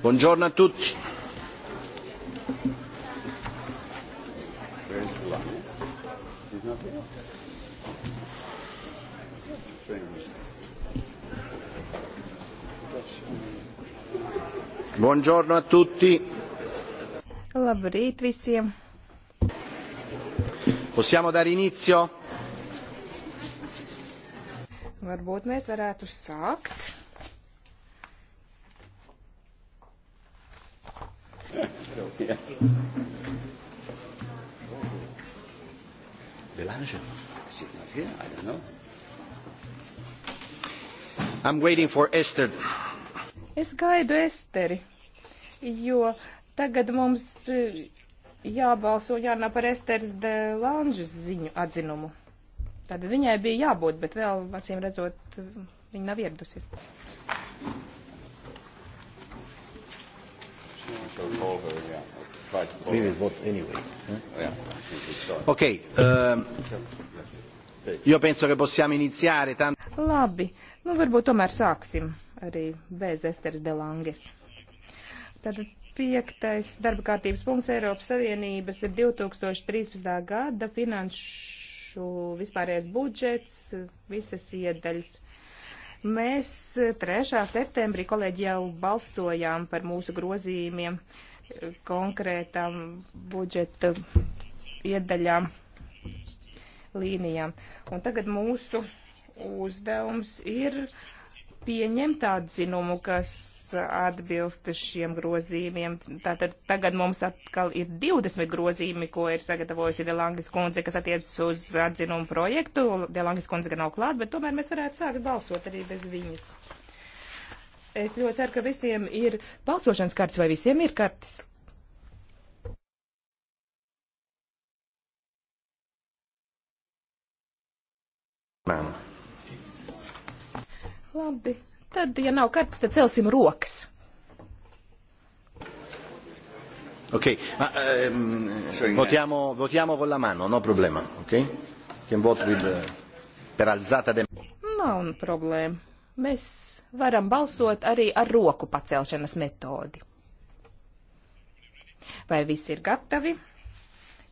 Buongiorno a tutti. Buongiorno a tutti. Labrīt visiem. Possiamo dare inizio? Varbūt mēs varētu sākt. yeah. Delange? She's not here? I don't know. I'm waiting for Esther. Es gaidu Esteri, jo tagad mums eh, jābalso jārunā par Esteras Delanžas ziņu atzinumu. Tad viņai bija jābūt, bet vēl, acīm redzot, eh, viņa nav ieradusies. So call her, yeah. Try to call we will vote anyway. Hmm? Yeah. Ok, um, io penso che possiamo iniziare. Tant- Labi, nu varbūt tomēr sāksim arī bez Esteras Delanges. Tad piektais darba kārtības punkts Eiropas Savienības ir 2013. gada finanšu vispārējais budžets, visas iedaļas. Mēs 3. septembrī kolēģi jau balsojām par mūsu grozījumiem konkrētām budžeta iedaļām līnijām. Un tagad mūsu uzdevums ir pieņemt atzinumu, kas atbilst šiem grozījumiem. Tātad tagad mums atkal ir 20 grozījumi, ko ir sagatavojusi Delangis kundze, kas attiecas uz atzinumu projektu. Delangis kundze gan nav klāt, bet tomēr mēs varētu sākt balsot arī bez viņas. Es ļoti ceru, ka visiem ir balsošanas kartes vai visiem ir kartes. Mēnu. Labi. Tad, ja nav kartes, tad celsim rokas. Ok, ma ehm, votiamo, votiamo con la mano, no problema, ok? Can vote with, uh, per alzata de... Nav problēma. Mēs varam balsot arī ar roku pacelšanas metodi. Vai visi ir gatavi?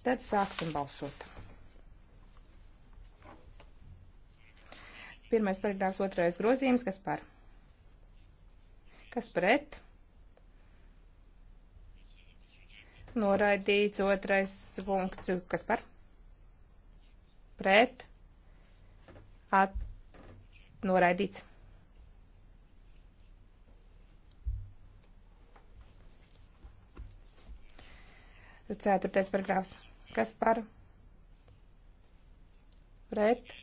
Tad sāksim balsot. Pirmais paragrāfs, otrais grozījums, kas par? kas pret. Noraidīts otrais punkts, kas par pret. At, noraidīts. Ceturtais paragrāfs. Kas par pret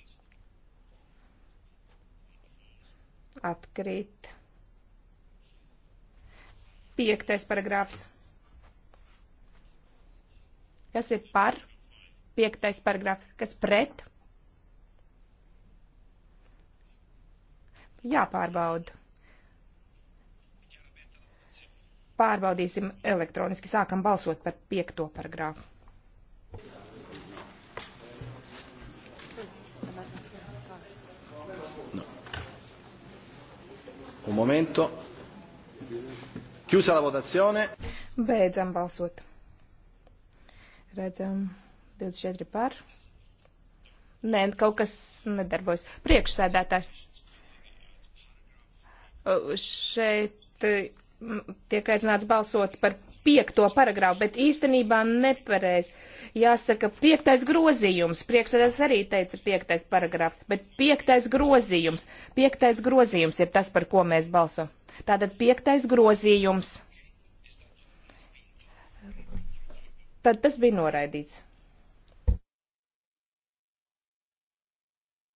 atkrīt. Piektais paragrāfs. Kas ir par? Piektais paragrāfs. Kas pret? Jāpārbauda. Pārbaudīsim elektroniski. Sākam balsot par piekto paragrāfu. No. Un momento. Chiusa la votazione. Beidzam balsot. Redzam 24 par. Nē, kaut kas nedarbojas. Priekšsēdētāji. Šeit tiek aicināts balsot par piekto paragrāfu, bet īstenībā nepareiz. Jāsaka, piektais grozījums, priekšsēdētājs arī teica piektais paragrāfs, bet piektais grozījums, piektais grozījums ir tas, par ko mēs balsojam. Tātad piektais grozījums. Tad tas bija noraidīts.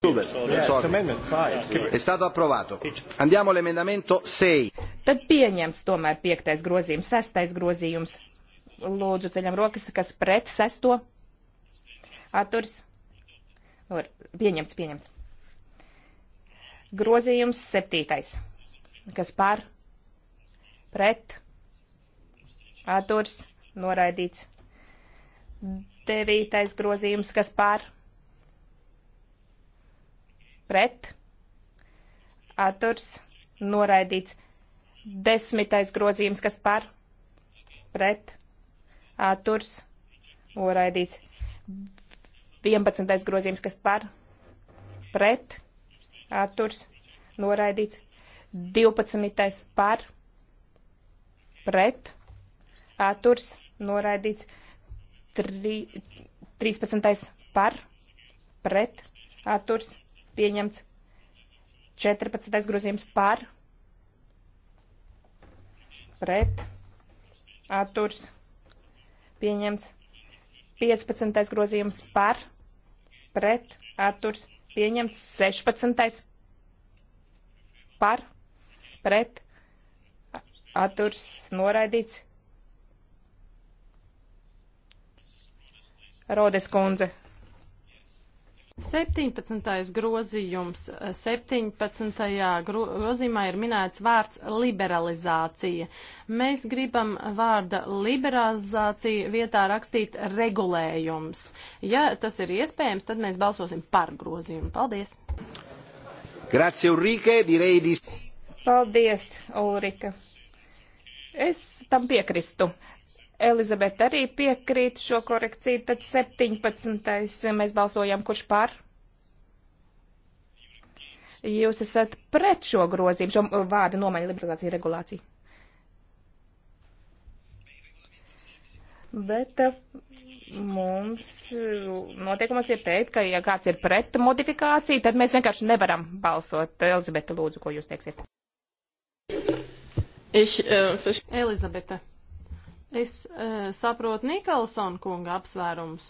È stato approvato. Andiamo all'emendamento 6. Tad pieņems tomēr piektais grozījums, sestais grozījums. Lūdzu, ceļam rokas, kas pret sesto. Atturs. Pieņemts, pieņemts. Grozījums septītais kas par, pret, atturs, noraidīts. Devītais grozījums, kas par, pret, atturs, noraidīts. Desmitais grozījums, kas par, pret, atturs, noraidīts. Vienpadsmitais grozījums, kas par, pret, atturs, noraidīts. 12. par pret atturs noraidīts. 3, 13. par pret atturs pieņemts. 14. grozījums par pret atturs pieņemts. 15. grozījums par pret atturs pieņemts. 16. par pret pret atturs noraidīts. Rodes kundze. 17. grozījums. 17. grozījumā ir minēts vārds liberalizācija. Mēs gribam vārda liberalizācija vietā rakstīt regulējums. Ja tas ir iespējams, tad mēs balsosim par grozījumu. Paldies! Grazie, Ulrike, direi di... Paldies, Ulrika. Es tam piekristu. Elizabete arī piekrīt šo korekciju, tad 17. mēs balsojam, kurš par? Jūs esat pret šo grozījumu, šo vārdu nomaņa liberalizācija regulācija. Bet eh, mums noteikumos ir teikt, ka ja kāds ir pret modifikāciju, tad mēs vienkārši nevaram balsot. Elizabete, lūdzu, ko jūs teiksiet? Ich, uh, Elizabete, es uh, äh, saprotu Nikolsonu kunga apsvērums.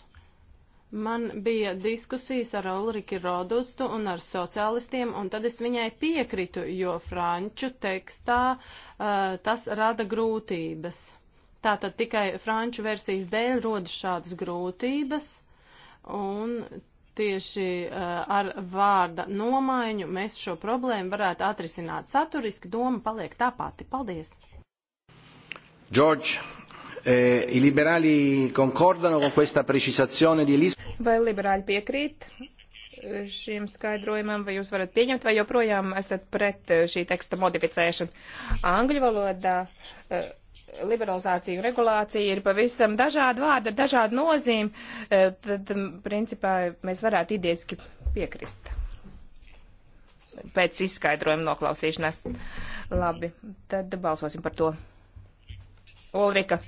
Man bija diskusijas ar Ulriki Rodustu un ar sociālistiem, un tad es viņai piekritu, jo franču tekstā uh, tas rada grūtības. Tātad tikai franču versijas dēļ rodas šādas grūtības, un tieši eh, ar vārda nomaiņu mēs šo problēmu varētu atrisināt. Saturiski doma paliek tā pati. Paldies! George, eh, i liberāli concordano con questa precisazione di Lisbona? Vai liberāļi piekrīt šiem skaidrojumam, vai jūs varat pieņemt, vai joprojām esat pret eh, šī teksta modificēšanu? Angļu valodā. Eh, liberalizācija un regulācija ir pavisam dažādi vārdi, dažādi nozīmi, eh, tad, principā, mēs varētu idejaski piekrist. Pēc izskaidrojuma noklausīšanās. Labi, tad balsosim par to. Ulrika.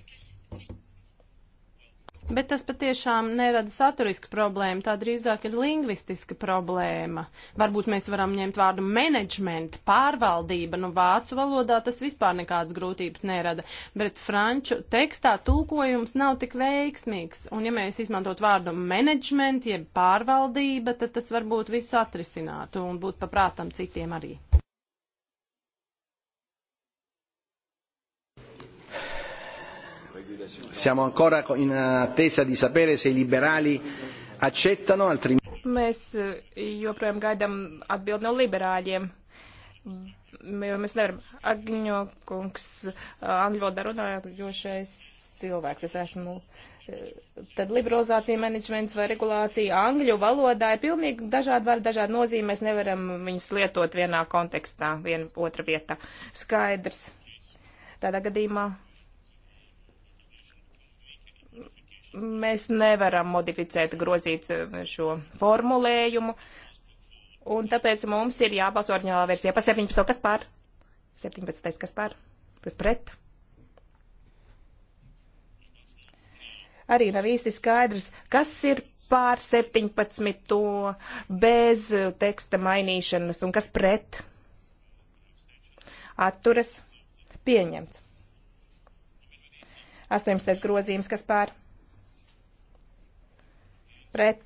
Bet tas patiešām nerada saturisku problēmu, tā drīzāk ir lingvistiska problēma. Varbūt mēs varam ņemt vārdu menedžment, pārvaldība, nu vācu valodā tas vispār nekādas grūtības nerada, bet franču tekstā tulkojums nav tik veiksmīgs, un ja mēs izmantot vārdu menedžment, jeb pārvaldība, tad tas varbūt visu atrisinātu un būtu paprātam citiem arī. Siamo ancora in attesa di sapere se i liberali accettano, altrimenti. Mēs eh, joprojām gaidām atbildi no liberāļiem. Mēs nevaram. Agņo kungs, eh, angļu valodā runājošais cilvēks. Es esmu. Eh, tad liberalizācija, menedžments vai regulācija angļu valodā ir pilnīgi dažādi vārdi, dažādi nozīme. Mēs nevaram viņus lietot vienā kontekstā, viena otra vietā. Skaidrs. Tādā gadījumā mēs nevaram modificēt, grozīt eh, šo formulējumu, un tāpēc mums ir jābalso orģinālā versijā par 17. kas pār? 17. kas pār? Kas pret? Arī nav īsti skaidrs, kas ir pār 17. bez teksta mainīšanas un kas pret? Atturas pieņemts. 18. grozījums, kas pār? pret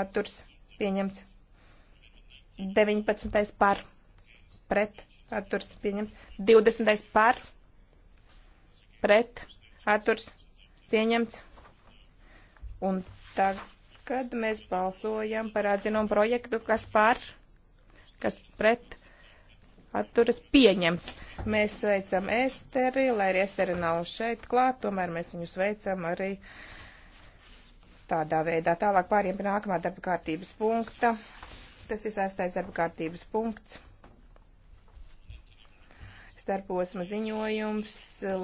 atturs pieņemts. 19. par pret atturs pieņemts. 20. par pret atturs pieņemts. Un tagad mēs balsojam par atzinumu projektu, kas par, kas pret atturas pieņemts. Mēs sveicam Esteri, lai arī Esteri nav šeit klāt, tomēr mēs viņu sveicam arī uh, tādā veidā. Tālāk pāriem pie nākamā darba kārtības punkta. Tas ir sastais darba kārtības punkts. Starposma ziņojums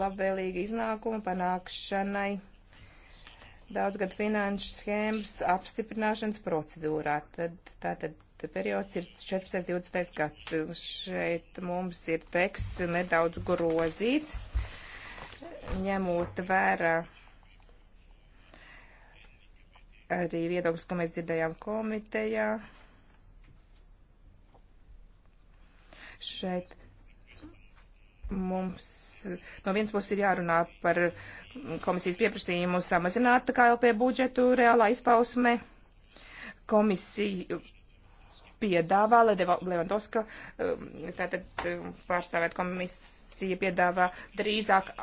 labvēlīga iznākuma panākšanai daudzgad finanšu schēmas apstiprināšanas procedūrā. Tad, tātad periods ir 14. 20. gads. Šeit mums ir teksts nedaudz grozīts, ņemot vērā arī viedoklis, ko mēs dzirdējām komitejā. Šeit mums no vienas puses ir jārunā par komisijas pieprasījumu samazināt KLP budžetu reālā izpausme. Komisija piedāvā, lai Levandoska, um, tātad um, pārstāvēt komisija piedāvā drīzāk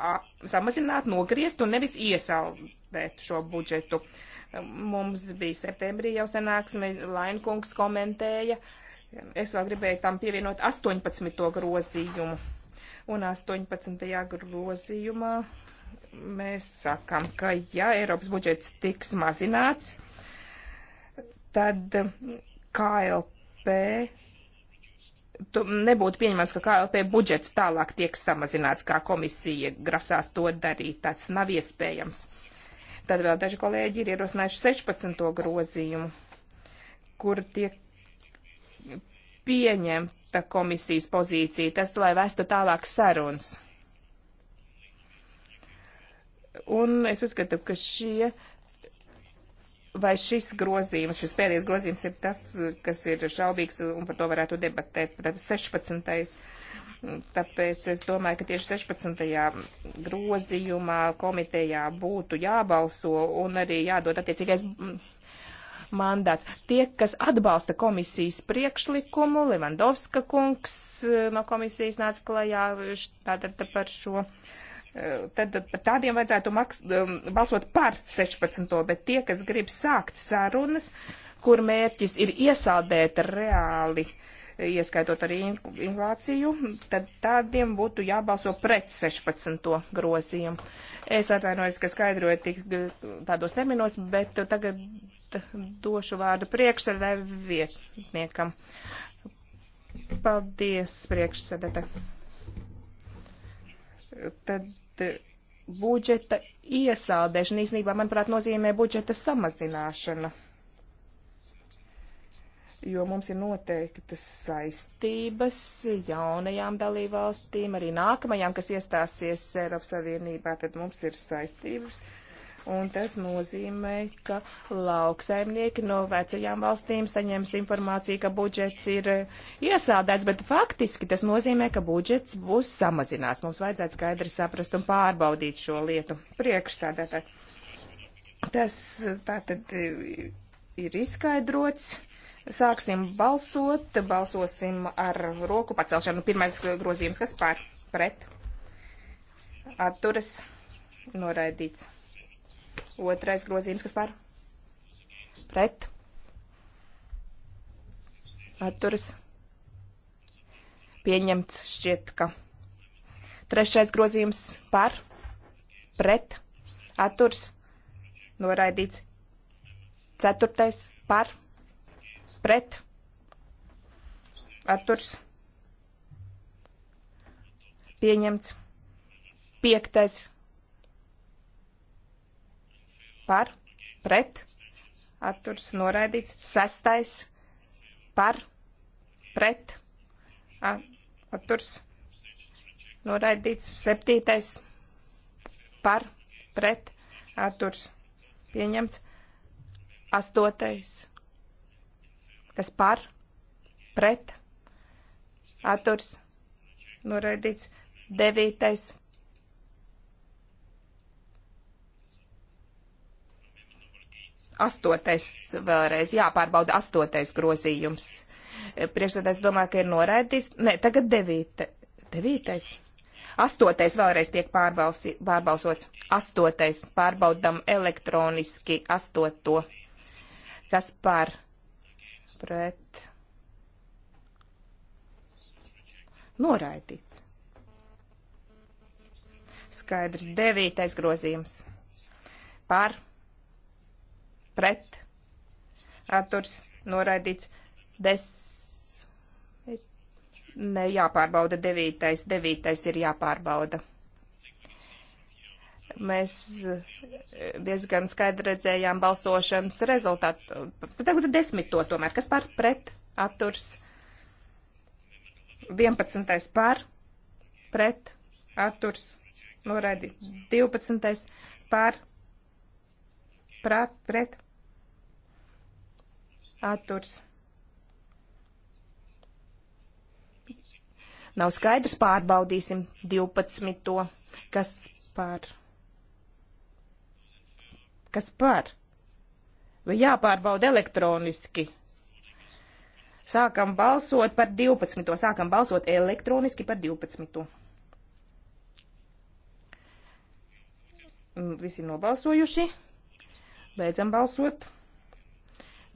samazināt, nogriezt un nevis iesaldēt šo budžetu. Uh, Mums bija septembrī jau sanāksme, Lainkungs komentēja. Es vēl gribēju tam pievienot 18. grozījumu. Un 18. grozījumā mēs sakam, ka ja Eiropas budžets tiks mazināts, tad KLP nebūtu pieņemams, ka KLP budžets tālāk tiek samazināts, kā komisija grasās to darīt. Tas nav iespējams. Uh, Tad vēl daži kolēģi ir ierosinājuši 16. grozījumu, kur tiek pieņemta komisijas pozīcija, tas, lai vestu tālāk sarunas. Un es uzskatu, ka šie vai šis grozījums, šis pēdējais grozījums ir tas, kas ir šaubīgs un par to varētu debatēt. Tad 16. Tāpēc es domāju, ka tieši 16. grozījumā komitejā būtu jābalso un arī jādod attiecīgais mandāts. Tie, kas atbalsta komisijas priekšlikumu, Levandovska kungs eh, no komisijas nāca klajā tātad par šo. Eh, tad par tādiem vajadzētu maks, eh, balsot par 16. bet tie, kas grib sākt sarunas, kur mērķis ir iesaldēt reāli uh, ieskaitot arī inflāciju, tad tādiem būtu jābalso pret 16. grozījumu. Es atvainojos, ka skaidroju tik tādos terminos, bet tagad došu vārdu priekšsēdētāju vietniekam. Paldies, priekšsēdētāji. Tad e, budžeta iesaldēšana īsnībā, manuprāt, nozīmē budžeta samazināšana jo mums ir noteiktas saistības jaunajām dalībvalstīm, arī nākamajām, kas iestāsies Eiropas Savienībā, tad mums ir saistības. Un tas nozīmē, ka lauksaimnieki no vecajām valstīm saņems informāciju, ka budžets ir iesādēts, bet faktiski tas nozīmē, ka budžets būs samazināts. Mums vajadzētu skaidri saprast un pārbaudīt šo lietu priekšsādātāji. Tas tātad ir izskaidrots Sāksim balsot. Balsosim ar roku pacelšanu. Pirmais grozījums, kas pār pret atturas noraidīts. Otrais grozījums, kas pār pret atturas pieņemts šķiet, ka trešais grozījums pār pret atturas noraidīts. Ceturtais par pret, atturs, pieņemts, piektais, par, pret, atturs, noraidīts, sestais, par, pret, atturs, noraidīts, septītais, par, pret, atturs, pieņemts, astotais kas par, pret, atturs, noraidīts, devītais. Astotais vēlreiz, jāpārbauda astotais grozījums. Priekšsēdājs domā, ka ir noraidīts. Nē, tagad devīte, devītais. Astotais vēlreiz tiek pārbalsi, pārbalsots. Astotais pārbaudam elektroniski astoto. Kas par? pret noraidīts. Skaidrs, devītais grozījums par pret atturs noraidīts des. Ne jāpārbauda devītais, devītais ir jāpārbauda mēs diezgan skaidri redzējām balsošanas rezultātu. Tagad desmito tomēr, kas par pret atturs. 11. par pret atturs. Noraidi 12. par prat, pret atturs. Nav skaidrs, pārbaudīsim 12. kas par pret Kas par? Vai jāpārbauda elektroniski? Sākam balsot par 12. Sākam balsot elektroniski par 12. Mm, visi nobalsojuši. Beidzam balsot.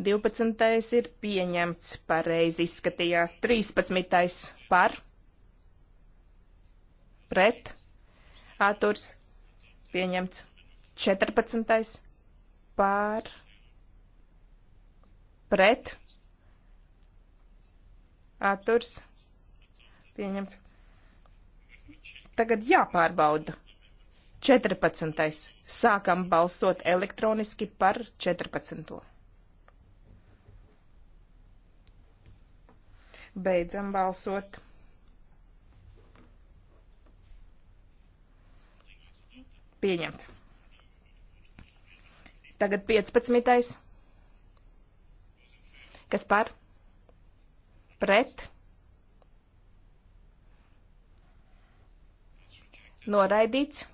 12. ir pieņemts, pareizi izskatījās. 13. par, pret, atturs, pieņemts. 14 pār pret atturs pieņemts. Tagad jāpārbauda. 14. Sākam balsot elektroniski par 14. Beidzam balsot. Pieņemts. Tagad 15. Kas par? Pret? Noraidīts.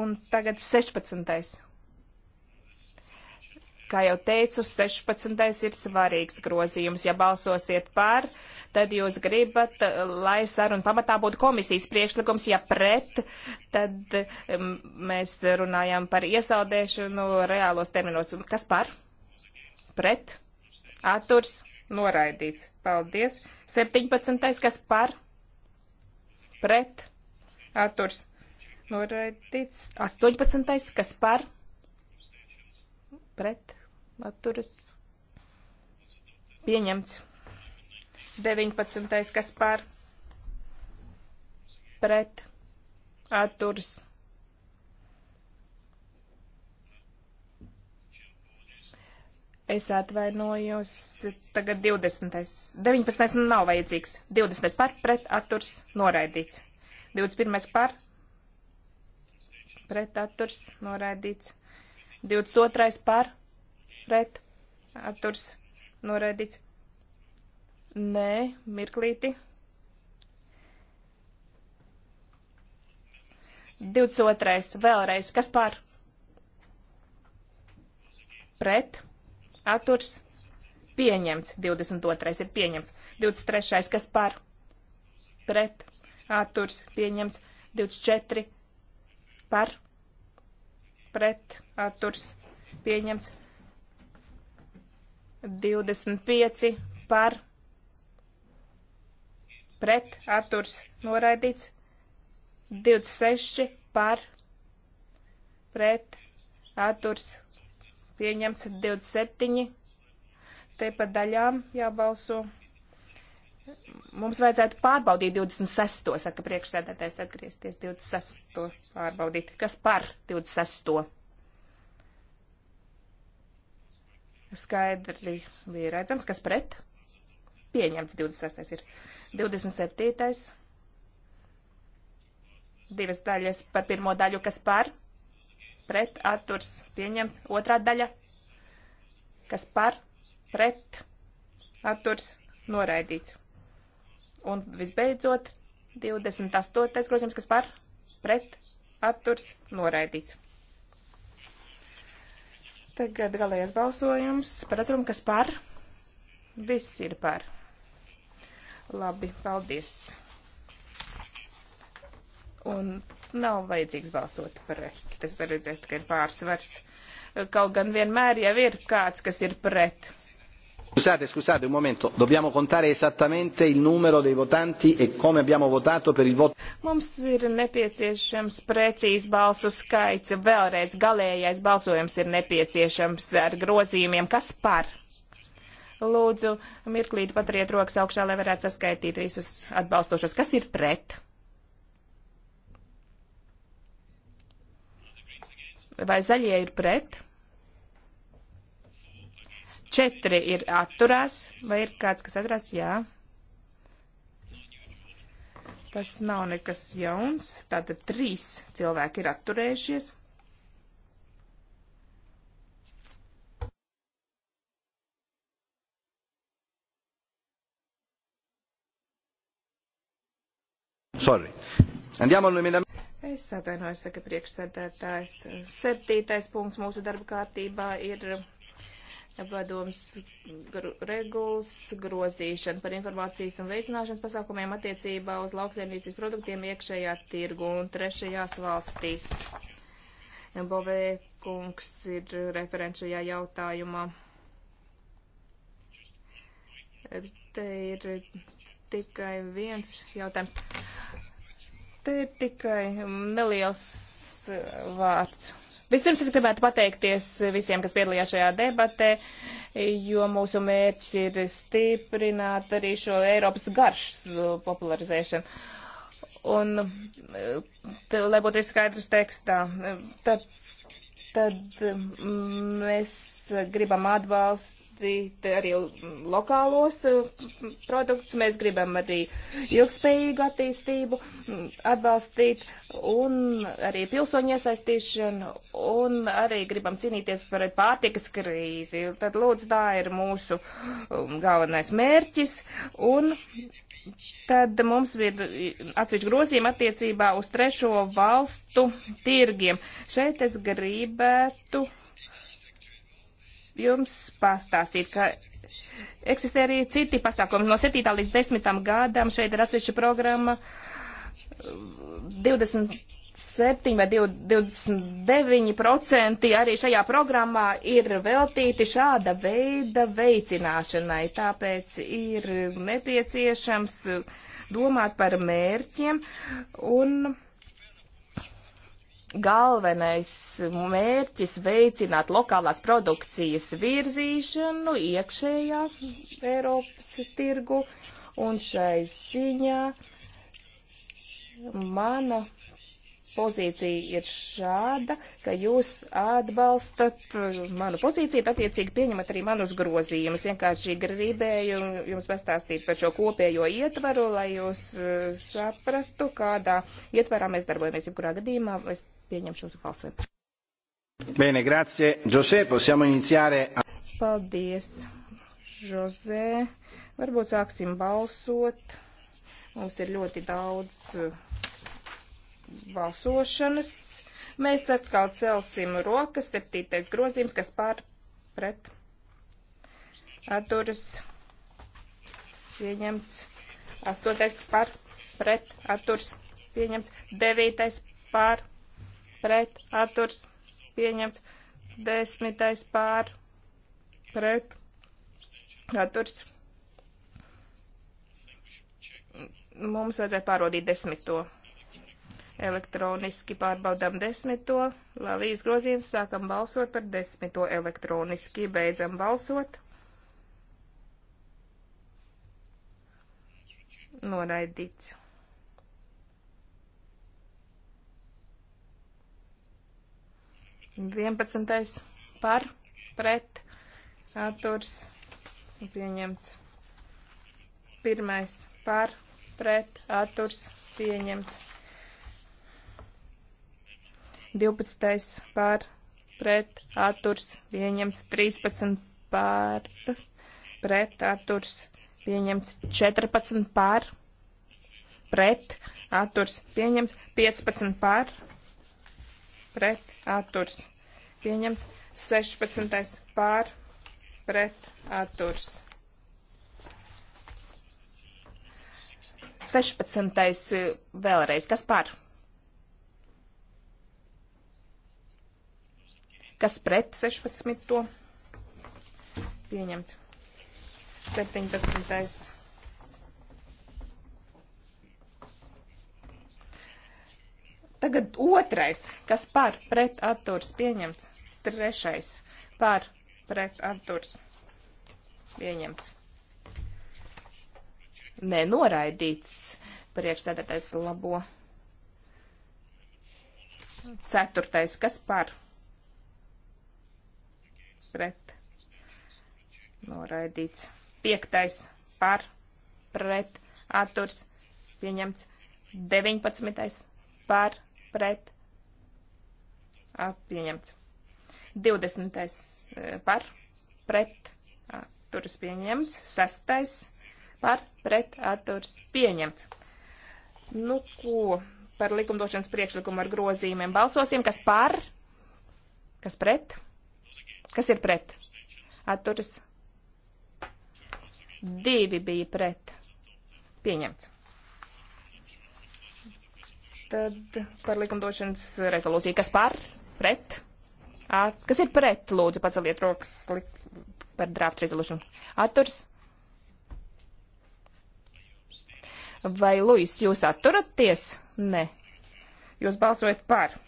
Un tagad 16. Kā jau teicu, 16. ir svarīgs grozījums. Ja balsosiet par, tad jūs gribat, lai saruna pamatā būtu komisijas priekšlikums. Ja pret, tad mēs runājam par iesaldēšanu reālos terminos. Kas par? Pret? Atturs? Noraidīts. Paldies. 17. kas par? Pret? Atturs? Noraidīts. 18. kas par? Pret? atturas pieņemts. 19. kas par pret atturas. Es atvainojos, tagad 20. 19. nav vajadzīgs. 20. par pret atturs noraidīts. 21. par pret atturs noraidīts. 22. par pret pret atturs noraidīts. Nē, mirklīti. 22. vēlreiz, kas pār? Pret, atturs, pieņemts, 22. ir pieņemts, 23. kas pār? Pret, atturs, pieņemts, 24. par, pret, atturs, pieņemts, 25 par pret atturs noraidīts, 26 par pret atturs pieņemts, 27 te pa daļām jābalso. Mums vajadzētu pārbaudīt 26. saka priekšsēdētājs atgriezties 26. pārbaudīt. Kas par 26. skaidri bija redzams, kas pret. Pieņemts 26. ir 27. Divas daļas par pirmo daļu, kas par. Pret atturs pieņemts. Otrā daļa, kas par. Pret atturs noraidīts. Un visbeidzot, 28. grozījums, kas par. Pret atturs noraidīts. Tagad galējais balsojums par atcerumu, kas par. Viss ir par. Labi, paldies. Un nav vajadzīgs balsot par reķi. Tas var redzēt, ka ir pārsvars. Kaut gan vienmēr jau ir kāds, kas ir pret. Scusate, scusate un momento, dobbiamo contare esattamente il numero dei votanti e come abbiamo votato per il voto. Mums ir nepieciešams precīzs balsu skaits, vēlreiz galējais balsojums ir nepieciešams ar grozījumiem. Kas par? Lūdzu, mirklīt patriet rokas augšā, lai varētu saskaitīt visus atbalstošos. Kas ir pret? Vai zaļie ir pret? Četri ir atturās, vai ir kāds, kas atturās? Jā. Tas nav nekas jauns. Tātad trīs cilvēki ir atturējušies. Sorry. Andiamo all'emendamento. Es atvainojos, saka priekšsēdētājs. Septītais punkts mūsu darba kārtībā ir padoms gr regulas grozīšana par informācijas un veicināšanas pasākumiem attiecībā uz lauksaimniecības produktiem iekšējā tirgu un trešajās valstīs. Bovē kungs ir referents šajā jautājumā. Te ir tikai viens jautājums. Te ir tikai neliels uh, vārds Vispirms es gribētu pateikties visiem, kas piedalījās šajā debatē, jo mūsu mērķis ir stiprināt arī šo Eiropas garšu popularizēšanu. Un, t, lai būtu skaidrs tekstā, tad, tad mm, mēs gribam atbalstīt attīstīt arī lokālos eh, produktus, mēs gribam arī ilgspējīgu attīstību mm, atbalstīt un arī pilsoņu iesaistīšanu un arī gribam cīnīties par pārtikas krīzi. Tad lūdzu, tā ir mūsu um, galvenais mērķis un tad mums ir atsevišķi grozījumi attiecībā uz trešo valstu tirgiem. Šeit es gribētu. Uh, jums pastāstīt, ka eksistē arī citi pasākumi. No 7. līdz 10. gadam šeit ir atsevišķa programma 20. 7 vai 29% arī šajā programmā ir veltīti šāda veida veicināšanai. Tāpēc ir nepieciešams domāt par mērķiem un galvenais mērķis veicināt lokālās produkcijas virzīšanu iekšējā Eiropas tirgu, un šai ziņā mana pozīcija ir šāda, ka jūs atbalstat uh, manu pozīciju, attiecīgi pieņemat arī manus grozījumus. Vienkārši gribēju jums pastāstīt par šo kopējo ietvaru, lai jūs uh, saprastu, kādā ietvarā mēs darbojamies. Jebkurā gadījumā es pieņemšu jūsu balsojumu. Bene, grazie, Jose, possiamo iniziare. A... Paldies, Jose. Varbūt sāksim balsot. Mums ir ļoti daudz uh, balsošanas. Mēs atkal celsim rokas, septītais grozījums, kas pār pret atturas pieņemts, astotais pār pret atturas pieņemts, devītais pār pret atturas pieņemts, desmitais pār pret atturas. Mums vajadzēja pārodīt desmito elektroniski pārbaudām desmito, Lavijas grozījums, sākam balsot par desmito elektroniski, beidzam balsot. Noraidīts. Vienpadsmitais par, pret, atturs, pieņemts. Pirmais par, pret, atturs, pieņemts 12. pār pret atturs pieņems 13 pār pret atturs pieņems 14 pār pret atturs pieņems 15 pār pret atturs pieņems 16 pār pret atturs. 16. Eh, vēlreiz, kas par? kas pret 16. pieņemts. 17. Tagad otrais, kas par pret atturs pieņemts. Trešais par pret atturs pieņemts. Nē, noraidīts priekšsēdētais labo. Ceturtais, kas par pret pret noraidīts. Piektais par pret atturs pieņemts. 19. par pret pieņemts. 20. E, par pret atturs pieņemts. 6. par pret atturs pieņemts. Nu, ko par likumdošanas priekšlikumu ar grozījumiem balsosim, kas par, kas pret? Kas ir pret? Atturas. Divi bija pret. Pieņemts. Tad par likumdošanas rezolūciju. Kas par? Pret? At, kas ir pret? Lūdzu, paceliet rokas lik, par draft resolution. Atturs. Vai, Luis, jūs atturaties? Nē. Jūs balsojat par.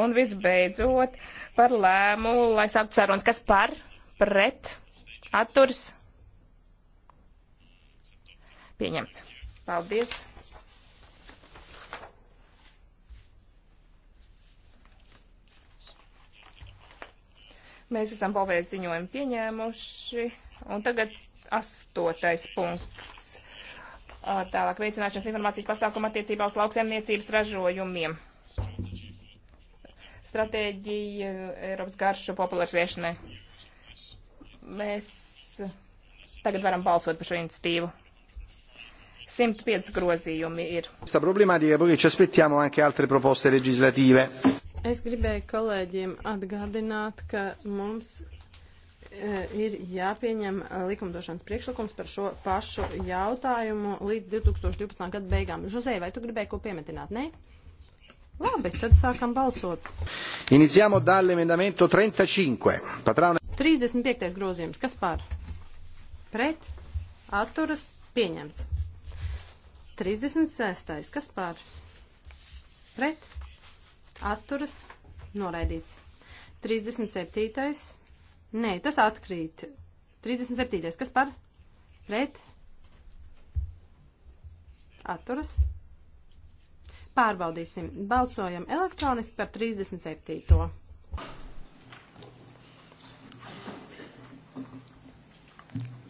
Un visbeidzot, par lēmumu, lai sāktu sarunas, kas par, pret, atturs, pieņemts. Paldies! Mēs esam pavēst ziņojumu pieņēmuši, un tagad astotais punkts. Tālāk veicināšanas informācijas pasākuma attiecībā uz lauksaimniecības ražojumiem stratēģija eh, Eiropas garšu popularizēšanai. Mēs eh, tagad varam balsot par šo iniciatīvu. 105 grozījumi ir. Es gribēju kolēģiem atgādināt, ka mums eh, ir jāpieņem likumdošanas priekšlikums par šo pašu jautājumu līdz 2012. gada beigām. Žozei, vai tu gribēji ko piemetināt? Nē? Labi, tad sākam balsot. Iniciamo dall'emendamento 35. Patrona. 35. grozījums. Kas par? Pret. Atturas. Pieņemts. 36. Kas par? Pret. Atturas. Noraidīts. 37. Nē, tas atkrīt. 37. Kas par? Pret. Atturas. Pārbaudīsim. Balsojam elektroniski par 37.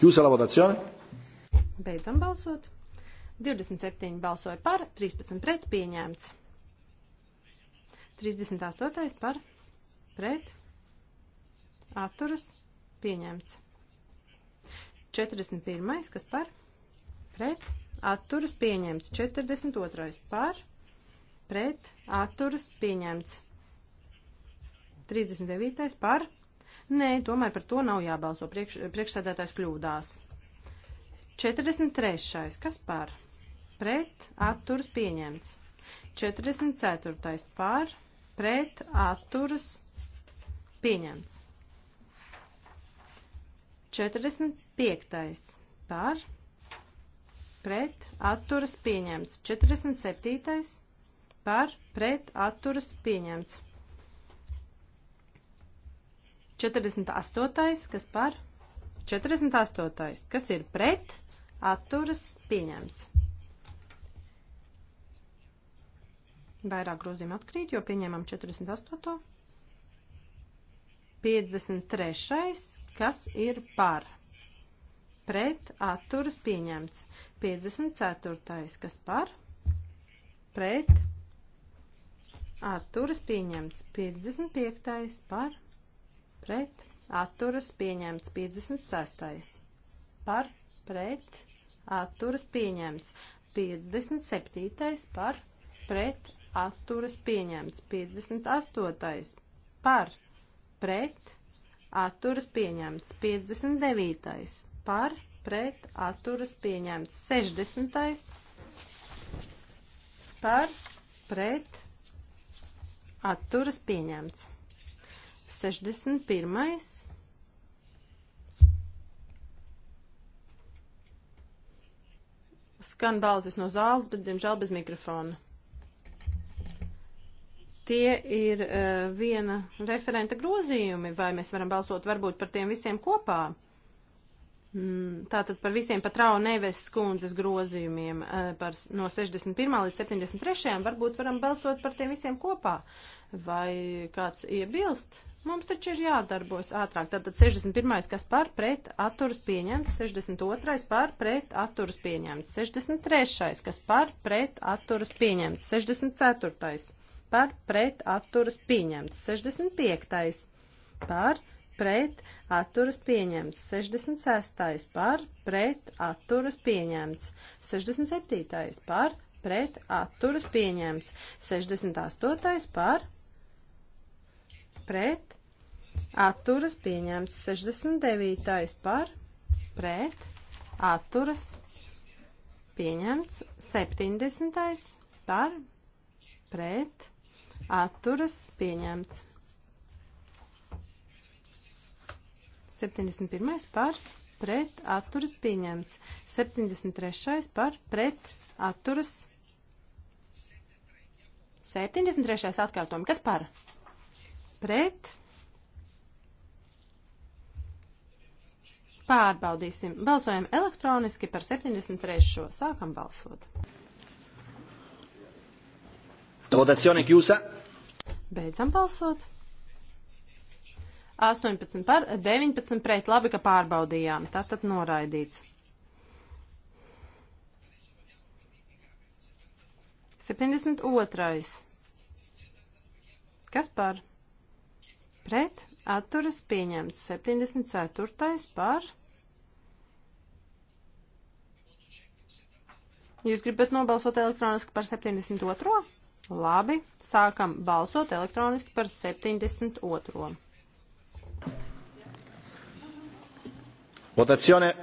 Chiusa la votazione. Beidzam balsot. 27 balsoja par, 13 pret pieņēmts. 38. par, pret, atturas, pieņemts. 41. kas par, pret, atturas, pieņemts. 42. par, pret atturas pieņemts. 39. par. Nē, tomēr par to nav jābalso. Priekš, priekšsēdētājs kļūdās. 43. kas par? Pret atturas pieņemts. 44. par. Pret atturas pieņemts. 45. par pret atturas pieņemts. 47 par pret atturas pieņemts. 48. kas par 48. kas ir pret atturas pieņemts. Vairāk grozījumi atkrīt, jo pieņēmām 48. 53. kas ir par pret atturas pieņemts. 54. kas par pret atturas pieņemts 55. par pret atturas pieņemts 56. par pret atturas pieņemts 57. par pret atturas pieņemts 58. par pret atturas pieņemts 59. par pret atturas pieņemts 60. par pret atturas pieņemts. 61. Skan balsis no zāles, bet, diemžēl, bez mikrofona. Tie ir uh, viena referenta grozījumi, vai mēs varam balsot varbūt par tiem visiem kopā? Mm, tātad par visiem pat Rau Neves skundzes grozījumiem eh, par, no 61. līdz 73. varbūt varam balsot par tiem visiem kopā. Vai kāds iebilst? Mums taču ir jādarbojas ātrāk. Tātad 61. kas par pret atturas pieņemts, 62. par pret atturas pieņemts, 63. kas par pret atturas pieņemts, 64. par pret atturas pieņemts, 65. par pret pret atturas pieņemts. 66. par pret atturas pieņemts. 67. par pret atturas pieņemts. 68. par pret atturas pieņemts. 69. par pret atturas pieņemts. 70. par pret atturas pieņemts. 71. par pret atturas pieņemts. 73. par pret atturas. 73. atkārtojumi. Kas par? Pret. Pārbaudīsim. Balsojam elektroniski par 73. Sākam balsot. Votazione chiusa. Beidzam balsot. 18 par, 19 pret. Labi, ka pārbaudījām. Tātad noraidīts. 72. Kas par? Pret atturas pieņemts. 74. par. Jūs gribat nobalsot elektroniski par 72. Labi, sākam balsot elektroniski par 72. Votazione.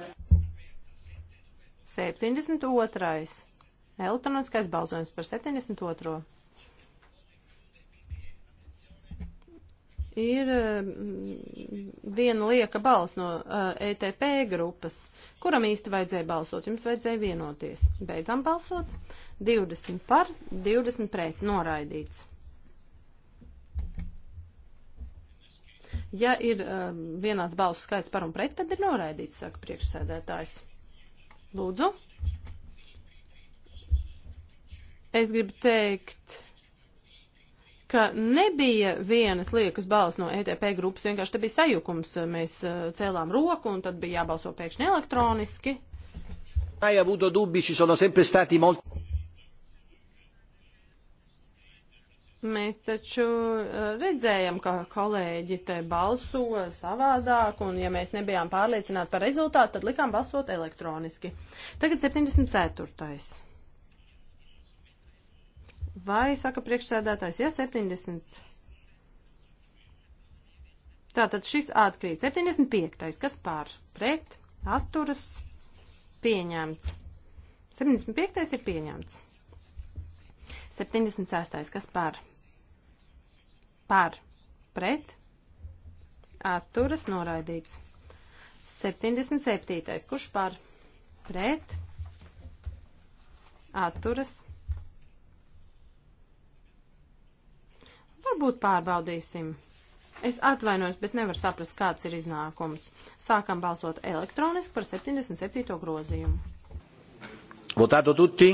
72. Elektroniskais balsojums par 72. ir mm, viena lieka balss no ETP eh, e grupas, kuram īsti vajadzēja balsot. Jums vajadzēja vienoties. Beidzam balsot. 20 par, 20 pret, noraidīts. Ja ir um, vienāds balsu skaits par un pret, tad ir noraidīts, saka priekšsēdētājs. Lūdzu. Es gribu teikt ka nebija vienas liekas balss no ETP grupas, vienkārši te bija sajukums. Mēs uh, cēlām roku un tad bija jābalso pēkšņi elektroniski. Mai avuto dubbi, ci sono sempre stati molti. Mēs taču e, redzējām, ka kolēģi te balso savādāk, un ja mēs nebijām pārliecināti par rezultātu, tad likām balsot elektroniski. Tagad 74. Vai, saka priekšsēdētājs, ja 70. Tātad šis atkrīt. 75. Kas pār? Pret? Atturas? Pieņemts. 75. ir pieņemts. 76. kas par? Par. Pret. Atturas noraidīts. 77. kurš par? Pret. Atturas. Varbūt pārbaudīsim. Es atvainojos, bet nevaru saprast, kāds ir iznākums. Sākam balsot elektroniski par 77. grozījumu. Votato tutti?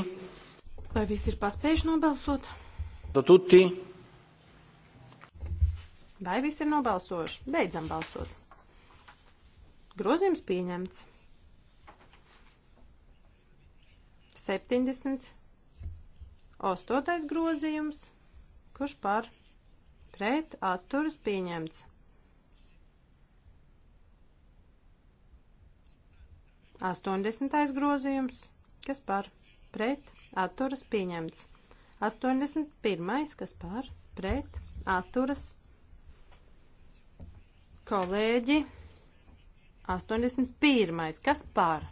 Vai visi ir paspējuši nobalsot? Tutti. Vai visi ir nobalsojuši? Beidzam balsot. Grozījums pieņemts. 78. grozījums. Kurš par? Pret atturas pieņemts. 80. grozījums. Kas par? Pret atturas pieņemts. 81. kas par pret atturas kolēģi. 81. kas par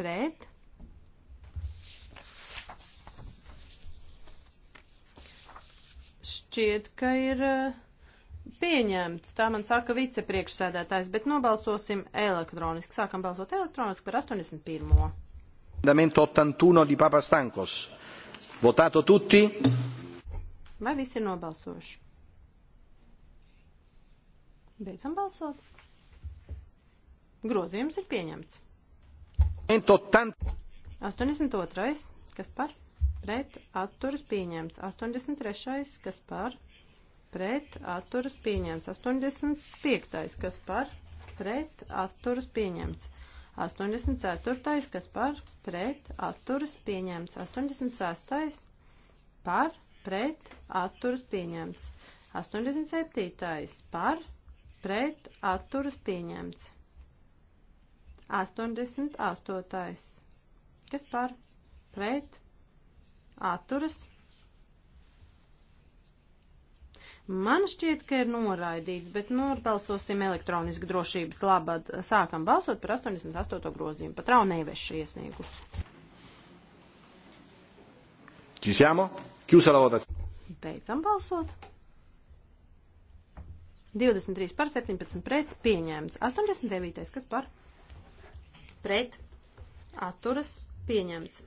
pret šķiet, ka ir uh, pieņemts, tā man saka vicepriekšsēdētājs, bet nobalsosim elektroniski. Sākam balsot elektroniski par 81. Emendamento 81 di Papa Stankos. Votato tutti? Vai visi ir nobalsojuši? Beidzam balsot. Grozījums ir pieņemts. 82. Kas par? Pret atturas pieņemts. 83. Kas par? pret atturas pieņemts. 85. kas par pret atturas pieņemts. 84. kas par pret atturas pieņemts. 86. par pret atturas pieņemts. 87. par pret atturas pieņemts. 88. kas par pret atturas pieņemts Man šķiet, ka ir noraidīts, bet nu balsosim elektroniski drošības labad. Sākam balsot par 88. grozījumu. Pat Rau nevešu iesniegus. Ci siamo? Chiusa la votazione. Beidzam balsot. 23 par 17 pret pieņēmts. 89. kas par? Pret atturas pieņemts.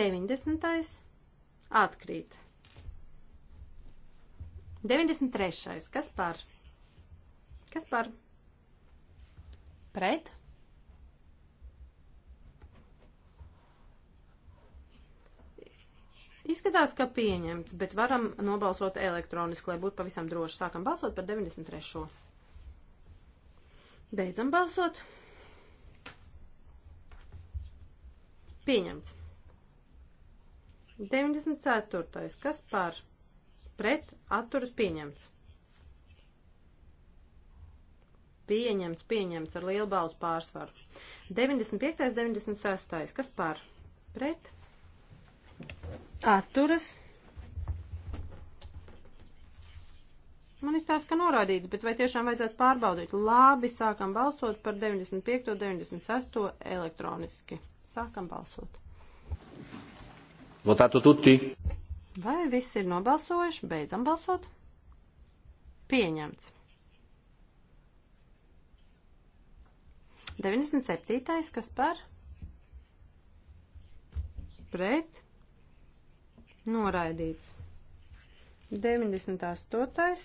90. atkrīt. 93. Kas par? Kas par? Pret? Izskatās, ka pieņemts, bet varam nobalsot elektroniski, lai būtu pavisam droši. Sākam balsot par 93. Beidzam balsot. Pieņemts. 94. Kas par? pret atturas pieņemts. Pieņemts, pieņemts ar lielu balsu pārsvaru. 95. 96. Kas par? Pret? Atturas. Man izstāsta, ka norādīts, bet vai tiešām vajadzētu pārbaudīt? Labi, sākam balsot par 95. 96. elektroniski. Sākam balsot. Votato tutti? Vai viss ir nobalsojuši? Beidzam balsot. Pieņemts. 97. kas par? Pret. Noraidīts. 98.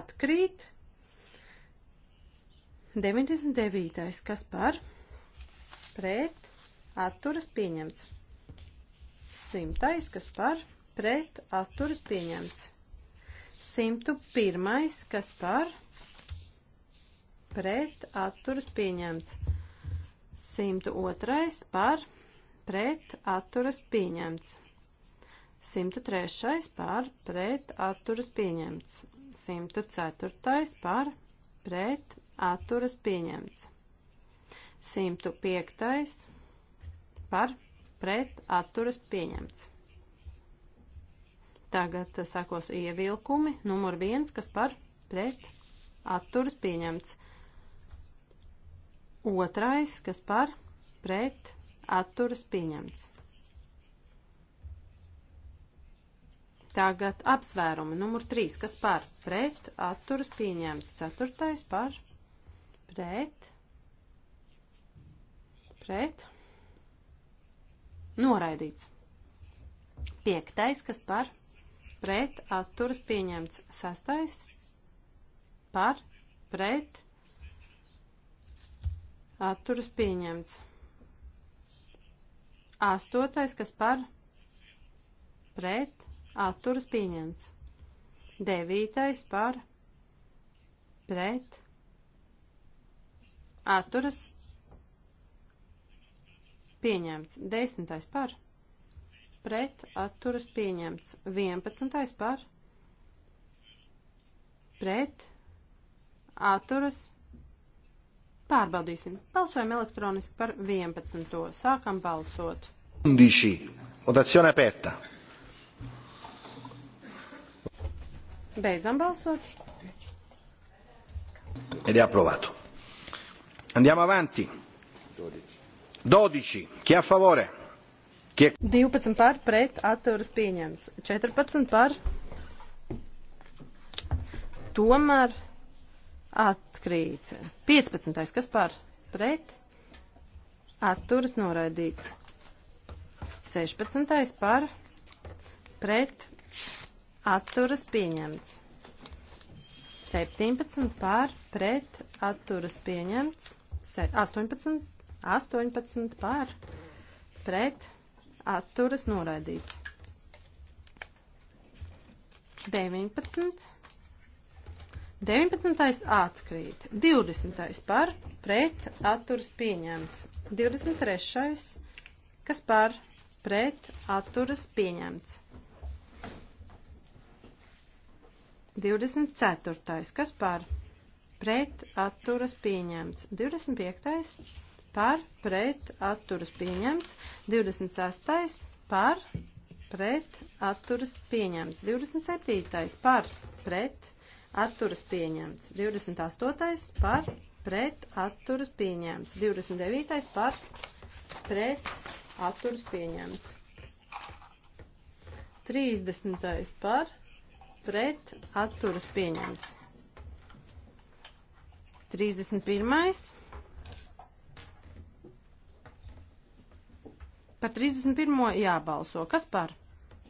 atkrīt. 99. kas par? Pret. Atturas pieņemts. 100. kas par? pret atturas pieņemts. 101. kas par pret atturas pieņemts. 102. par pret atturas pieņemts. 103. par pret atturas pieņemts. 104. par pret atturas pieņemts. 105. par pret atturas pieņemts. Tagad sākos ievilkumi. Numur viens, kas par pret atturas pieņemts. Otrais, kas par pret atturas pieņemts. Tagad apsvērumi. Numur 3. Kas par? Pret. Atturas pieņemts. Ceturtais par? Pret. Pret. Noraidīts. Piektais. Kas par? pret atturas pieņemts. Sastais par pret atturas pieņemts. Astotais, kas par pret atturas pieņemts. Devītais par pret atturas pieņemts. Desmitais par pret pret atturas pieņemts. 11. par pret atturas pārbaudīsim. Balsojam elektroniski par 11. Sākam balsot. 11. Votazione aperta. Beidzam balsot. Ed è approvato. Andiamo avanti. 12. 12. Chi è a favore? Kiek? 12 par pret atturas pieņemts. 14 par. Tomēr atkrīt. 15. kas par pret atturas noraidīts. 16. par pret atturas pieņemts. 17 par pret atturas pieņemts. 18, 18 par pret atturas noraidīts. 19. 19. atkrīt. 20. par pret atturas pieņemts. 23. kas par pret atturas pieņemts. 24. kas par pret atturas pieņemts. 25 par pret atturas pieņemts, 26. par pret atturas pieņemts, 27. par pret atturas pieņemts, 28. par pret atturas pieņemts, 29. par pret atturas pieņemts, 30. par pret atturas pieņemts, 31. Par 31. jābalso. Kas par?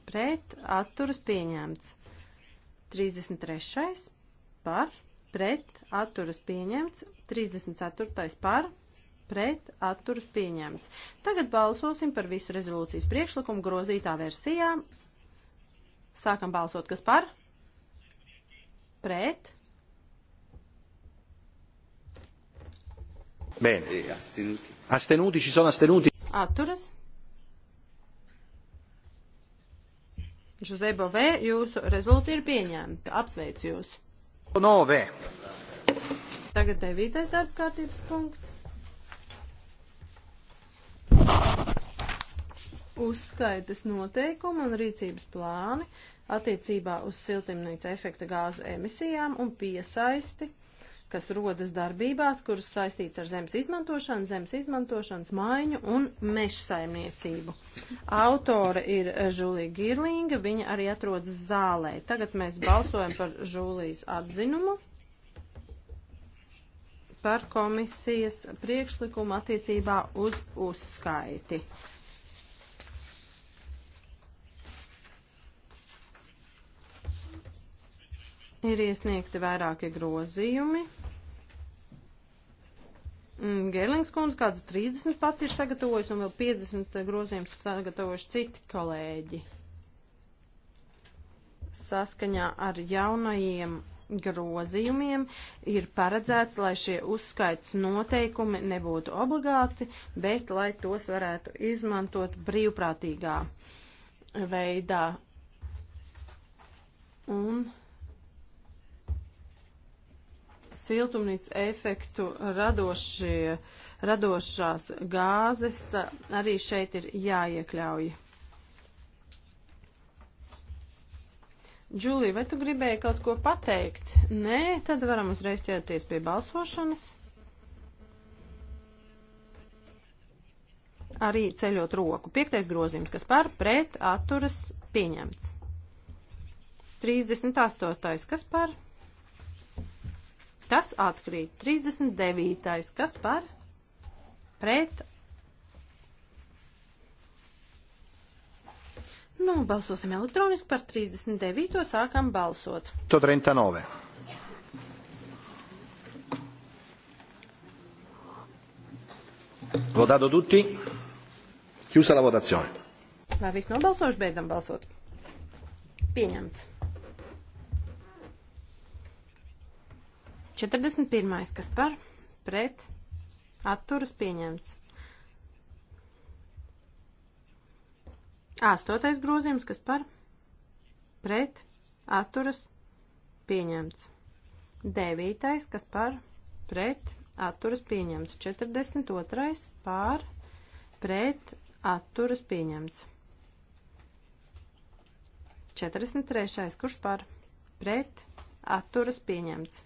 Pret atturas pieņemts. 33. par, pret atturas pieņemts. 34. par, pret atturas pieņemts. Tagad balsosim par visu rezolūcijas priekšlikumu grozītā versijā. Sākam balsot, kas par? Pret. Bene. E astenuti, ci sono astenuti. Atturas. Žuzebovē, jūsu rezultāti ir pieņemti. Apsveicu jūs. Novē. Tagad devītais darba kārtības punkts. Uzskaitas noteikumi un rīcības plāni attiecībā uz siltumnīca efekta gāzu emisijām un piesaisti kas rodas darbībās, kuras saistīts ar zemes izmantošanu, zemes izmantošanas maiņu un meža saimniecību. Autore ir Žulija Girlinga, viņa arī atrodas zālē. Tagad mēs balsojam par Žulijas atzinumu par komisijas priekšlikumu attiecībā uz uzskaiti. Ir iesniegti vairāki grozījumi. Mm, Gerlings kundze kāds 30 pat ir sagatavojis un vēl 50 grozījums sagatavojuši citi kolēģi. Saskaņā ar jaunajiem grozījumiem ir paredzēts, lai šie uzskaits noteikumi nebūtu obligāti, bet lai tos varētu izmantot brīvprātīgā veidā. Un siltumnīca efektu radošie, radošās gāzes arī šeit ir jāiekļauj. Džulija, vai tu gribēji kaut ko pateikt? Nē, tad varam uzreiz ķerties pie balsošanas. Arī ceļot roku. Piektais grozījums, kas par pret atturas pieņemts. 38. kas par Tas atkrīt. 39. Kas par? Pret. Nu, balsosim elektroniski par 39. sākam balsot. 139. Votato tutti? Chiusa la votazione. Vai viss nobalsojuši, beidzam balsot. Pieņemts. 41. kas par pret atturas pieņemts. 8. grozījums, kas par pret atturas pieņemts. 9. kas par pret atturas pieņemts. 42. pār pret atturas pieņemts. 43. kurš par pret atturas pieņemts.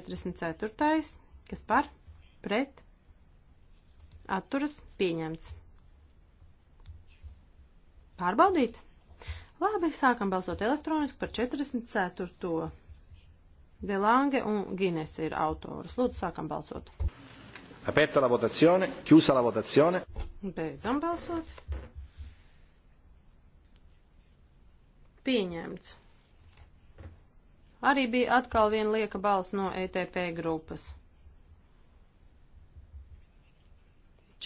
44. kas par pret atturas pieņemts. Pārbaudīt. Labi, sākam balsot elektroniski par 44. Delange un Gines ir autors. Lūdzu, sākam balsot. Aperta la votazione, chiusa la votazione. Beidzam balsot. Pieņemts. Arī bija atkal viena lieka balss no ETP grupas.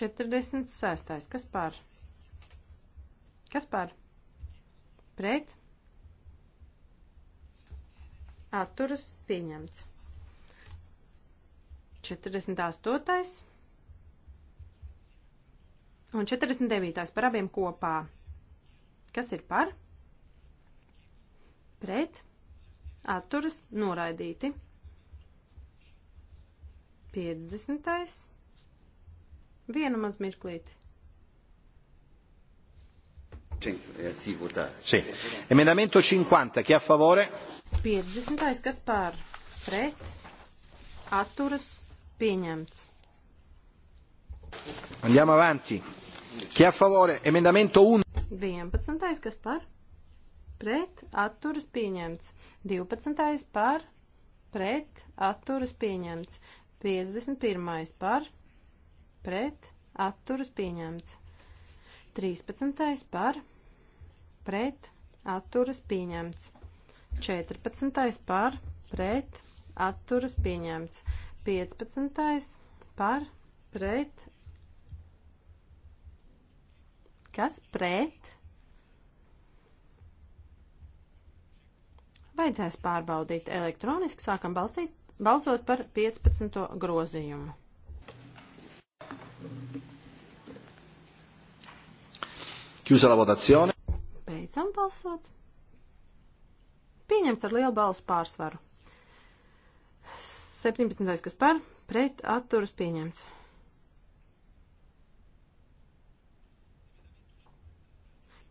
46. Kas par? Kas par? Pret? Atturas pieņemts. 48. un 49. par abiem kopā. Kas ir par? Pret? atturas noraidīti. 50. Vienu maz mirklīti. Sì. Emendamento 50, chi a favore? 50. Kas pār? Pret? Atturas? Pieņemts. Andiamo avanti. Chi a favore? Emendamento 1. 11. Kas par? pret atturas pieņemts. 12. par pret atturas pieņemts. 51. par pret atturas pieņemts. 13. par pret atturas pieņemts. 14. par pret atturas pieņemts. 15. par pret. Kas pret? Vajadzēs pārbaudīt elektroniski, sākam balsīt, balsot par 15. grozījumu. Chiusa la votazione. Beidzam balsot. Pieņemts ar lielu balsu pārsvaru. 17. kas par, pret atturas pieņemts.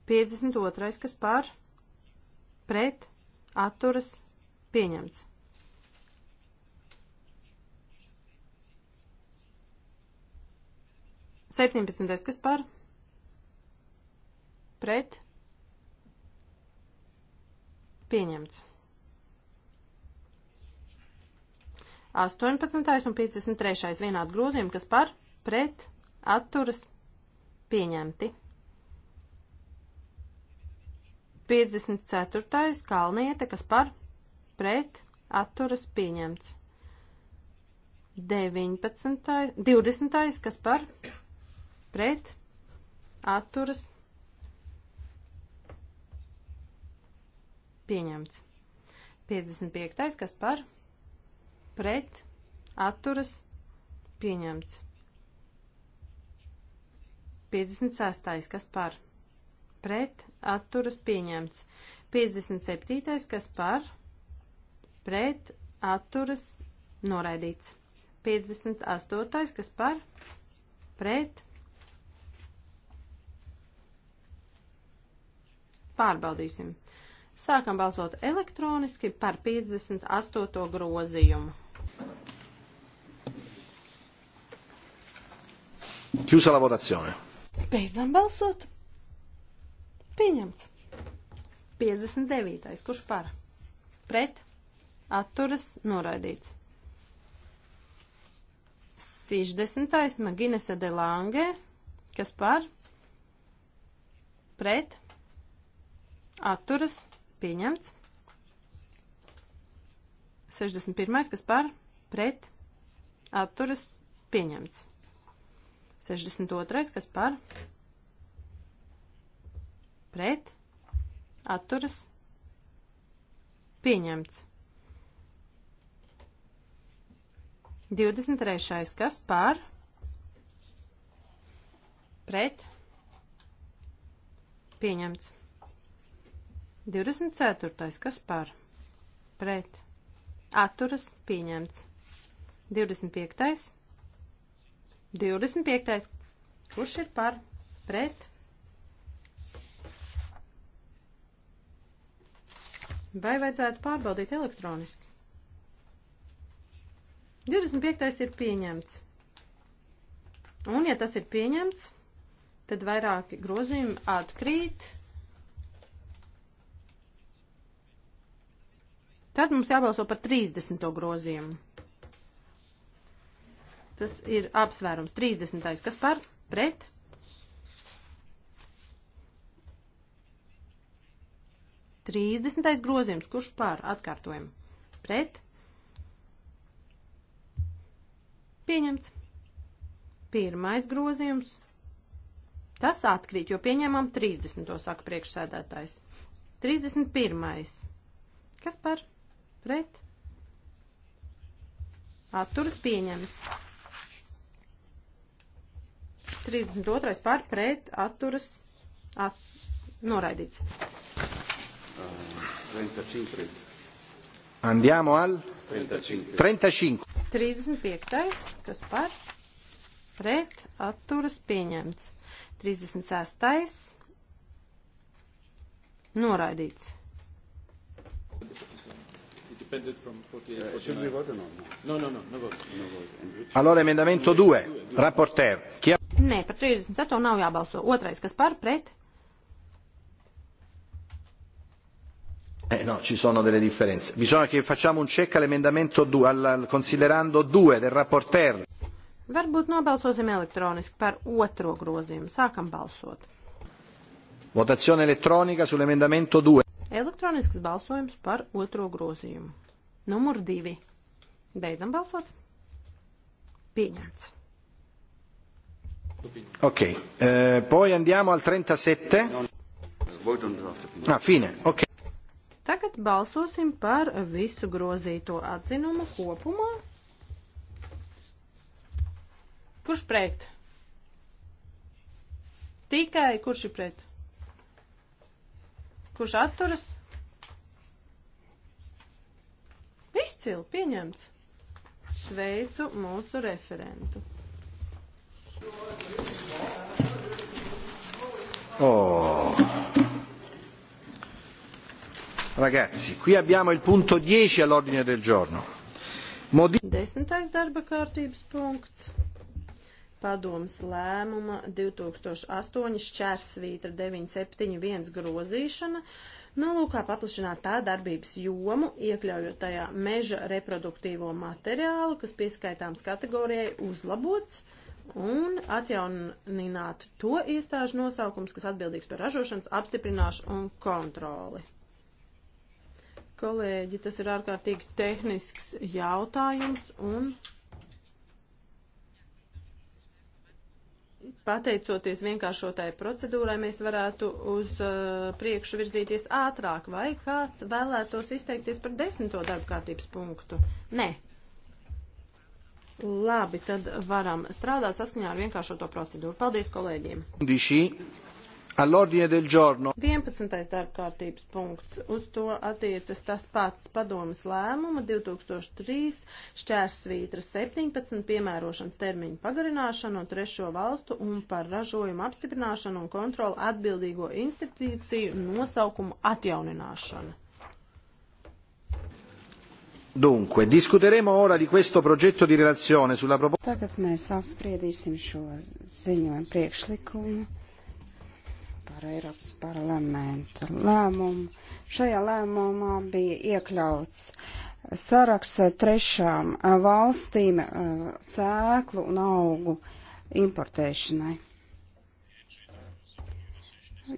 Piecdesmit otrais, kas par, pret atturas pieņemts. Septiņpadsmitais, kas par? Pret? Pieņemts. 18. un 53. vienādi grozījumi, kas par, pret, atturas, pieņemti. 54. Kalniete, kas par pret atturas pieņemts. 19. 20. kas par pret atturas pieņemts. 55. kas par pret atturas pieņemts. 56. kas par pret atturas pieņemts. 57. kas par pret atturas noraidīts. 58. kas par pret pārbaudīsim. Sākam balsot elektroniski par 58. grozījumu. Chiusa la votazione. Beidzam balsot. Pieņemts. 59. Kurš par? Pret. Atturas noraidīts. 60. Maginese de Lange. Kas par? Pret. Atturas pieņemts. 61. Kas par? Pret. Atturas pieņemts. 62. Kas par? Pret pret, atturas, pieņemts. 23. kas par, pret, pieņemts. 24. kas par, pret, atturas, pieņemts. 25. 25. kurš ir par, pret, pieņemts. Vai vajadzētu pārbaudīt elektroniski? 25. ir pieņemts. Un, ja tas ir pieņemts, tad vairāki grozījumi atkrīt. Tad mums jābalso par 30. grozījumu. Tas ir apsvērums 30. kas par pret 30. grozījums, kurš pār atkārtojam? Pret. Pieņemts. Pirmais grozījums. Tas atkrīt, jo pieņemam 30. saka priekšsēdētājs. 31. Kas par? Pret. Atturas pieņemts. 32. par pret atturas at, noraidīts. 35. Ah, Andiamo al 35. 35. 35. Kas par? Pret atturas pieņemts. 36. Noraidīts. Eh, no, no, no, allora emendamento 2, rapporteur. Nē, par 34 nav jābalso. Otrais, kas par pret? Eh no, ci sono delle differenze. Bisogna che facciamo un check all'emendamento 2, al considerando 2 del rapporteur. Varbūt nobalsosim elektroniski par otro grozījumu. Sākam balsot. Votazione elettronica sull'emendamento 2. Elektronisks balsojums par otro grozījumu. Numur 2. Beidzam balsot. Pieņemts. Ok, eh, poi andiamo al 37. Ah, fine, ok. Tagad balsosim par visu grozīto atzinumu kopumā. Kurš pret? Tikai kurš ir pret? Kurš atturas? Izcili pieņemts. Sveicu mūsu referentu. Oh. Ragazzi, qui abbiamo il punto 10 all'ordine del giorno. Modi... Desmitais darba kārtības punkts. Padomas lēmuma 2008 šķērsvītra 971 grozīšana. Nolūkā nu, paplašināt tā darbības jomu, iekļaujot tajā meža reproduktīvo materiālu, kas pieskaitāms kategorijai uzlabots, un atjaunināt to iestāžu nosaukums, kas atbildīgs par ražošanas apstiprināšanu un kontroli. Kolēģi, tas ir ārkārtīgi tehnisks jautājums un pateicoties vienkāršotai procedūrai, mēs varētu uz uh, priekšu virzīties ātrāk. Vai kāds vēlētos izteikties par desmito darba kārtības punktu? Nē. Labi, tad varam strādāt saskaņā ar vienkāršoto procedūru. Paldies kolēģiem! Diši. All'ordine del giorno. 11. darba kārtības punkts. Uz to attiecas tas pats padomas lēmuma 2003 šķērsvītra 17 piemērošanas termiņu pagarināšanu un trešo valstu un par ražojumu apstiprināšanu un kontroli atbildīgo institūciju nosaukumu atjaunināšanu. Dunque, discuteremo ora di questo progetto di relazione sulla proposta. Tagad mēs apspriedīsim šo ziņojumu priekšlikumu par Eiropas parlamenta lēmumu. Šajā lēmumā bija iekļauts saraksts trešām valstīm sēklu un augu importēšanai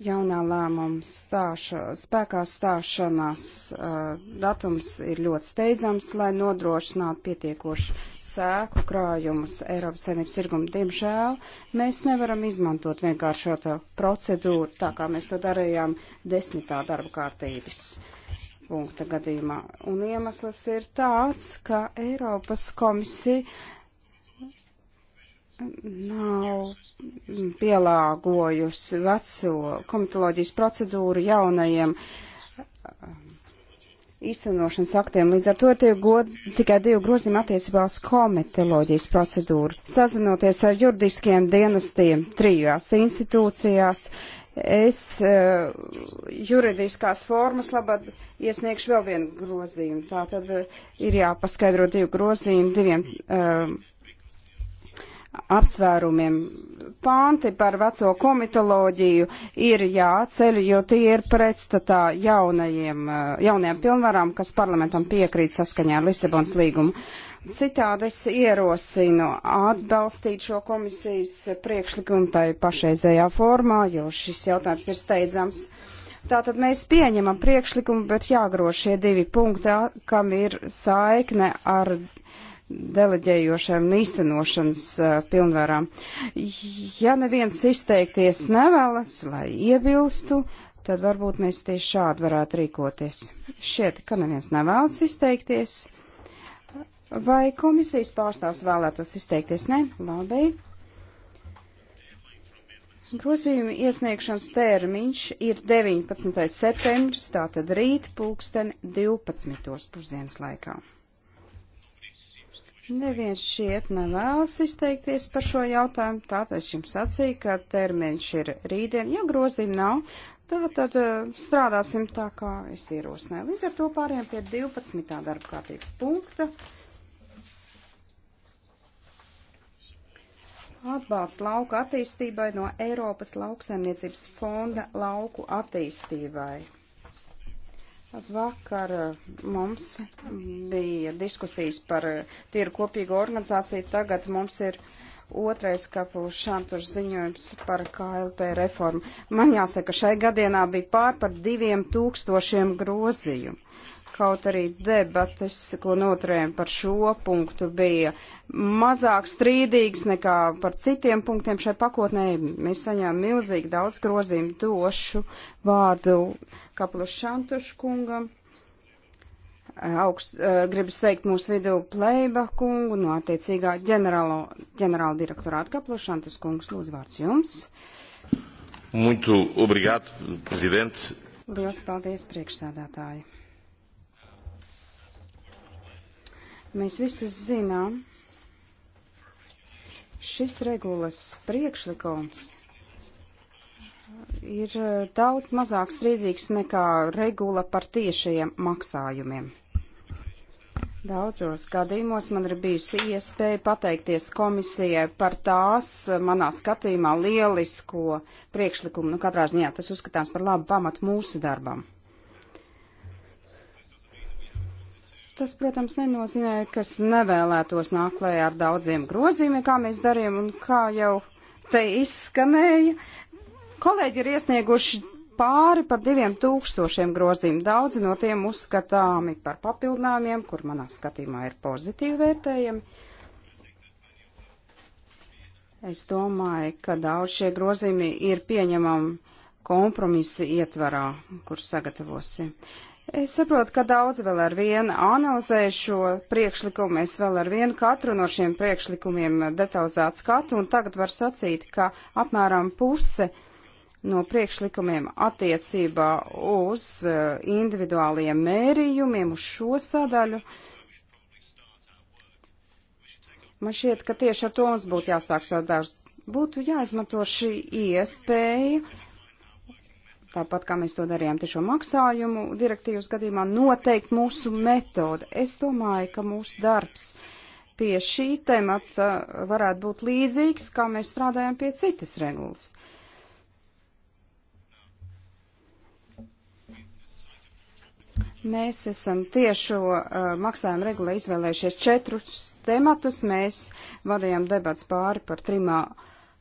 jaunā lēmuma stāša, spēkā stāšanās uh, datums ir ļoti steidzams, lai nodrošinātu pietiekošu sēklu krājumus Eiropas saimnības tirgumu. Diemžēl mēs nevaram izmantot vienkāršoto procedūru, tā kā mēs to darījām desmitā darba kārtības punkta gadījumā. Un iemesls ir tāds, ka Eiropas komisija nav pielāgojusi veco komitoloģijas procedūru jaunajiem uh, īstenošanas aktiem. Līdz ar to tiek god tikai divu grozījumu attiecībā uz komitoloģijas procedūru. Sazinoties ar juridiskiem dienestiem trijās institūcijās, es uh, juridiskās formas labad iesniegšu vēl vienu grozījumu. Tātad uh, ir jāpaskaidro divu grozījumu diviem. Uh, apsvērumiem. Pānti par veco komitoloģiju ir jāceļ, jo tie ir pretstatā jaunajiem, eh, jaunajiem pilnvarām, kas parlamentam piekrīt saskaņā ar Lisabons līgumu. Citādi es ierosinu atbalstīt šo komisijas priekšlikumu tai pašreizējā formā, jo šis jautājums ir steidzams. Tātad mēs pieņemam priekšlikumu, bet jāgro šie divi punkti, kam ir saikne ar deleģējošajām un īstenošanas uh, pilnvarām. Ja neviens izteikties nevēlas vai iebilstu, tad varbūt mēs tieši šādi varētu rīkoties. Šķiet, ka neviens nevēlas izteikties. Vai komisijas pārstāvs vēlētos izteikties? Nē, labi. Grozījuma iesniegšanas termiņš ir 19. septembris, tātad rīt pulksten 12. pusdienas laikā. Neviens šiet nevēlas izteikties par šo jautājumu, tātad es jums sacīju, ka termiņš ir rītdien, ja grozījumi nav, tātad eh, strādāsim tā, kā es ierosināju. Līdz ar to pārējām pie 12. darba kārtības punkta. Atbalsts lauka attīstībai no Eiropas lauksaimniecības fonda lauku attīstībai. Vakar eh, mums bija diskusijas par eh, tīru kopīgu organizāciju, tagad mums ir otrais kapus šantušs ziņojums par KLP reformu. Man jāsaka, šai gadienā bija pār par diviem tūkstošiem grozījumu kaut arī debates, ko noturējām par šo punktu, bija mazāk strīdīgas nekā par citiem punktiem šai pakotnē. Mēs saņēmām milzīgi daudz grozījumu došu vārdu Kaplu Šantušu kungam. Augst, eh, gribu sveikt mūsu vidū Pleiba kungu no attiecīgā ģenerālo, ģenerāla direktorāta Kaplu Šantus kungs. Lūdzu, vārds jums. Muito obrigado, presidente. Lielas paldies, priekšsādātāji. Mēs visi zinām, šis regulas priekšlikums ir e, daudz mazāk strīdīgs nekā regula par tiešajiem maksājumiem. Daudzos gadījumos man ir bijusi iespēja pateikties komisijai par tās, e, manā skatījumā, lielisko priekšlikumu. Nu, katrā ziņā tas uzskatāms par labu pamatu mūsu darbam. Tas, protams, nenozīmē, ka es nevēlētos nākt klajā ar daudziem grozījumiem, kā mēs darījām un kā jau te izskanēja. Kolēģi ir iesnieguši pāri par diviem tūkstošiem grozījumu. Daudzi no tiem uzskatāmi par papildinājumiem, kur manā skatījumā ir pozitīvi vērtējami. Es domāju, ka daudz šie grozījumi ir pieņemami kompromisi ietvarā, kur sagatavosim. Uh, Es saprotu, ka daudz vēl ar vienu analizē šo priekšlikumu. Es vēl ar vienu katru no šiem priekšlikumiem detalizētu skatu, un tagad var sacīt, ka apmēram puse no priekšlikumiem attiecībā uz eh, individuāliem mērījumiem, uz šo sadaļu. Man šķiet, ka tieši ar to mums būtu jāsāk savu darbs. Būtu jāizmanto šī iespēja tāpat kā mēs to darījām tiešo maksājumu direktīvas gadījumā, noteikt mūsu metodi. Es domāju, ka mūsu darbs pie šī temata varētu būt līdzīgs, kā mēs strādājam pie citas regulas. Mēs esam tiešo uh, maksājumu regulē izvēlējušies četrus tematus. Mēs vadījām debats pāri par trimā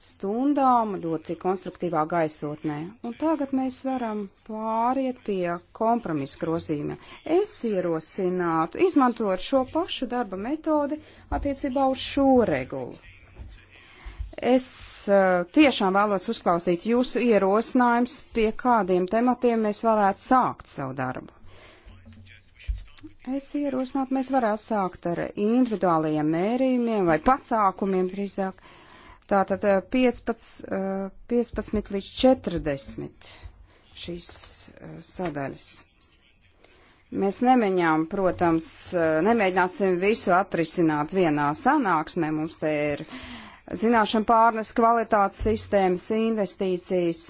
stundām ļoti konstruktīvā gaisotnē. Un tagad mēs varam pāriet pie kompromisa grozījuma. Es ierosinātu izmantot šo pašu darba metodi attiecībā uz šo regulu. Es uh, tiešām vēlos uzklausīt jūsu ierosinājums, pie kādiem tematiem mēs varētu sākt savu darbu. Es ierosinātu, mēs varētu sākt ar individuālajiem mērījumiem vai pasākumiem drīzāk. Uh, Tātad 15, eh, 15 eh, līdz 40 šīs eh, sadaļas. Mēs nemeņām, protams, nemēģināsim visu atrisināt vienā sanāksmē. Mums te ir zināšana pārnes kvalitātes sistēmas, investīcijas.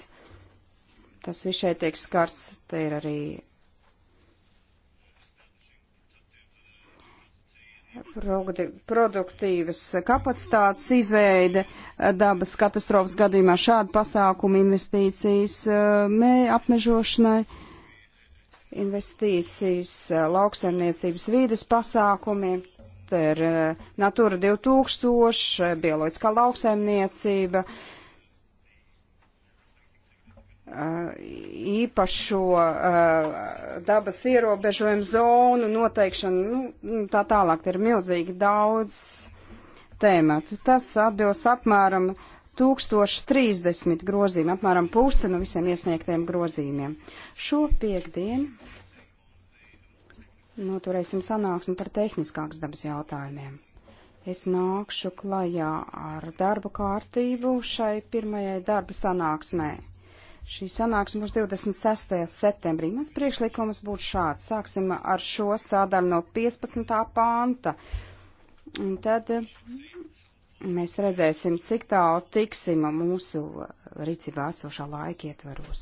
Tas viss šeit tiek skars. Te ir arī produktīvas kapacitātes izveide dabas katastrofas gadījumā šādu pasākumu investīcijas eh, mēja apmežošanai, investīcijas eh, lauksaimniecības vīdes pasākumiem, te ir eh, Natura 2000, bioloģiskā lauksaimniecība, uh, īpašo uh, dabas ierobežojumu zonu noteikšanu, nu, tā tālāk ir milzīgi daudz tēmatu. Tas atbilst apmēram 1030 grozīm, apmēram puse no visiem iesniegtiem grozījumiem. Šo piekdienu noturēsim sanāksmi par tehniskāks dabas jautājumiem. Es nākšu klajā ar darba kārtību šai pirmajai darba sanāksmē. Šī sanāksme būs 26. septembrī. Mans priekšlikums būtu šāds. Sāksim ar šo sādaļu no 15. panta. Un tad mm, mēs redzēsim, cik tālu tiksim mūsu rīcībā esošā laika ietvaros.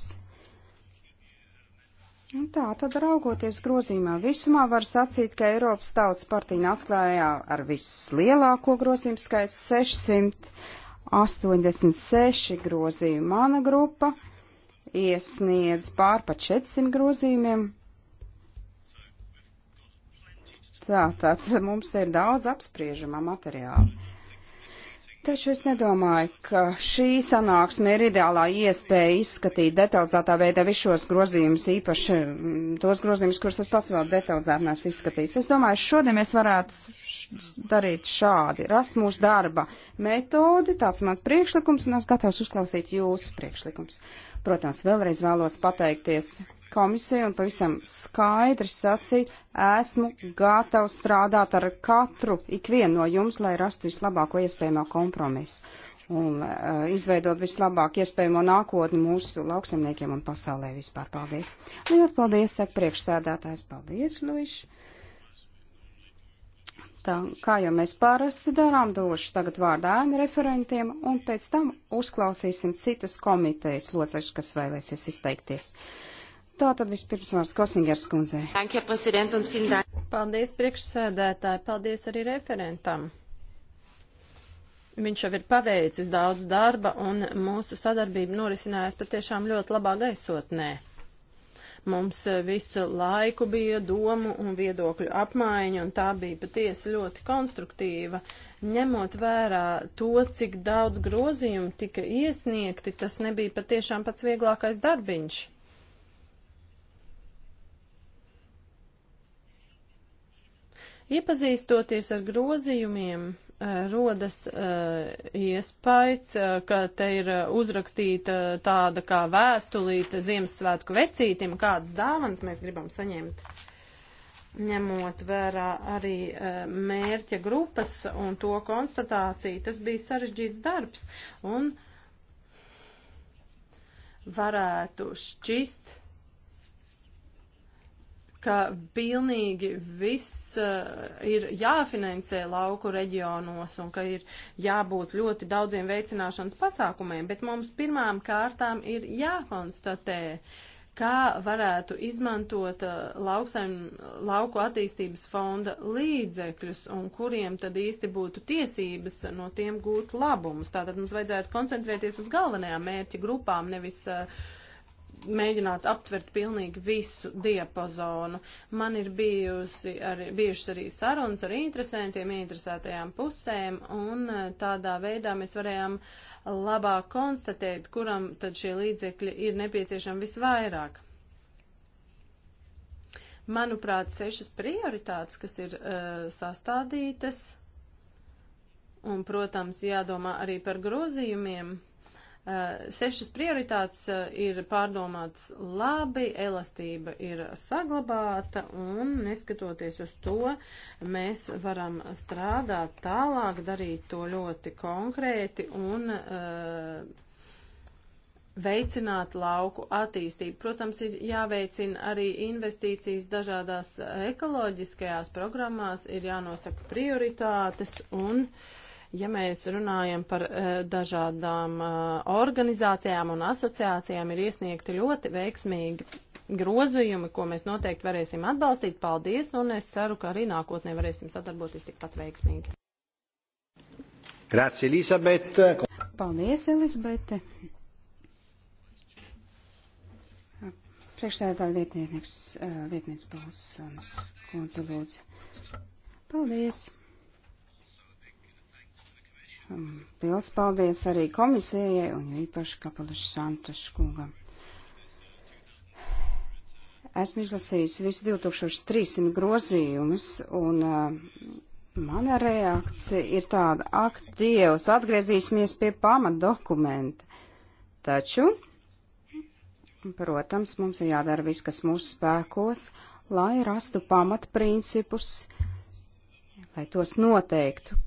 Un tā tad raugoties grozīmā visumā var sacīt, ka Eiropas tautas partija atklājā ar vislielāko grozījumu skaits 686 grozījumu mana grupa iesniedz pār pa 400 grozījumiem. Tā, tad mums te ir daudz apspriežamā materiāla. Taču es nedomāju, ka šī sanāksme ir ideālā iespēja izskatīt detalizētā veidā visus šos grozījumus, īpaši mm, tos grozījumus, kurus es pats vēl detalizēti neesmu izskatījis. Es domāju, šodien mēs varētu darīt šādi, rast mūsu darba metodi, tāds mans priekšlikums, un es gatavs uzklausīt jūsu priekšlikums. Protams, vēlreiz vēlos pateikties komisiju un pavisam skaidri sacīt, esmu gatavs strādāt ar katru ikvienu no jums, lai rastu vislabāko iespējamo kompromisu un uh, izveidot vislabāk iespējamo nākotni mūsu lauksemniekiem un pasaulē vispār. Paldies! Lielas paldies, saka priekšstādātājs. Paldies, Luiši! Tā, kā jau mēs parasti darām, došu tagad vārdu ēnu referentiem, un pēc tam uzklausīsim citus komitejas locekļus, kas vēlēsies izteikties. Tā tad vispirms vārds Kosingers kundzē. Paldies priekšsēdētāji, paldies arī referentam. Viņš jau ir paveicis daudz darba, un mūsu sadarbība norisinājās patiešām ļoti labā gaisotnē. Mums eh, visu laiku bija domu un viedokļu apmaiņa, un tā bija patiesi ļoti konstruktīva. Ņemot vērā to, cik daudz grozījumu tika iesniegti, tas nebija patiešām pats vieglākais darbiņš. Iepazīstoties ar grozījumiem, Eh, rodas uh, iespējas, uh, ka te ir uzrakstīta tāda kā vēstulīta Ziemassvētku vecītim, kādas dāvanas mēs gribam saņemt, ņemot vērā arī uh, mērķa grupas un to konstatāciju. Tas bija sarežģīts darbs un varētu šķist ka pilnīgi viss uh, ir jāfinansē lauku reģionos un ka ir jābūt ļoti daudziem veicināšanas pasākumiem, bet mums pirmām kārtām ir jākonstatē, kā varētu izmantot uh, eh, lauksaim, lauku attīstības fonda līdzekļus un kuriem tad īsti būtu tiesības no tiem gūt labumus. Tātad mums vajadzētu koncentrēties uz galvenajām mērķa grupām, nevis uh, mēģināt aptvert pilnīgi visu diapazonu. Man ir bijusi arī, bijušas arī sarunas ar interesantiem, interesētajām pusēm, un e, tādā veidā mēs varējām labāk konstatēt, kuram tad šie līdzekļi ir nepieciešami visvairāk. Manuprāt, sešas prioritātes, kas ir uh, sastādītas, un, protams, jādomā arī par grozījumiem. Uh, Eh, sešas prioritātes eh, ir pārdomāts labi, elastība ir saglabāta un neskatoties uz to, mēs varam strādāt tālāk, darīt to ļoti konkrēti un uh, veicināt lauku attīstību. Protams, ir jāveicina arī investīcijas dažādās ekoloģiskajās programmās, ir jānosaka prioritātes un uh, Ja mēs runājam par uh, dažādām uh, organizācijām un asociācijām, ir iesniegti ļoti veiksmīgi grozījumi, ko mēs noteikti varēsim atbalstīt. Paldies, un es ceru, ka arī nākotnē varēsim sadarboties tikpat veiksmīgi. Grazie, Elisabete. Paldies, Elisabete. Priekšsēdētāja vietnieks, eh, vietnieks balsams, kundze lūdzu. Paldies! Um, liels paldies arī komisijai un īpaši Kapalušu Santašu kungam. Esmu izlasījis visu 2300 grozījumus un uh, mana reakcija ir tāda, ak, Dievs, atgriezīsimies pie pamat dokumenta. Taču, protams, mums ir jādara viss, kas mūsu spēkos, lai rastu pamatprincipus, lai tos noteiktu,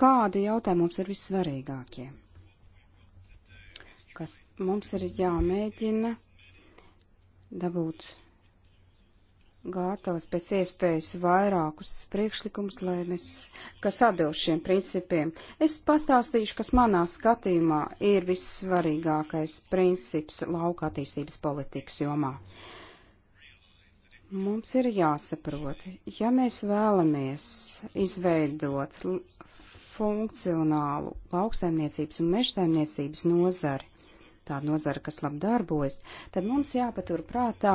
kādi jautājumi mums ir vissvarīgākie, kas mums ir jāmēģina dabūt gatavas pēc iespējas vairākus priekšlikumus, lai mēs, kas atbilst šiem principiem. Es pastāstīšu, kas manā skatījumā ir vissvarīgākais princips lauka attīstības politikas jomā. Mums ir jāsaprot, ja mēs vēlamies izveidot funkcionālu lauksaimniecības un mežsaimniecības nozari, tāda nozara, kas labi darbojas, tad mums jāpatur prātā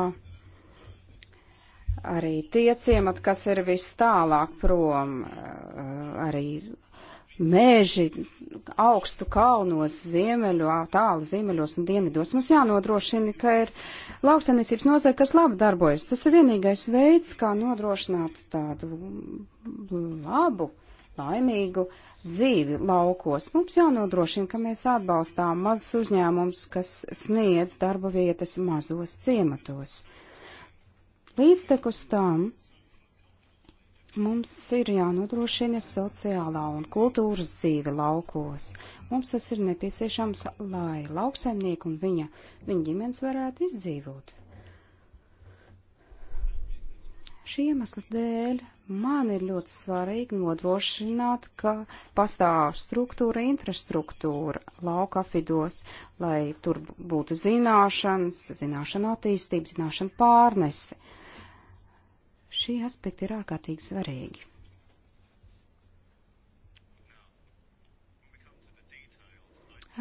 arī tie ciemati, kas ir vis tālāk prom, eh, arī mēži augstu kalnos, ziemeļo, tālu ziemeļos un dienvidos. Mums jānodrošina, ka ir lauksaimniecības nozara, kas labi darbojas. Tas ir vienīgais veids, kā nodrošināt tādu labu laimīgu dzīvi laukos. Mums jānodrošina, ka mēs atbalstām mazus uzņēmumus, kas sniedz darba vietas mazos ciematos. Līdztekus tam mums ir jānodrošina sociālā un kultūras dzīve laukos. Mums tas ir nepieciešams, lai lauksaimnieku un viņa, viņa ģimenes varētu izdzīvot. Šī iemesla dēļ man ir ļoti svarīgi nodrošināt, ka pastāv struktūra, infrastruktūra lauka apvidos, lai tur būtu zināšanas, zināšana attīstība, zināšana pārnese. Šie aspekti ir ārkārtīgi svarīgi.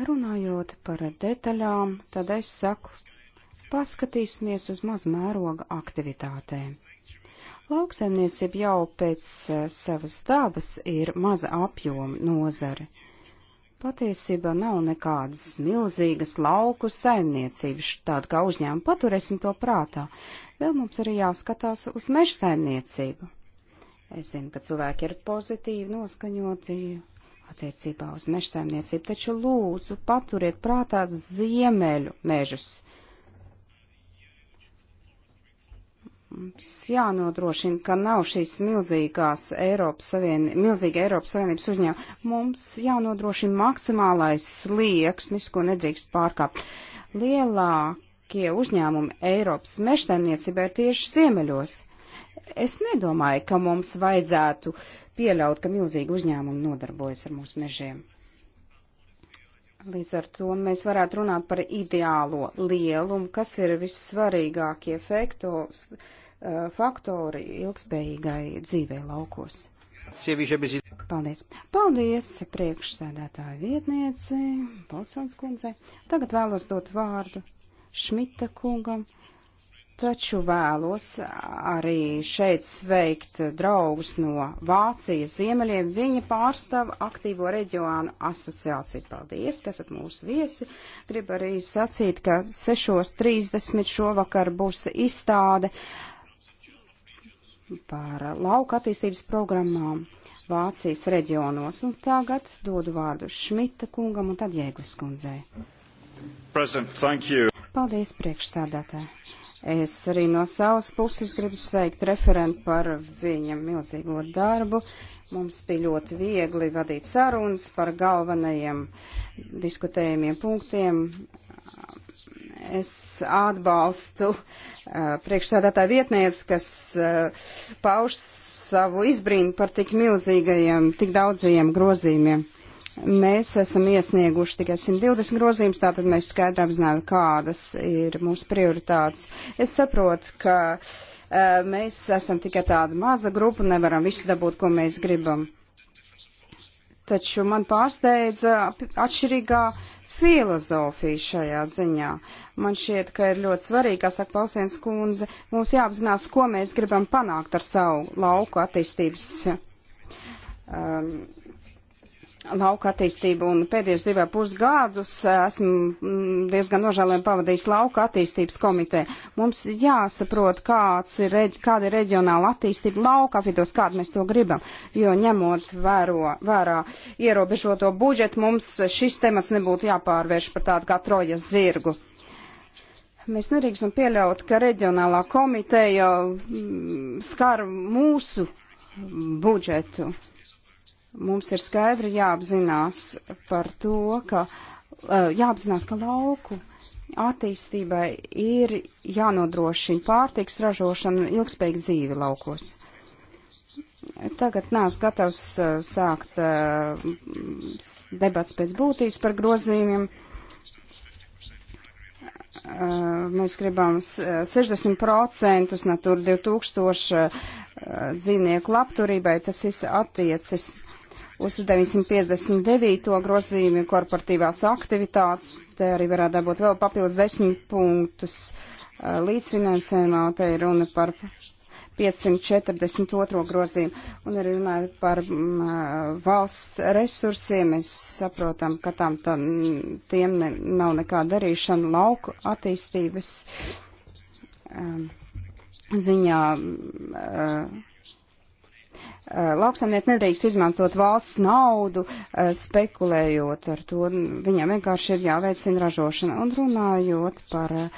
Runājot par detaļām, tad es saku, paskatīsimies uz mazmēroga aktivitātēm Lauksaimniecība jau pēc eh, savas dabas ir maza apjoma nozare. Patiesībā nav nekādas milzīgas lauku saimniecības, tāda kā uzņēma paturēsim to prātā. Vēl mums arī jāskatās uz meža saimniecību. Es zinu, ka cilvēki ir pozitīvi noskaņoti attiecībā uz meža saimniecību, taču lūdzu paturiet prātā ziemeļu mežus. Uh, Mums jānodrošina, ka nav šīs milzīgās Eiropas Savien... milzīga Eiropas Savienības uzņēmuma. Mums jānodrošina maksimālais slieksnis, ko nedrīkst pārkāpt. Lielākie uzņēmumi Eiropas mežtēmniecībā ir tieši ziemeļos. Es nedomāju, ka mums vajadzētu pieļaut, ka milzīgi uzņēmumi nodarbojas ar mūsu mežiem. Līdz ar to mēs varētu runāt par ideālo lielumu, kas ir vissvarīgākie faktori faktori ilgspējīgai dzīvē laukos. Paldies. Paldies priekšsēdētāju vietnieci, Balsons kundzei. Tagad vēlos dot vārdu Šmita kungam, taču vēlos arī šeit sveikt draugus no Vācijas ziemeļiem. Viņa pārstāv aktīvo reģionu asociāciju. Paldies, ka esat mūsu viesi. Gribu arī sacīt, ka 6.30 šovakar būs izstāde. Uh, par lauka attīstības programmām Vācijas reģionos. Un tagad dodu vārdu Šmita kungam un tad Jēglis kundzei. Paldies, priekšstādātē. Es arī no savas puses gribu sveikt referentu par viņa milzīgo darbu. Mums bija ļoti viegli vadīt sarunas par galvenajiem diskutējumiem punktiem Es atbalstu uh, priekšsēdētāju vietnieci, kas uh, pauž savu izbrīnu par tik milzīgajiem, tik daudzajiem grozījumiem. Mēs esam iesnieguši tikai 120 grozījumus, tātad mēs skaidri apzinām, kādas ir mūsu prioritātes. Es saprotu, ka uh, mēs esam tikai tāda maza grupa, nevaram visu dabūt, ko mēs gribam. Uh, taču man pārsteidza atšķirīgā filozofija šajā ziņā. Man šķiet, ka ir ļoti svarīgi, kā saka Pausiens kundze, mums jāapzinās, ko mēs gribam panākt ar savu lauku attīstības um, lauka attīstību, un pēdējos divā pusgadus eh, esmu mm, diezgan nožēlēm pavadījis lauka attīstības komitē. Mums jāsaprot, kāds ir, kāda ir reģionāla attīstība lauka apvidos, kādu mēs to gribam, jo ņemot vēro, vērā ierobežoto budžetu, mums šis temats nebūtu jāpārvērš par tādu kā trojas zirgu. Mēs nerīkstam pieļaut, ka reģionālā komiteja mm, skar mūsu budžetu Mums ir skaidri jāapzinās par to, ka eh, jāapzinās, ka lauku attīstībai ir jānodrošina pārtiks ražošana un ilgspējīga dzīve laukos. Tagad nāc gatavs eh, sākt eh, debats pēc būtības par grozījumiem. Mēs gribam 60% Natura 2000 dzīvnieku labturībai, tas viss attiecis uz 959. grozījumu korporatīvās aktivitātes. Te arī varētu dabūt vēl papildus 10 punktus uh, līdzfinansējumā. Te ir runa par 542. grozījumu. Un arī runājot par m, mm, uh, valsts resursiem, mēs saprotam, ka tam tā, tiem ne, nav nekā darīšana lauku attīstības um, ziņā. Mm, uh, Eh, lauksaimnieki nedrīkst izmantot valsts naudu, eh, spekulējot ar to. Viņam vienkārši ir jāveicina ražošana. Un runājot par um,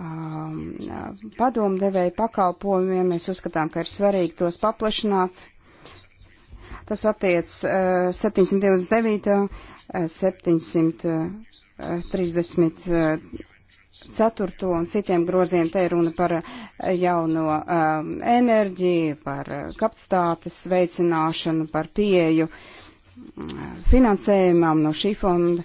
eh, padomdevēju pakalpojumiem, mēs uzskatām, ka ir svarīgi tos paplašināt. Tas attiec uh, 729. 730 ceturto un citiem groziem te ir runa par eh, jauno um, enerģiju, par eh, kapacitātes veicināšanu, par pieju mm, finansējumam no šī fonda.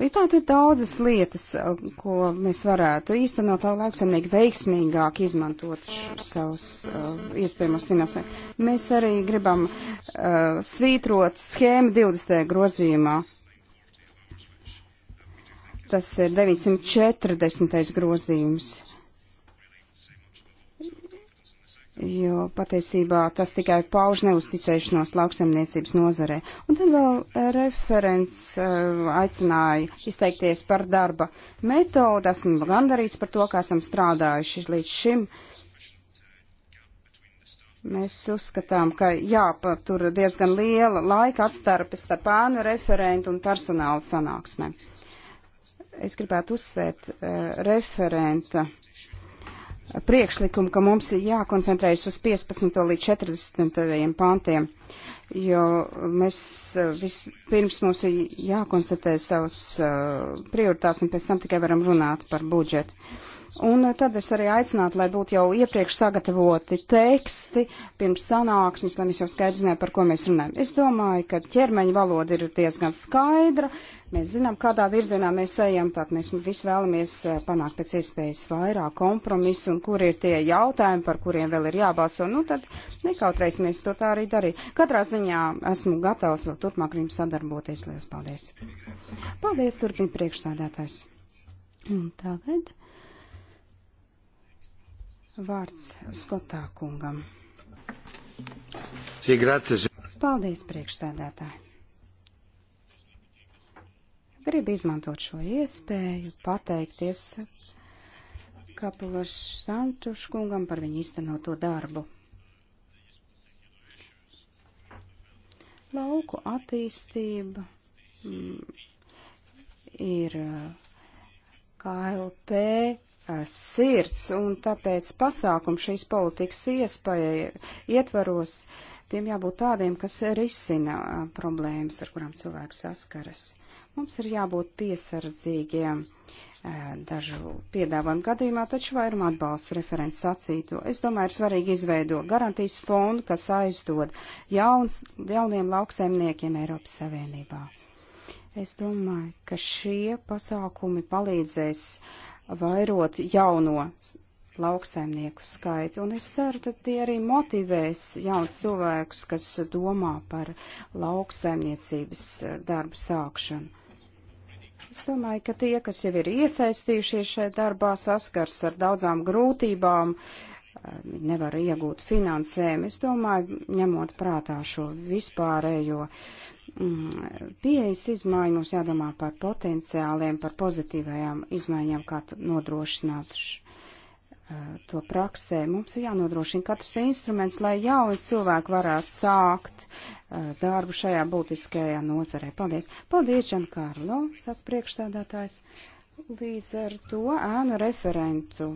Ir tātad ir daudzas lietas, eh, ko mēs varētu īstenot, lai lauksaimnieki veiksmīgāk izmantot savus uh, iespējamos finansējumus. Mēs arī gribam uh, svītrot schēmu 20. grozījumā, Tas ir 940. grozījums. Jo patiesībā tas tikai pauž neusticēšanos lauksemniecības nozarē. Un tad vēl referents uh, aicināja izteikties par darba metodu. Esmu gandarīts par to, kā esam strādājuši līdz šim. Mēs uzskatām, ka jāpatur diezgan liela laika atstarpe starp ēnu referentu un personāla sanāksmēm es gribētu uzsvērt eh, referenta priekšlikumu, ka mums ir jākoncentrējas uz 15. līdz 40. pantiem, jo mēs eh, vispirms mums ir jākonstatē savas eh, prioritātes un pēc tam tikai varam runāt par budžetu. Un tad es arī aicinātu, lai būtu jau iepriekš sagatavoti teksti pirms sanāksmes, lai mēs jau skaidrs zinātu, par ko mēs runājam. Es domāju, ka ķermeņa valoda ir diezgan skaidra, Mēs zinām, kādā virzienā mēs ejam, tad mēs visi vēlamies eh, panākt pēc iespējas vairāk kompromisu un kur ir tie jautājumi, par kuriem vēl ir jābalso. Nu, tad nekautrēsimies to tā arī darīt. Katrā ziņā esmu gatavs vēl turpmāk ar jums sadarboties. Lielas paldies! Paldies, turpina priekšsādātājs. Un tagad vārds Skotā kungam. Paldies, priekšsēdētāji! Gribu izmantot šo iespēju pateikties Kapulašu Santušu kungam par viņu iztenoto darbu. Lauku attīstība mm, ir eh, KLP eh, sirds, un tāpēc pasākumu šīs politikas iespēja ietvaros tiem jābūt tādiem, kas risina eh, problēmas, ar kurām cilvēks saskaras. Mums ir jābūt piesardzīgiem eh, dažu piedāvājumu gadījumā, taču vairumā atbalsta referents sacīto. Es domāju, ir svarīgi izveidot garantijas fondu, kas aizdod jauns, jauniem lauksaimniekiem Eiropas Savienībā. Es domāju, ka šie pasākumi palīdzēs vairot jauno lauksaimnieku skaitu, un es ceru, ka tie arī motivēs jauns cilvēkus, kas domā par lauksaimniecības eh, darbu sākšanu Es domāju, ka tie, kas jau ir iesaistījušies šajā darbā, saskars ar daudzām grūtībām, nevar iegūt finansējumu. Es domāju, ņemot prātā šo vispārējo mm, pieejas izmaiņu, mums jādomā par potenciāliem, par pozitīvajām izmaiņām, kā nodrošināt šo Eh, to praksē. Mums ir jānodrošina katrs instruments, lai jauni cilvēki varētu sākt uh, darbu šajā būtiskajā nozarē. Paldies! Paldies, Čankārlo, saka priekšsēdētājs. Līdz ar to ēnu referentu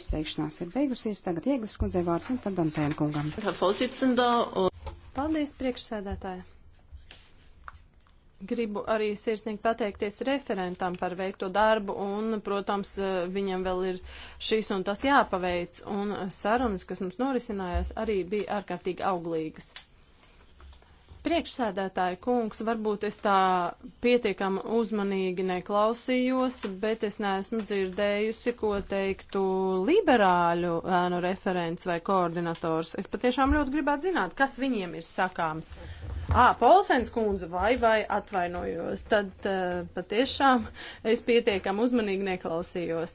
izteikšanās ir beigusies. Tagad Ieglis kundzei vārds un tad Antēna kungam. Paldies, priekšsēdētāji! Gribu arī sirsnīgi pateikties referentam par veikto darbu un, protams, viņam vēl ir šis un tas jāpaveic. Un sarunas, kas mums norisinājās, arī bija ārkārtīgi auglīgas. Priekšsēdētāja kungs, varbūt es tā pietiekam uzmanīgi neklausījos, bet es neesmu dzirdējusi, ko teiktu liberāļu ēnu referents vai koordinators. Es patiešām ļoti gribētu zināt, kas viņiem ir sakāms. Ā, Polsens kundze, vai, vai atvainojos, tad uh, patiešām es pietiekam uzmanīgi neklausījos.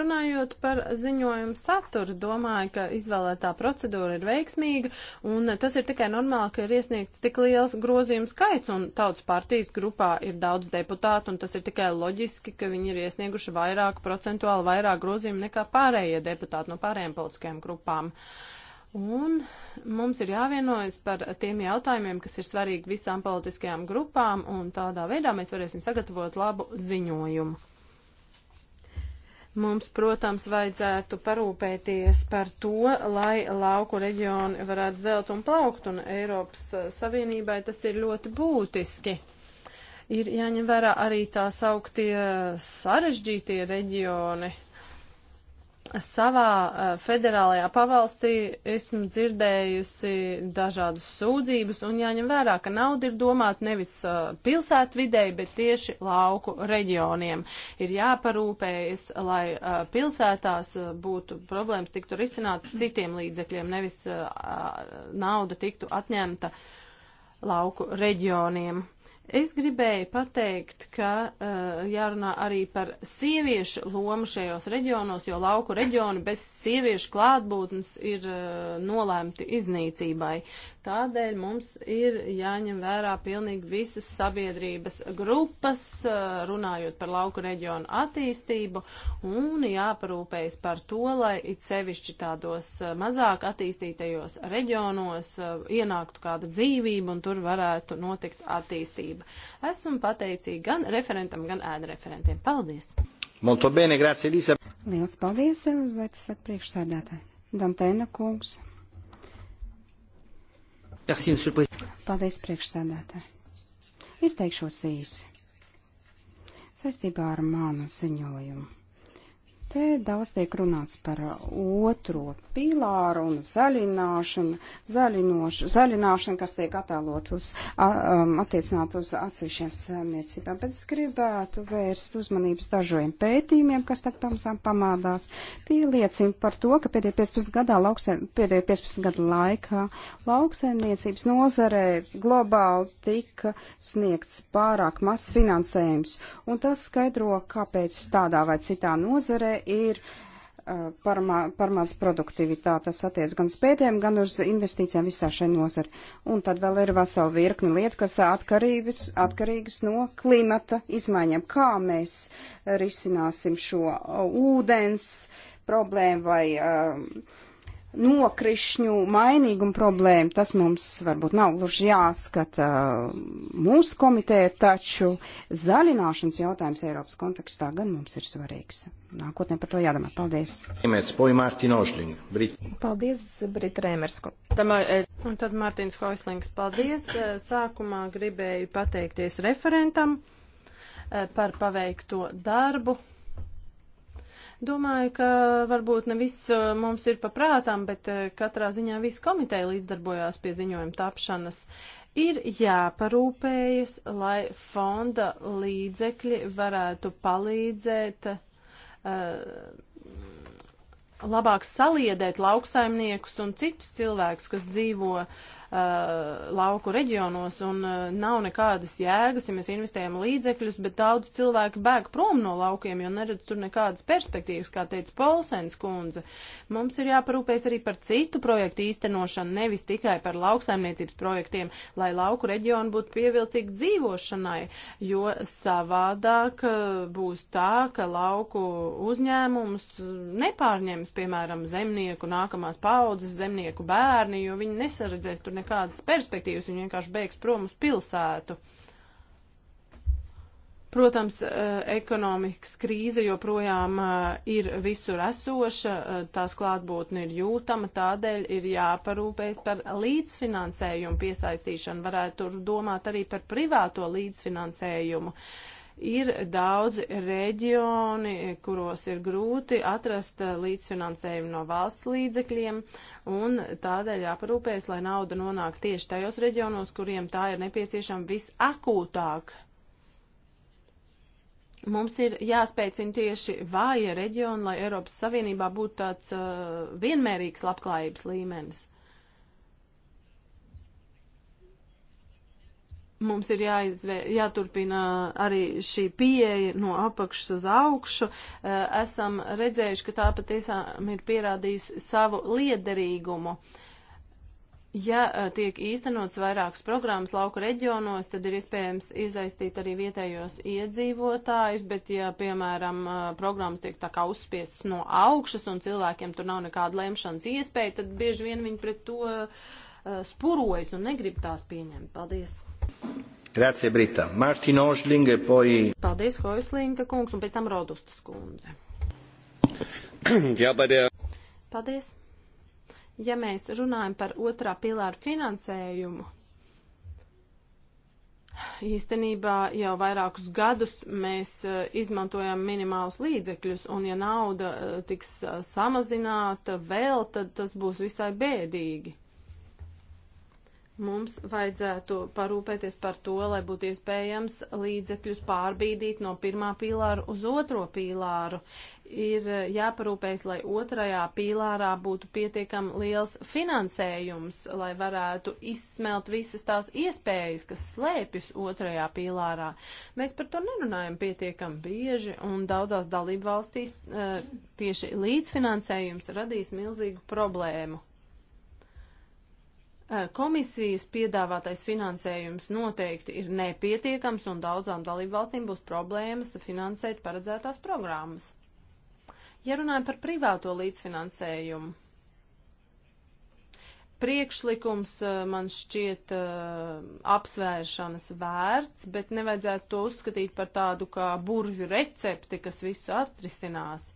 Runājot par ziņojumu saturu, domāju, ka izvēlētā procedūra ir veiksmīga, un tas ir tikai normāli, ka ir iesniegts tik liels grozījums skaits, un tautas partijas grupā ir daudz deputātu, un tas ir tikai loģiski, ka viņi ir iesnieguši vairāk procentuāli vairāk grozījumu nekā pārējie deputāti no pārējiem politiskajām grupām. Uh, Un mums ir jāvienojas par tiem jautājumiem, kas ir svarīgi visām politiskajām grupām, un tādā veidā mēs varēsim sagatavot labu ziņojumu. Mums, protams, vajadzētu parūpēties par to, lai lauku reģioni varētu zelt un plaukt, un Eiropas Savienībai tas ir ļoti būtiski. Ir jāņem vērā arī tā sauktie sarežģītie reģioni, savā eh, federālajā pavalstī esmu dzirdējusi dažādas sūdzības un jāņem vērā, ka nauda ir domāta nevis eh, pilsētvidei, bet tieši lauku reģioniem. Ir jāparūpējas, lai eh, pilsētās būtu problēmas tiktu risināts citiem līdzekļiem, nevis nauda tiktu atņemta lauku reģioniem. Es gribēju pateikt, ka uh, jārunā arī par sieviešu lomu šajos reģionos, jo lauku reģioni bez sieviešu klātbūtnes ir uh, nolēmti iznīcībai. Tādēļ mums ir jāņem vērā pilnīgi visas sabiedrības grupas, eh, runājot par lauku reģionu attīstību, un jāparūpējas par to, lai it sevišķi tādos eh, mazāk attīstītajos reģionos eh, ienāktu kāda dzīvība un tur varētu notikt attīstība. Esmu pateicīga gan referentam, gan ēdreferentiem. Paldies! Molto bene, grazie, Elisa. Liels paldies, Elizabete, saka priekšsēdētāji. Dantēna kungs. Merci, Paldies, priekšsēdētāji. Izteikšos īsi saistībā ar manu ziņojumu. Te daudz tiek runāts par uh, otro pīlāru un zaļināšanu, zaļinošu, zaļināšanu, kas tiek attēlot uz, a, um, attiecināt uz atsevišķiem saimniecībām, bet es gribētu vērst uzmanības dažiem pētījumiem, kas tagad pamazām pamādās. Tie liecina par to, ka pēdējo 15 gadā, lauksaim, pēdējo 15 gadu laikā lauksaimniecības nozarē globāli tika sniegts pārāk maz finansējums, un tas skaidro, kāpēc tādā vai citā nozarē ir uh, par, ma par maz produktivitāti. Tas attiec gan uz pētēm, gan uz investīcijām visā šai nozari. Un tad vēl ir vesela virkni lieta, kas atkarības, atkarīgas no klimata izmaiņām. Kā mēs risināsim šo uh, ūdens problēmu vai. Uh, nokrišņu mainīgumu problēmu. Tas mums varbūt nav gluži jāskata uh, mūsu komitē, taču zaļināšanas jautājums Eiropas kontekstā gan mums ir svarīgs. Nākotnē par to jādomā. Paldies. Paldies, Brita Rēmersku. E, Un tad Mārtiņš Hoislings, paldies. E, sākumā gribēju pateikties referentam e, par paveikto darbu Domāju, ka varbūt ne viss uh, mums ir paprātām, bet uh, katrā ziņā viss komiteja līdzdarbojās pie ziņojuma tapšanas. Ir jāparūpējas, lai fonda līdzekļi varētu palīdzēt uh, labāk saliedēt lauksaimniekus un citus cilvēkus, kas dzīvo uh, Uh, lauku reģionos, un uh, nav nekādas jēgas, ja mēs investējam līdzekļus, bet daudz cilvēku bēg prom no laukiem, jo neredz tur nekādas perspektīvas, kā teica Polsens kundze. Mums ir jāparūpēs arī par citu projektu īstenošanu, nevis tikai par lauksaimniecības projektiem, lai lauku reģionu būtu pievilcīgi dzīvošanai, jo savādāk uh, būs tā, ka lauku uzņēmums nepārņems, piemēram, zemnieku nākamās paudzes, zemnieku bērni, jo viņi nesaredzēs tur nekādas nekādas perspektīvas, viņi vienkārši beigs prom uz pilsētu. Protams, eh, ekonomikas krīze joprojām eh, ir visur esoša, eh, tās klātbūtne ir jūtama, tādēļ ir jāparūpējas par līdzfinansējumu piesaistīšanu. Varētu tur domāt arī par privāto līdzfinansējumu. Uh, Ir daudzi reģioni, kuros ir grūti atrast eh, līdzfinansējumu no valsts līdzekļiem, un tādēļ jāparūpēs, lai nauda nonāk tieši tajos reģionos, kuriem tā ir nepieciešama visakūtāk. Mums ir jāspēcina tieši vāja reģiona, lai Eiropas Savienībā būtu tāds uh, vienmērīgs labklājības līmenis. Mums ir jāizvē, jāturpina arī šī pieeja no apakšas uz augšu. Eh, esam redzējuši, ka tā patiesām ir pierādījusi savu liederīgumu. Ja eh, tiek īstenots vairākas programmas lauku reģionos, tad ir iespējams izaistīt arī vietējos iedzīvotājus, bet ja, piemēram, eh, programmas tiek tā kā uzspiestas no augšas un cilvēkiem tur nav nekāda lemšanas iespēja, tad bieži vien viņi pret to uh, spurojas un negrib tās pieņemt. Paldies! Grazie, Brita. Mārtiņa Ošlinga, e poi... Paldies, Hoislinga kungs, un pēc tam Rodustas kundze. Jā, badē. Paldies. Ja mēs runājam par otrā pilāra finansējumu, īstenībā jau vairākus gadus mēs eh, izmantojam minimālus līdzekļus, un ja nauda eh, tiks eh, samazināta vēl, tad tas būs visai bēdīgi. Mums vajadzētu parūpēties par to, lai būtu iespējams līdzekļus pārbīdīt no pirmā pīlāra uz otro pīlāru. Ir jāparūpējas, lai otrajā pīlārā būtu pietiekam liels finansējums, lai varētu izsmelt visas tās iespējas, kas slēpjas otrajā pīlārā. Mēs par to nerunājam pietiekam bieži, un daudzās dalību valstīs eh, tieši līdzfinansējums radīs milzīgu problēmu. Eh, komisijas piedāvātais finansējums noteikti ir nepietiekams un daudzām dalībvalstīm būs problēmas finansēt paredzētās programmas. Ja runājam par privāto līdzfinansējumu, priekšlikums eh, man šķiet uh, apsvēršanas vērts, bet nevajadzētu to uzskatīt par tādu kā burvju recepti, kas visu atrisinās.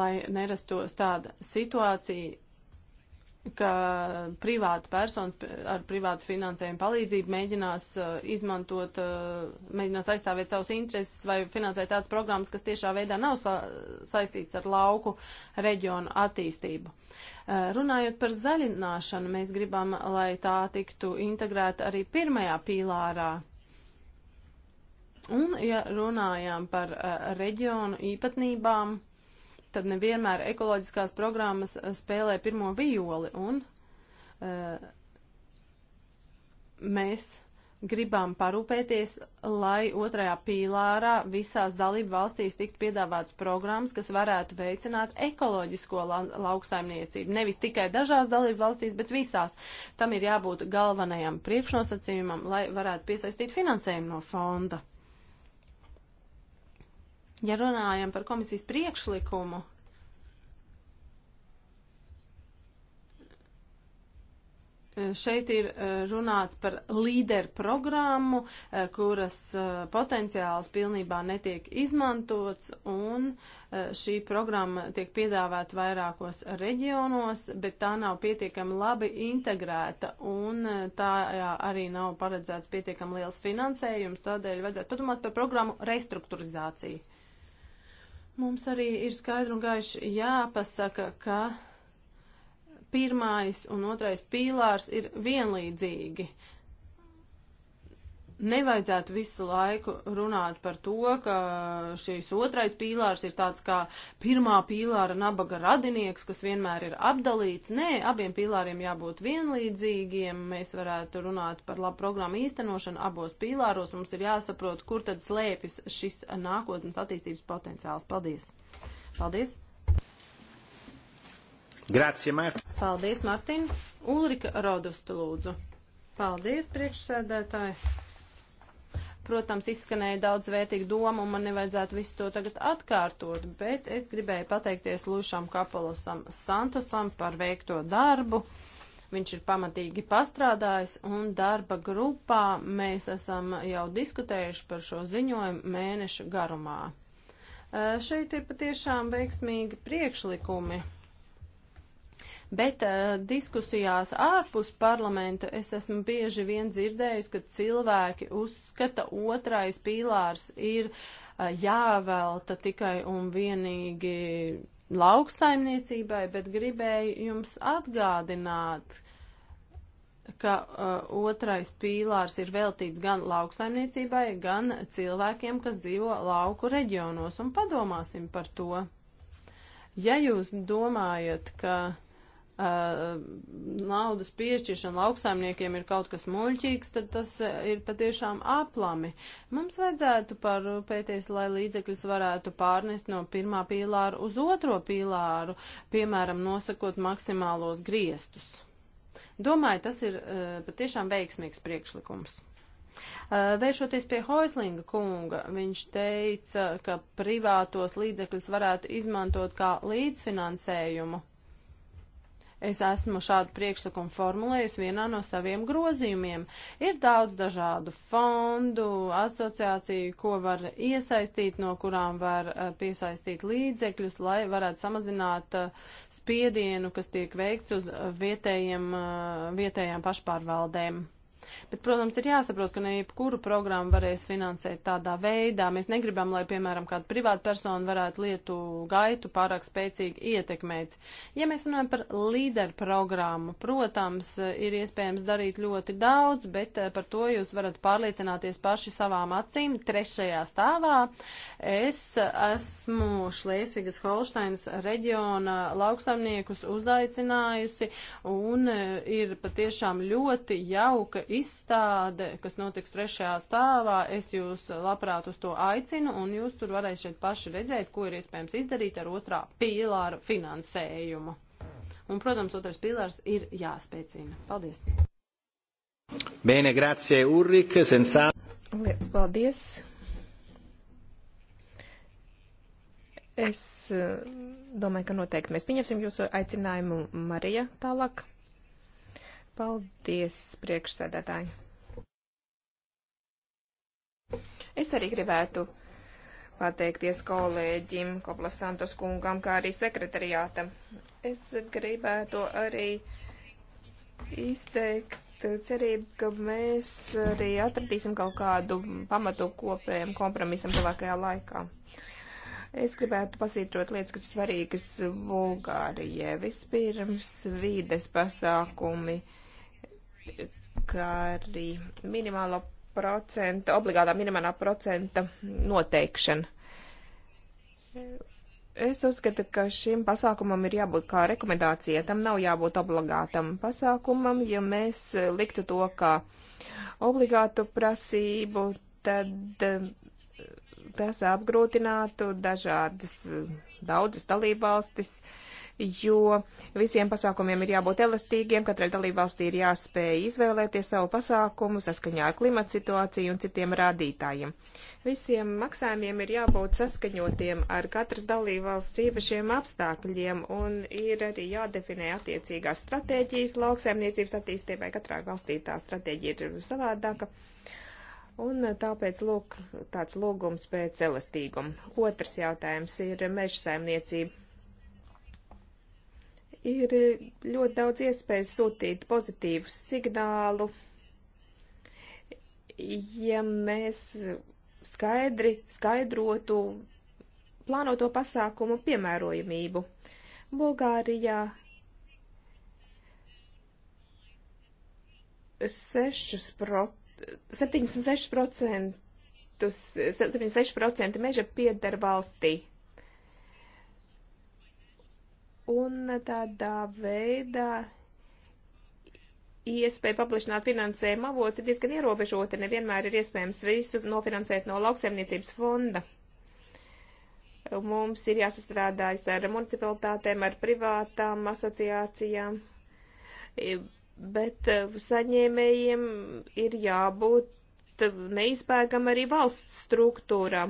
Lai nerastos tāda situācija, ka privāta persona ar privātu finansējumu palīdzību mēģinās uh, izmantot, uh, mēģinās aizstāvēt savus intereses vai finansēt tādas programmas, kas tiešā veidā nav sa saistīts ar lauku reģionu attīstību. Uh, runājot par zaļināšanu, mēs gribam, lai tā tiktu integrēta arī pirmajā pīlārā. Un, ja runājām par reģionu īpatnībām, tad nevienmēr ekoloģiskās programmas eh, spēlē pirmo violi. Un uh, mēs gribam parūpēties, lai otrajā pīlārā visās dalību valstīs tiktu piedāvāts programmas, kas varētu veicināt ekoloģisko la lauksaimniecību. Nevis tikai dažās dalību valstīs, bet visās. Tam ir jābūt galvenajam priekšnosacījumam, lai varētu piesaistīt finansējumu no fonda. Ja runājam par komisijas priekšlikumu, Šeit ir eh, runāts par līderu programmu, eh, kuras eh, potenciāls pilnībā netiek izmantots, un šī programma tiek piedāvāta vairākos reģionos, bet tā nav pietiekami labi integrēta, un tā jā, arī nav paredzēts pietiekami liels finansējums, tādēļ vajadzētu padomāt par programmu restruktūrizāciju. Mums arī ir skaidri un gaiši jāpasaka, ka pirmais un otrais pīlārs ir vienlīdzīgi nevajadzētu visu laiku runāt par to, ka šīs otrais pīlārs ir tāds kā pirmā pīlāra nabaga radinieks, kas vienmēr ir apdalīts. Nē, abiem pīlāriem jābūt vienlīdzīgiem. Mēs varētu runāt par labu programmu īstenošanu abos pīlāros. Mums ir jāsaprot, kur tad slēpjas šis nākotnes attīstības potenciāls. Paldies! Paldies! Grācie, Mārtiņ! Paldies, Mārtiņ! Ulrika Rodustu lūdzu! Paldies, priekšsēdētāji! Protams, izskanēja daudz vērtīgu domu, un man nevajadzētu visu to tagad atkārtot, bet es gribēju pateikties Lušam Kapolosam Santosam par veikto darbu. Viņš ir pamatīgi pastrādājis, un darba grupā mēs esam jau diskutējuši par šo ziņojumu mēnešu garumā. Šeit ir patiešām veiksmīgi priekšlikumi. Bet uh, diskusijās ārpus parlamenta es esmu bieži vien dzirdējusi, ka cilvēki uzskata otrais pīlārs ir uh, jāvelta tikai un vienīgi lauksaimniecībai, bet gribēju jums atgādināt, ka uh, otrais pīlārs ir veltīts gan lauksaimniecībai, gan cilvēkiem, kas dzīvo lauku reģionos, un padomāsim par to. Ja jūs domājat, ka naudas piešķiršana lauksaimniekiem ir kaut kas muļķīgs, tad tas ir patiešām aplami. Mums vajadzētu parūpēties, lai līdzekļus varētu pārnest no pirmā pīlāra uz otro pīlāru, piemēram, nosakot maksimālos griestus. Domāju, tas ir patiešām veiksmīgs priekšlikums. Vēršoties pie Hoislinga kunga, viņš teica, ka privātos līdzekļus varētu izmantot kā līdzfinansējumu Es esmu šādu priekšlikumu formulējusi vienā no saviem grozījumiem. Ir daudz dažādu fondu, asociāciju, ko var iesaistīt, no kurām var eh, piesaistīt līdzekļus, lai varētu samazināt eh, spiedienu, kas tiek veikts uz eh, vietējiem, vietējām pašpārvaldēm. Bet, protams, ir jāsaprot, ka ne jebkuru programmu varēs finansēt tādā veidā. Mēs negribam, lai, piemēram, kāda privāta persona varētu lietu gaitu pārāk spēcīgi ietekmēt. Ja mēs runājam par līderu programmu, protams, ir iespējams darīt ļoti daudz, bet eh, par to jūs varat pārliecināties paši savām acīm. Trešajā stāvā es esmu Šlēsvigas Holšteinas reģiona lauksaimniekus uzaicinājusi un eh, ir patiešām ļoti jauka izpētījuma izstāde, kas notiks trešajā stāvā. Es jūs labprāt uz to aicinu, un jūs tur varēsiet paši redzēt, ko ir iespējams izdarīt ar otrā pīlāra finansējumu. Un, protams, otrs pīlārs ir jāspēcina. Paldies! Bene, grazie, Ulrik, sensā. Lietas, paldies! Es eh, domāju, ka noteikti mēs pieņemsim jūsu aicinājumu Marija tālāk. Paldies, priekšsēdētāji. Es arī gribētu pateikties kolēģim Koplasantos kungam, kā arī sekretariātam. Es gribētu arī izteikt cerību, ka mēs arī atradīsim kaut kādu pamatu kopējam kompromisam tuvākajā laikā. Es gribētu pasītrot lietas, kas svarīgas Bulgārijai. Vispirms vīdes pasākumi. Uh, kā arī minimālo procenta, obligātā minimālā procenta noteikšana. Es uzskatu, ka šim pasākumam ir jābūt kā rekomendācija, tam nav jābūt obligātam pasākumam, ja mēs liktu to kā obligātu prasību, tad tas apgrūtinātu dažādas daudzas dalībvalstis, jo visiem pasākumiem ir jābūt elastīgiem, katrai dalībvalstī ir jāspēj izvēlēties savu pasākumu saskaņā ar klimatu situāciju un citiem rādītājiem. Visiem maksājumiem ir jābūt saskaņotiem ar katras dalībvalsts īpašiem apstākļiem un ir arī jādefinē attiecīgās stratēģijas lauksaimniecības attīstībai. Katrā valstī tā stratēģija ir savādāka. Un tāpēc lūk, tāds lūgums pēc elastīguma. Otrs jautājums ir meža saimniecība. Ir ļoti daudz iespēju sūtīt pozitīvu signālu, ja mēs skaidri skaidrotu plānoto pasākumu piemērojamību. Bulgārijā sešus procentus 76%, 76 meža pieder valstī. Un tādā veidā iespēja paplašināt finansējumu avots ir diezgan ierobežota, nevienmēr ir iespējams visu nofinansēt no lauksaimniecības fonda. Mums ir jāsastrādājas ar municipalitātēm, ar privātām asociācijām bet eh, saņēmējiem ir jābūt eh, neizbēgam arī valsts struktūrā.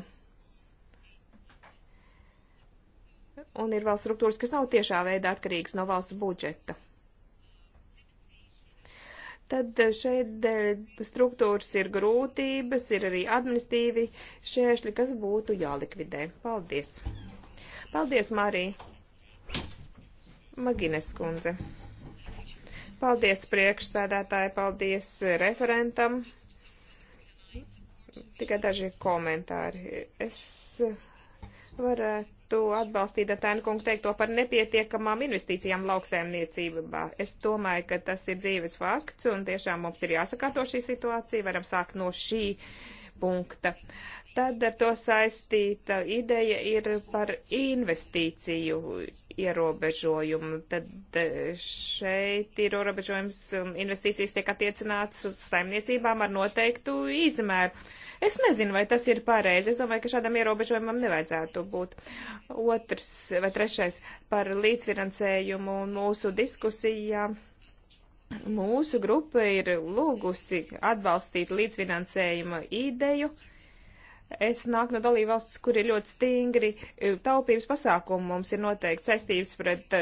Un ir valsts struktūras, kas nav tiešā veidā atkarīgas no valsts budžeta. Tad eh, šeit struktūras ir grūtības, ir arī administīvi šķēršļi, kas būtu jālikvidē. Paldies! Paldies, Marija! Magines kundze! Paldies priekšsēdētāji, paldies referentam. Tikai daži komentāri. Es varētu atbalstīt Atēnkungu teikto par nepietiekamām investīcijām lauksēmniecībā. Es domāju, ka tas ir dzīves fakts un tiešām mums ir jāsakārto šī situācija. Varam sākt no šī punkta. Tad ar to saistīta ideja ir par investīciju ierobežojumu. Tad eh, šeit ir ierobežojums, um, investīcijas tiek attiecināts uz saimniecībām ar noteiktu izmēru. Es nezinu, vai tas ir pareizi. Es domāju, ka šādam ierobežojumam nevajadzētu būt. Otrs vai trešais par līdzfinansējumu mūsu diskusijā. Mūsu grupa ir lūgusi atbalstīt līdzfinansējuma ideju. Uh, Es nāku no dalībvalsts, kur ir ļoti stingri e, taupības pasākumi. Mums ir noteikti saistības pret e,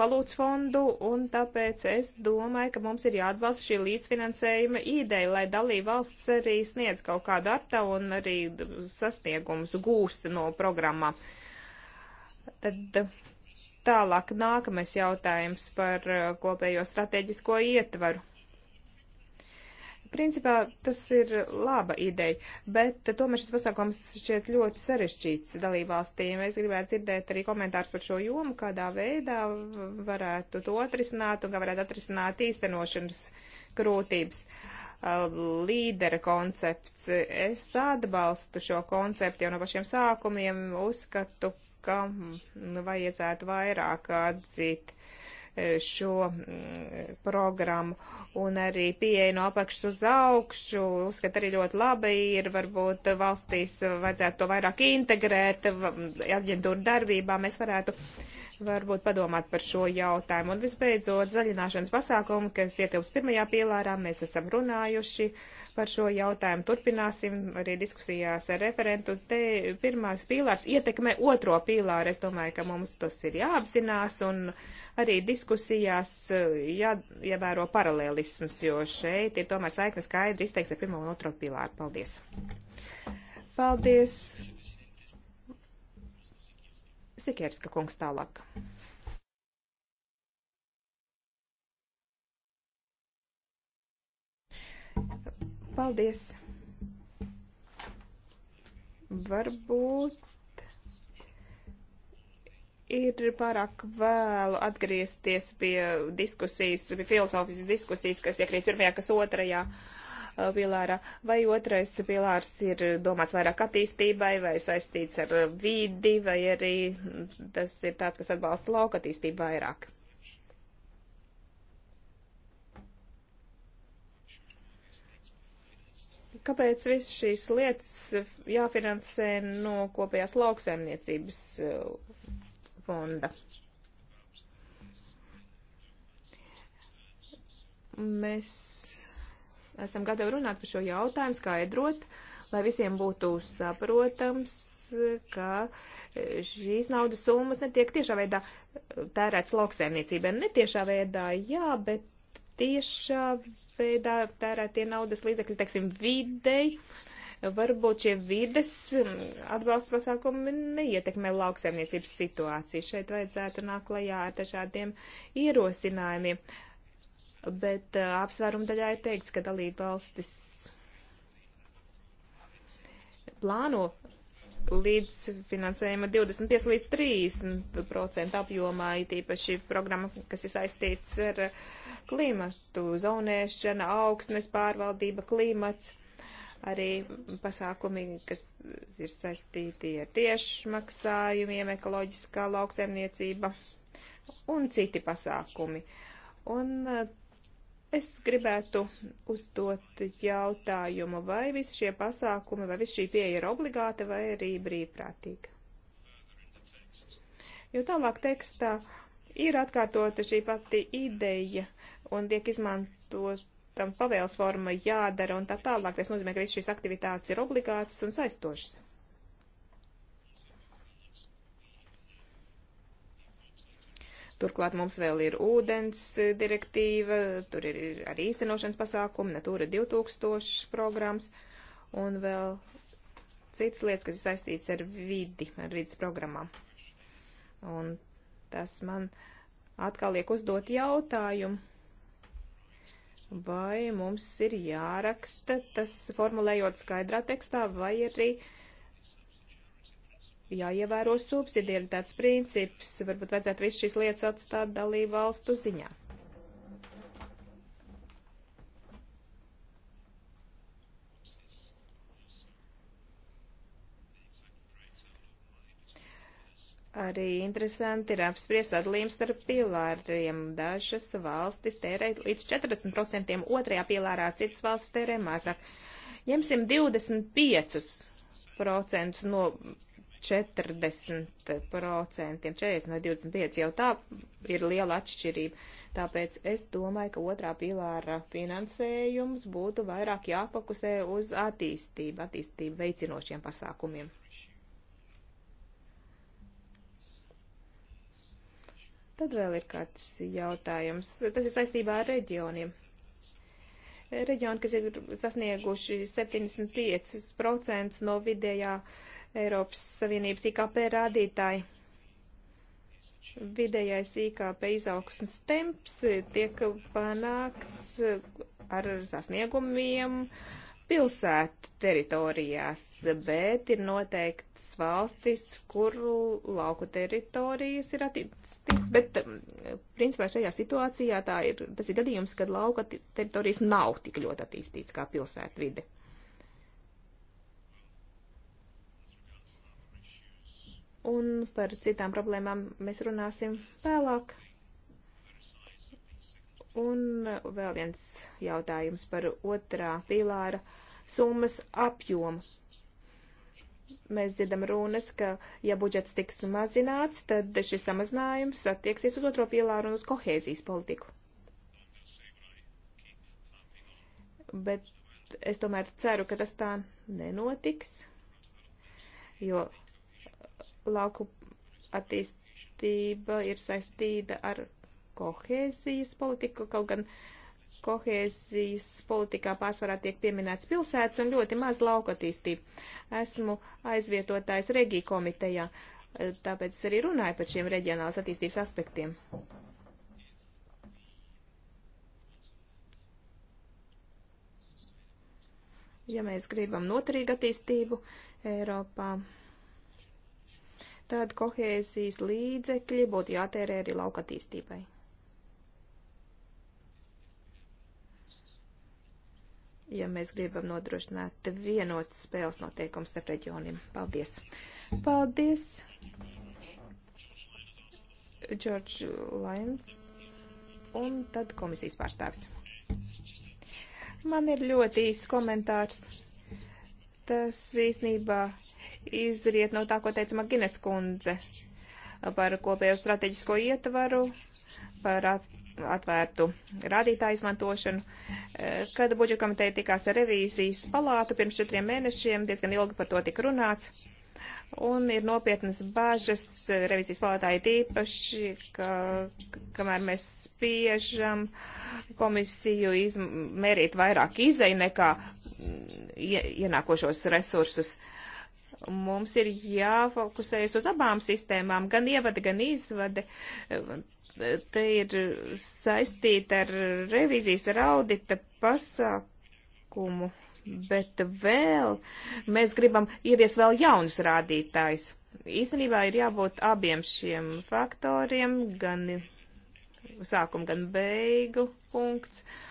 valūtas fondu, un tāpēc es domāju, ka mums ir jāatbalsta šī līdzfinansējuma ideja, lai dalībvalsts arī sniedz kaut kādu artavu un arī sasniegumus gūst no programmām. Tad e, tālāk nākamais jautājums par kopējo strateģisko ietvaru. Principā tas ir laba ideja, bet tomēr šis pasākums šķiet ļoti sarežģīts dalībvalstīm. Es gribētu dzirdēt arī komentārus par šo jomu, kādā veidā varētu to atrisināt un kā varētu atrisināt īstenošanas grūtības. Uh, Līdera koncepts. Es atbalstu šo konceptu jau no pašiem sākumiem, uzskatu, ka mm, vajadzētu vairāk atzīt šo mm, programmu. Un arī pieeja no apakšas uz augšu, uzskat arī ļoti labi ir, varbūt valstīs vajadzētu to vairāk integrēt, aģentūra darbībā mēs varētu varbūt padomāt par šo jautājumu. Un visbeidzot, zaļināšanas pasākumu, kas ietilps pirmajā pīlārā, mēs esam runājuši par šo jautājumu. Turpināsim arī diskusijās ar referentu. Te pirmās pīlārs ietekmē otro pīlāru. Es domāju, ka mums tas ir jāapzinās un Arī diskusijās eh, jāievēro paralēlisms, jo šeit ir tomēr saikne skaidri izteiks ar pirmo un otro pilāru. Paldies! Paldies! Sikierska kungs tālāk. Paldies! Varbūt ir pārāk vēlu atgriezties pie diskusijas, pie filozofijas diskusijas, kas iekrīt pirmajā, kas otrajā uh, pilārā. Vai otrais pilārs ir domāts vairāk attīstībai, vai saistīts ar vidi, vai arī tas ir tāds, kas atbalsta lauka attīstību vairāk? Kāpēc viss šīs lietas jāfinansē no kopējās lauksaimniecības uh, fonda. Mēs esam gatavi runāt par šo jautājumu, skaidrot, lai visiem būtu saprotams, ka šīs naudas summas netiek tiešā veidā tērēts lauksēmniecībai. Netiešā veidā, jā, bet tiešā veidā tērētie naudas līdzekļi, teiksim, videi. Uh, varbūt šie vides mm, atbalsta pasākumi neietekmē lauksaimniecības situāciju. Šeit vajadzētu nākt klajā ar dažādiem ierosinājumiem. Bet uh, apsvērumu daļā ir teikts, ka dalība valstis plāno līdz finansējuma 25 līdz 30 procentu apjomā, it īpaši programma, kas ir saistīts ar klimatu, zonēšana, augsnes pārvaldība, klimats arī pasākumi, kas ir saistīti ar tiešmaksājumiem, ekoloģiskā lauksaimniecība un citi pasākumi. Un eh, es gribētu uzdot jautājumu, vai visi šie pasākumi, vai visi šī pieeja ir obligāta vai arī brīvprātīga. Jo tālāk tekstā ir atkārtota šī pati ideja un tiek izmantot tam pavēles forma jādara un tā tālāk. Tas nozīmē, ka visas šīs aktivitātes ir obligātas un saistošas. Turklāt mums vēl ir ūdens direktīva, tur ir arī īstenošanas pasākumi, Natūra 2000 programmas un vēl citas lietas, kas ir saistītas ar vidi, ar vidas programmām. Un tas man atkal liek uzdot jautājumu vai mums ir jāraksta tas formulējot skaidrā tekstā, vai arī jāievēro subsidiaritātes princips, varbūt vajadzētu visu šīs lietas atstāt dalību valstu ziņā. Arī interesanti ir apspriest atlīmes starp pilāriem. Dažas valstis tērē līdz 40%, otrajā pilārā citas valsts tērē mazāk. Ņemsim 25% no 40%, 40 no 25 jau tā ir liela atšķirība. Tāpēc es domāju, ka otrā pilāra finansējums būtu vairāk jāpakusē uz attīstību, attīstību veicinošiem pasākumiem. Tad vēl ir kāds jautājums. Tas ir saistībā ar reģioniem. Reģioni, kas ir sasnieguši 75% no vidējā Eiropas Savienības IKP rādītāji, vidējais IKP izaugsmas temps tiek panākts ar sasniegumiem, pilsētu teritorijās, bet ir noteikts valstis, kuru lauku teritorijas ir attīstītas, bet um, principā šajā situācijā tā ir, tas ir gadījums, kad lauka teritorijas nav tik ļoti attīstīts kā pilsētu vide. Un par citām problēmām mēs runāsim vēlāk. Un vēl viens jautājums par otrā pīlāra summas apjomu. Mēs dzirdam runas, ka ja budžets tiks mazināts, tad šis samazinājums attieksies uz otro pīlāru un uz kohēzijas politiku. Bet es tomēr ceru, ka tas tā nenotiks, jo lauku attīstība ir saistīta ar kohēzijas politiku, kaut gan kohēzijas politikā pārsvarā tiek pieminēts pilsētas un ļoti maz lauka attīstība. Esmu aizvietotājs Regija komitejā, tāpēc es arī runāju par šiem reģionālas attīstības aspektiem. Ja mēs gribam noturīgu attīstību Eiropā, tad kohēzijas līdzekļi būtu jātērē arī lauka attīstībai. ja mēs gribam nodrošināt vienotas spēles noteikums starp reģioniem. Paldies! Paldies! George Lyons un tad komisijas pārstāvis. Man ir ļoti īsts komentārs. Tas īsnībā izriet no tā, ko teica Magines kundze par kopējo strateģisko ietvaru, par at atvērtu rādītāju izmantošanu. Eh, kad budžeta komiteja tikās ar revīzijas palātu pirms četriem mēnešiem, diezgan ilgi par to tika runāts. Un ir nopietnas bāžas eh, revizijas palātāji tīpaši, ka kamēr mēs spiežam komisiju izmērīt vairāk izdeju nekā mm, ienākošos resursus. Uh, Mums ir jāfokusējas uz abām sistēmām, gan ievada, gan izvade. Te ir saistīta ar revizijas, ar audita pasākumu, bet vēl mēs gribam ievies vēl jaunus rādītājus. Īstenībā ir jābūt abiem šiem faktoriem, gan sākuma, gan beigu punkts. Uh,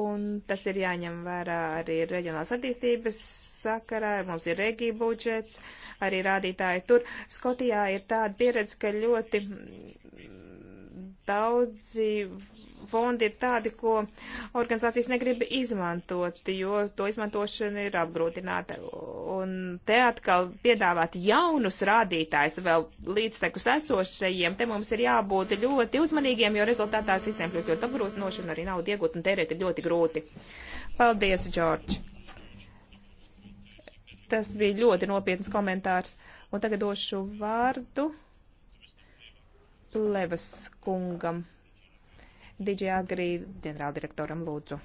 un tas ir jāņem vērā arī reģionālās attīstības sakarā, mums ir regija budžets, arī rādītāji tur. Skotijā ir tāda pieredze, ka ļoti daudzi fondi ir tādi, ko organizācijas negrib izmantot, jo to izmantošana ir apgrūtināta. Un te atkal piedāvāt jaunus rādītājus vēl līdztekus esošajiem, te mums ir jābūt ļoti uzmanīgiem, jo rezultātā sistēma kļūst ļoti apgrūtinoša un arī naudu iegūt un tērēt ir ļoti grūti. Paldies, Džordž! Tas bija ļoti nopietns komentārs. Un tagad došu vārdu Plevas kungam, DJ Agri ģenerāldirektoram lūdzu.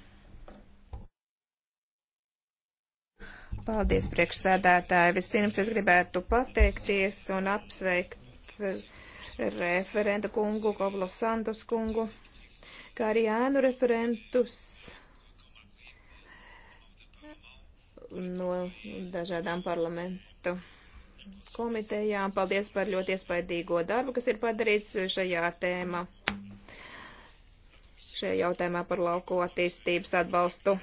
Paldies, priekšsēdētāji. Vispirms es gribētu pateikties un apsveikt eh, referentu kungu, Koblo Santos kungu, kā arī ēnu referentus no dažādām parlamentu komitejām. Paldies par ļoti iespaidīgo darbu, kas ir padarīts šajā tēmā, šajā jautājumā par lauko attīstības atbalstu.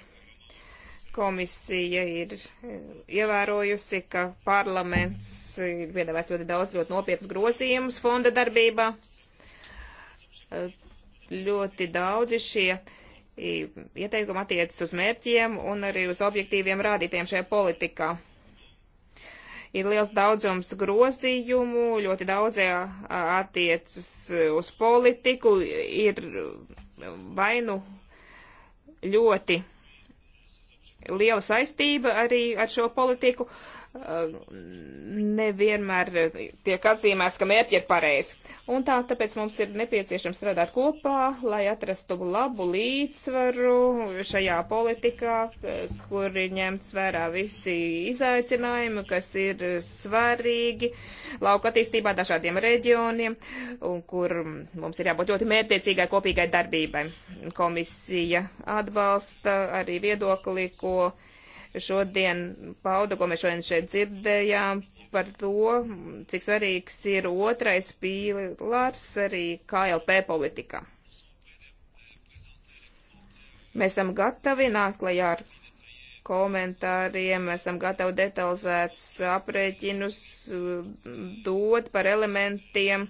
Komisija ir e, ievērojusi, ka parlaments ir piedāvājis ļoti daudz ļoti nopietnas grozījumus fonda darbībā. E, ļoti daudzi šie ieteikumi attiecas uz mērķiem un arī uz objektīviem rādītiem šajā politikā ir liels daudzums grozījumu, ļoti daudzie attiecas uz politiku, ir vainu ļoti liela saistība arī ar šo politiku. Uh, nevienmēr tiek atzīmēts, ka mērķi ir pareizi. Un tā, tāpēc mums ir nepieciešams strādāt kopā, lai atrastu labu līdzsvaru šajā politikā, kur ir ņemts vērā visi izaicinājumi, kas ir svarīgi lauka attīstībā dažādiem reģioniem, un kur mums ir jābūt ļoti mērķiecīgai kopīgai darbībai. Komisija atbalsta arī viedokli, ko šodien pauda, ko mēs šodien šeit dzirdējām, par to, cik svarīgs ir otrais pīlārs arī KLP politikā. Mēs esam gatavi nākt klajā ar komentāriem, esam gatavi detalizēts aprēķinus mm, dot par elementiem,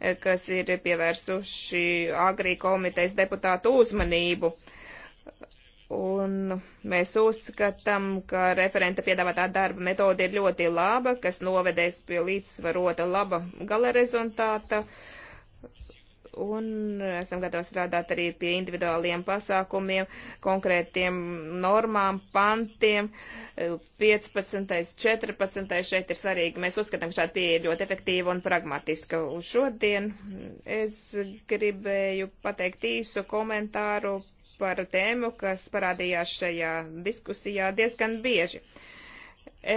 eh, kas ir pievērsuši agrī komitejas deputātu uzmanību. Uh, Un mēs uzskatām, ka referenta piedāvātā darba metode ir ļoti laba, kas novedēs pie līdzsvarota laba gala rezultāta. Un esam gatavi strādāt arī pie individuāliem pasākumiem, konkrētiem normām, pantiem. 15. 14. šeit ir svarīgi. Mēs uzskatām, ka šāda pieeja ir ļoti efektīva un pragmatiska. Un šodien es gribēju pateikt īsu komentāru par tēmu, kas parādījās šajā diskusijā diezgan bieži.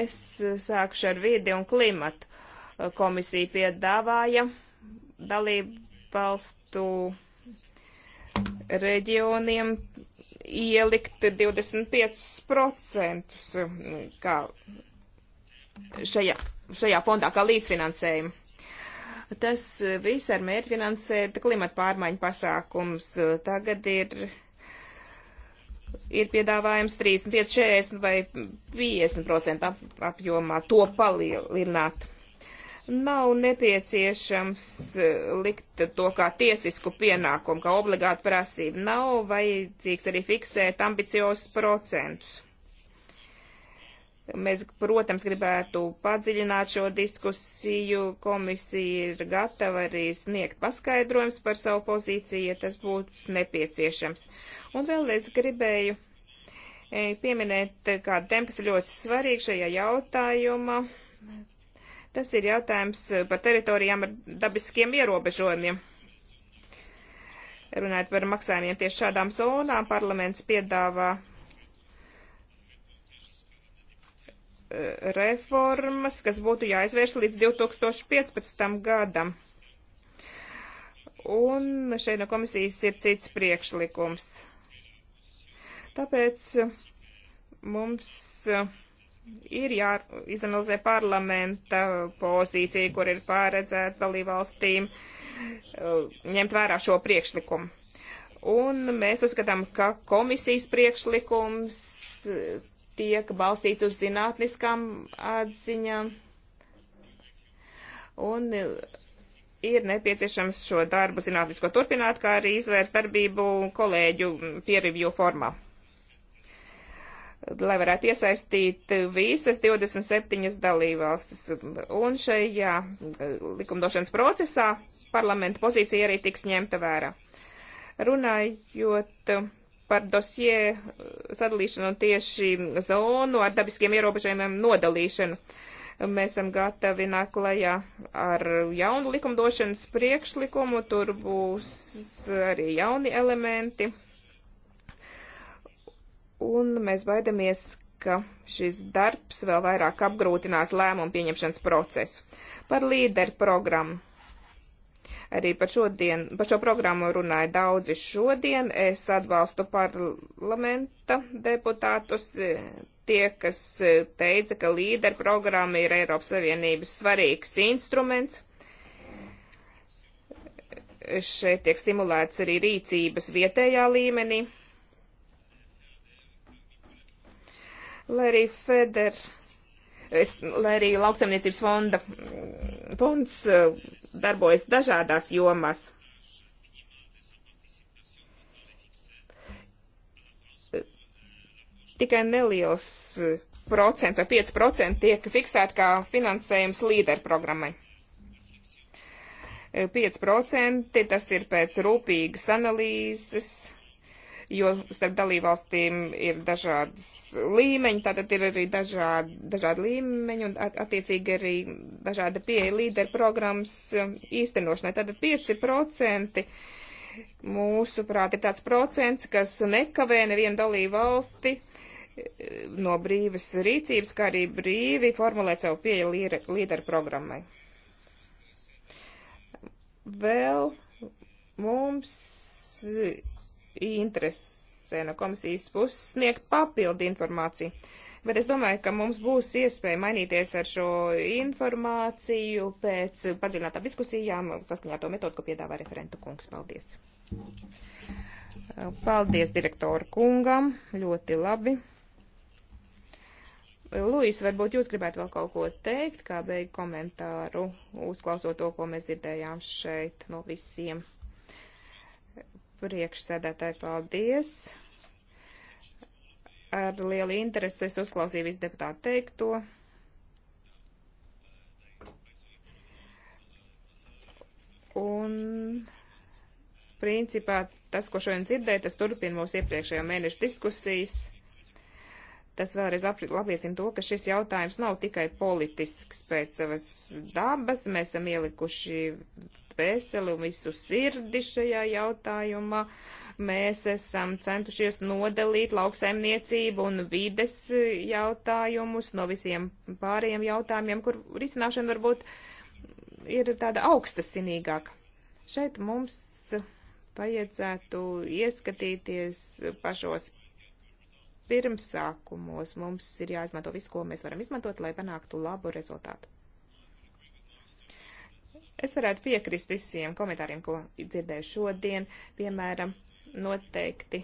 Es sākšu ar vidi un klimatu. Komisija piedāvāja dalību valstu reģioniem ielikt 25% kā šajā, šajā fondā kā līdzfinansējumu. Tas viss ar mērķi finansēt klimata pārmaiņu pasākums. Tagad ir ir piedāvājums 35, 40 vai 50% ap, apjomā to palielināt. Nav nepieciešams e, likt to kā tiesisku pienākumu, kā obligātu prasību. Nav vajadzīgs arī fiksēt ambiciozus procentus. Mēs, protams, gribētu padziļināt šo diskusiju. Komisija ir gatava arī sniegt paskaidrojums par savu pozīciju, ja tas būtu nepieciešams. Un vēl es gribēju e, pieminēt kādu tēmu, kas ir ļoti svarīgi šajā jautājumā. Tas ir jautājums par teritorijām ar dabiskiem ierobežojumiem. Runājot par maksājumiem tieši šādām zonām, parlaments piedāvā reformas, kas būtu jāizvērš līdz 2015. gadam. Un šeit no komisijas ir cits priekšlikums. Tāpēc mums ir jāizanalizē parlamenta pozīcija, kur ir pārredzēta dalībvalstīm uh, ņemt vērā šo priekšlikumu. Un mēs uzskatām, ka komisijas priekšlikums tiek balstīts uz zinātniskām atziņām. Un ir nepieciešams šo darbu zinātnisko turpināt, kā arī izvērst darbību kolēģu pierivju formā. Lai varētu iesaistīt visas 27 dalībvalstis. Un šajā likumdošanas procesā parlamenta pozīcija arī tiks ņemta vērā. Runājot par dosie eh, sadalīšanu un tieši zonu ar dabiskiem ierobežojumiem nodalīšanu. Mēs esam gatavi nākt klajā ar jaunu likumdošanas priekšlikumu, tur būs arī jauni elementi. Un mēs baidamies, ka šis darbs vēl vairāk apgrūtinās lēmumu pieņemšanas procesu. Par līderu programmu Arī par, šodien, par šo programmu runāja daudzi šodien. Es atbalstu parlamenta deputātus, e, tie, kas e, teica, ka līderu programma ir Eiropas Savienības svarīgs instruments. Šeit tiek stimulēts arī rīcības vietējā līmenī. Lai arī Feder Es, lai arī lauksaimniecības fonda mm, fonds eh, darbojas dažādās jomās. Tikai neliels eh, procents vai 5% tiek fiksēti kā finansējums līderprogrammai. 5% eh, tas ir pēc rūpīgas analīzes jo starp dalībvalstīm ir dažādas līmeņi, tātad ir arī dažādi, dažādi līmeņi un attiecīgi arī dažāda pieeja līderu programmas īstenošanai. Tātad 5% mūsuprāt ir tāds procents, kas nekavē nevienu dalību valsti eh, no brīvas rīcības, kā arī brīvi formulēt savu pieeju līderu programmai. Vēl mums interesē no komisijas puses sniegt papildu informāciju. Bet es domāju, ka mums būs iespēja mainīties ar šo informāciju pēc padziļinātām diskusijām saskaņā ar to metodu, ko piedāvā referentu kungs. Paldies! Paldies direktoru kungam, ļoti labi. Luis, varbūt jūs gribētu vēl kaut ko teikt, kā beigu komentāru, uzklausot to, ko mēs dzirdējām šeit no visiem. Priekšsēdētāji, paldies! Ar lielu interesi es uzklausīju visu deputātu teikto. Un principā tas, ko šodien dzirdēju, tas turpina mūsu iepriekšējā mēneša diskusijas. Tas vēlreiz apliecina to, ka šis jautājums nav tikai politisks pēc savas dabas. Mēs esam ielikuši dvēseli un visu sirdi šajā jautājumā. Mēs esam centušies nodalīt lauksaimniecību un vides jautājumus no visiem pārējiem jautājumiem, kur risināšana varbūt ir tāda augstasinīgāka. Šeit mums vajadzētu ieskatīties pašos pirmsākumos mums ir jāizmanto viss, ko mēs varam izmantot, lai panāktu labu rezultātu. Es varētu piekrist visiem komentāriem, ko dzirdēju šodien, piemēram, noteikti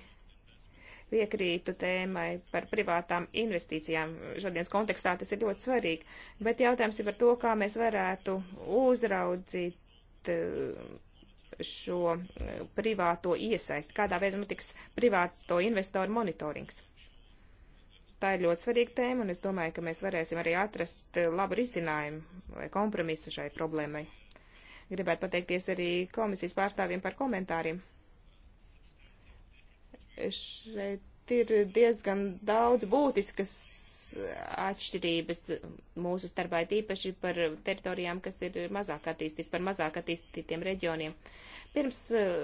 piekrītu tēmai par privātām investīcijām. Šodienas kontekstā tas ir ļoti svarīgi, bet jautājums ir par to, kā mēs varētu uzraudzīt eh, šo eh, privāto iesaisti, kādā veidā notiks privāto investoru monitorings. Tā ir ļoti svarīga tēma, un es domāju, ka mēs varēsim arī atrast eh, labu risinājumu vai kompromisu šai problēmai. Gribētu pateikties arī komisijas pārstāvjiem par komentāriem. Šeit ir diezgan daudz būtiskas atšķirības mūsu starpā, tīpaši par teritorijām, kas ir mazāk attīstīts, par mazāk attīstītiem reģioniem. Pirms uh,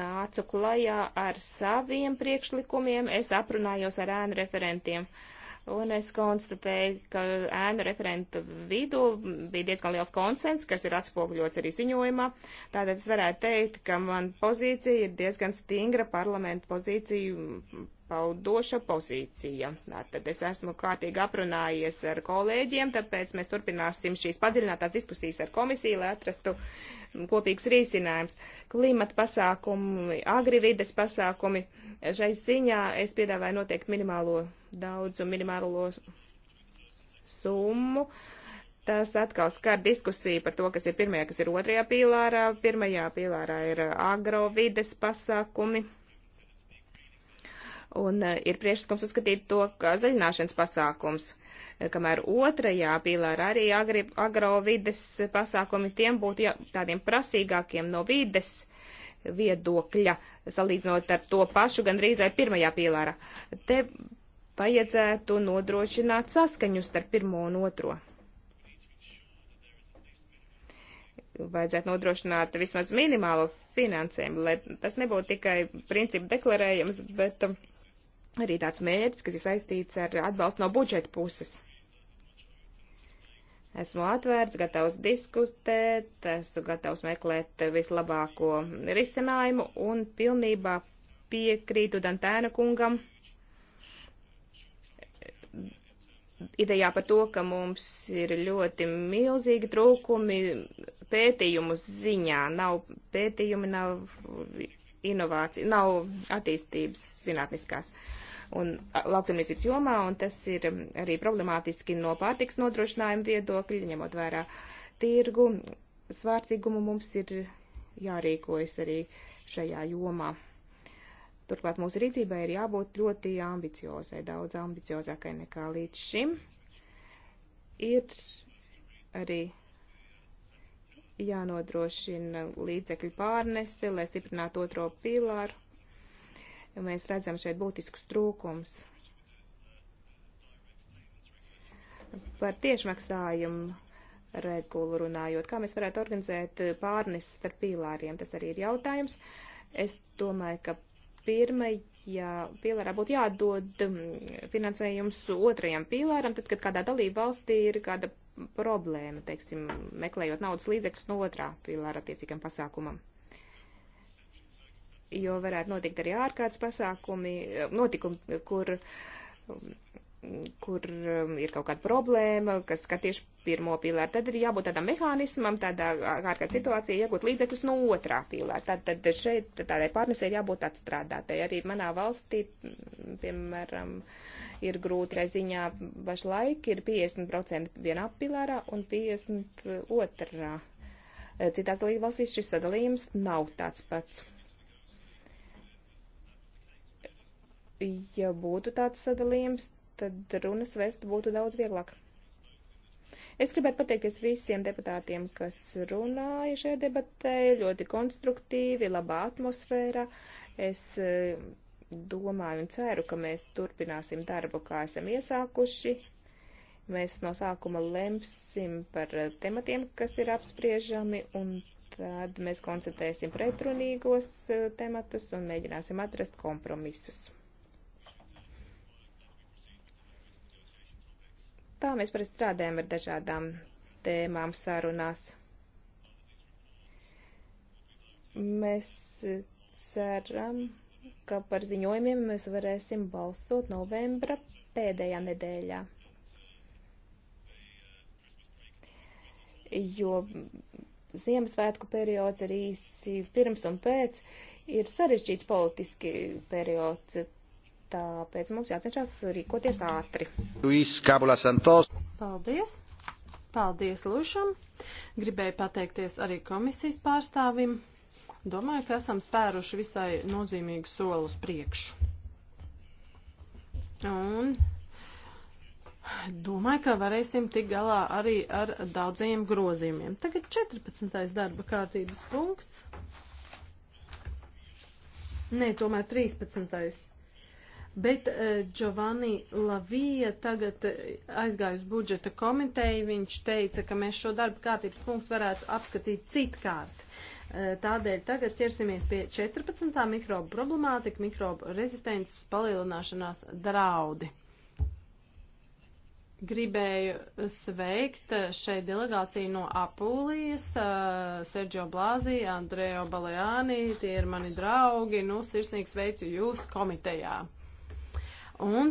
nācu klajā ar saviem priekšlikumiem, es aprunājos ar ēnu referentiem. Uh, Un es konstatēju, ka ēnu referentu vidū bija diezgan liels konsens, kas ir atspoguļots arī ziņojumā. Tātad es varētu teikt, ka man pozīcija ir diezgan stingra parlamentu pozīciju paudoša pozīcija. Tātad es esmu kārtīgi aprunājies ar kolēģiem, tāpēc mēs turpināsim šīs padziļinātās diskusijas ar komisiju, lai atrastu kopīgs risinājums. Klimata pasākumi, agrivides pasākumi. Šai ziņā es piedāvāju noteikti minimālo daudzu minimālo summu. Tas atkal skar diskusiju par to, kas ir pirmajā, kas ir otrajā pīlārā. Pirmajā pīlārā ir agrovides pasākumi. Un e, ir priekšlikums uzskatīt to, ka zaļināšanas pasākums, e, kamēr otrajā pīlārā arī agri, agrovides pasākumi tiem būtu jā, tādiem prasīgākiem no vides viedokļa, salīdzinot ar to pašu gandrīz vai pirmajā pīlārā. Te vajadzētu nodrošināt saskaņu starp pirmo un otro. Vajadzētu nodrošināt vismaz minimālo finansējumu, lai tas nebūtu tikai principu deklarējums, bet arī tāds mērķis, kas ir saistīts ar atbalstu no budžeta puses. Esmu atvērts, gatavs diskutēt, esmu gatavs meklēt vislabāko risinājumu un pilnībā piekrītu Dantēna kungam idejā par to, ka mums ir ļoti milzīgi trūkumi pētījumu ziņā. Nav pētījumi, nav inovācija, nav attīstības zinātniskās un lauksaimniecības jomā, un tas ir arī problemātiski no pārtiks nodrošinājuma viedokļa, ņemot vērā tirgu. Svārstīgumu mums ir jārīkojas arī šajā jomā. Turklāt mūsu rīcībai ir jābūt ļoti ambiciozai, daudz ambiciozākai nekā līdz šim. Ir arī jānodrošina līdzekļu pārnese, lai stiprinātu otro pīlāru. Mēs redzam šeit būtisks trūkums. Par tiešmaksājumu regulu runājot, kā mēs varētu organizēt pārneses starp pīlāriem, tas arī ir jautājums. Es domāju, ka pirmajā pīlārā būtu jādod mm, finansējums otrajam pīlāram, tad, kad kādā dalība valstī ir kāda problēma, teiksim, meklējot naudas līdzekļus no otrā pīlāra attiecīgam pasākumam. Jo varētu notikt arī ārkārtas pasākumi, eh, notikumi, kur mm, kur um, ir kaut kāda problēma, kas skar tieši pirmo pīlāru, tad ir jābūt tādam mehānismam, tādā ārkārtas situācijā iegūt līdzekļus no otrā pīlāra. Tad, tad šeit tādai pārnesē ir jābūt atstrādātai. Arī manā valstī, piemēram, ir grūti ziņā pašlaik ir 50% vienā pīlārā un 50% otrā. Citās dalībvalstīs šis sadalījums nav tāds pats. Ja būtu tāds sadalījums, tad runas vest būtu daudz vieglāk. Es gribētu pateikties visiem deputātiem, kas runāja šajā debatē, ļoti konstruktīvi, labā atmosfērā. Es eh, domāju un ceru, ka mēs turpināsim darbu, kā esam iesākuši. Mēs no sākuma lemsim par eh, tematiem, kas ir apspriežami, un tad mēs koncentrēsim pretrunīgos eh, tematus un mēģināsim atrast kompromisus. Tā mēs parasti strādājam ar dažādām tēmām sarunās. Mēs eh, ceram, ka par ziņojumiem mēs varēsim balsot novembra pēdējā nedēļā. Jo Ziemassvētku periods ir īsi pirms un pēc, ir sarežģīts politiski periods. Tāpēc mums jācenšas rīkoties ātri. Luis Kabula Santos. Paldies. Paldies Lušam. Gribēju pateikties arī komisijas pārstāvim. Domāju, ka esam spēruši visai nozīmīgu soli uz priekšu. Un domāju, ka varēsim tik galā arī ar daudziem grozījumiem. Tagad 14. darba kārtības punkts. Nē, tomēr 13. Bet eh, Giovanni Lavija tagad eh, aizgāja uz budžeta komiteju, viņš teica, ka mēs šo darba kārtības punktu varētu apskatīt citkārt. Eh, tādēļ tagad ķersimies pie 14. mikrobu problemātika, mikrobu rezistences palielināšanās draudi gribēju sveikt šeit delegāciju no Apulijas, uh, Sergio Blāzī, Andrejo Baleāni, tie ir mani draugi, nu sirsnīgi sveicu jūs komitejā. Un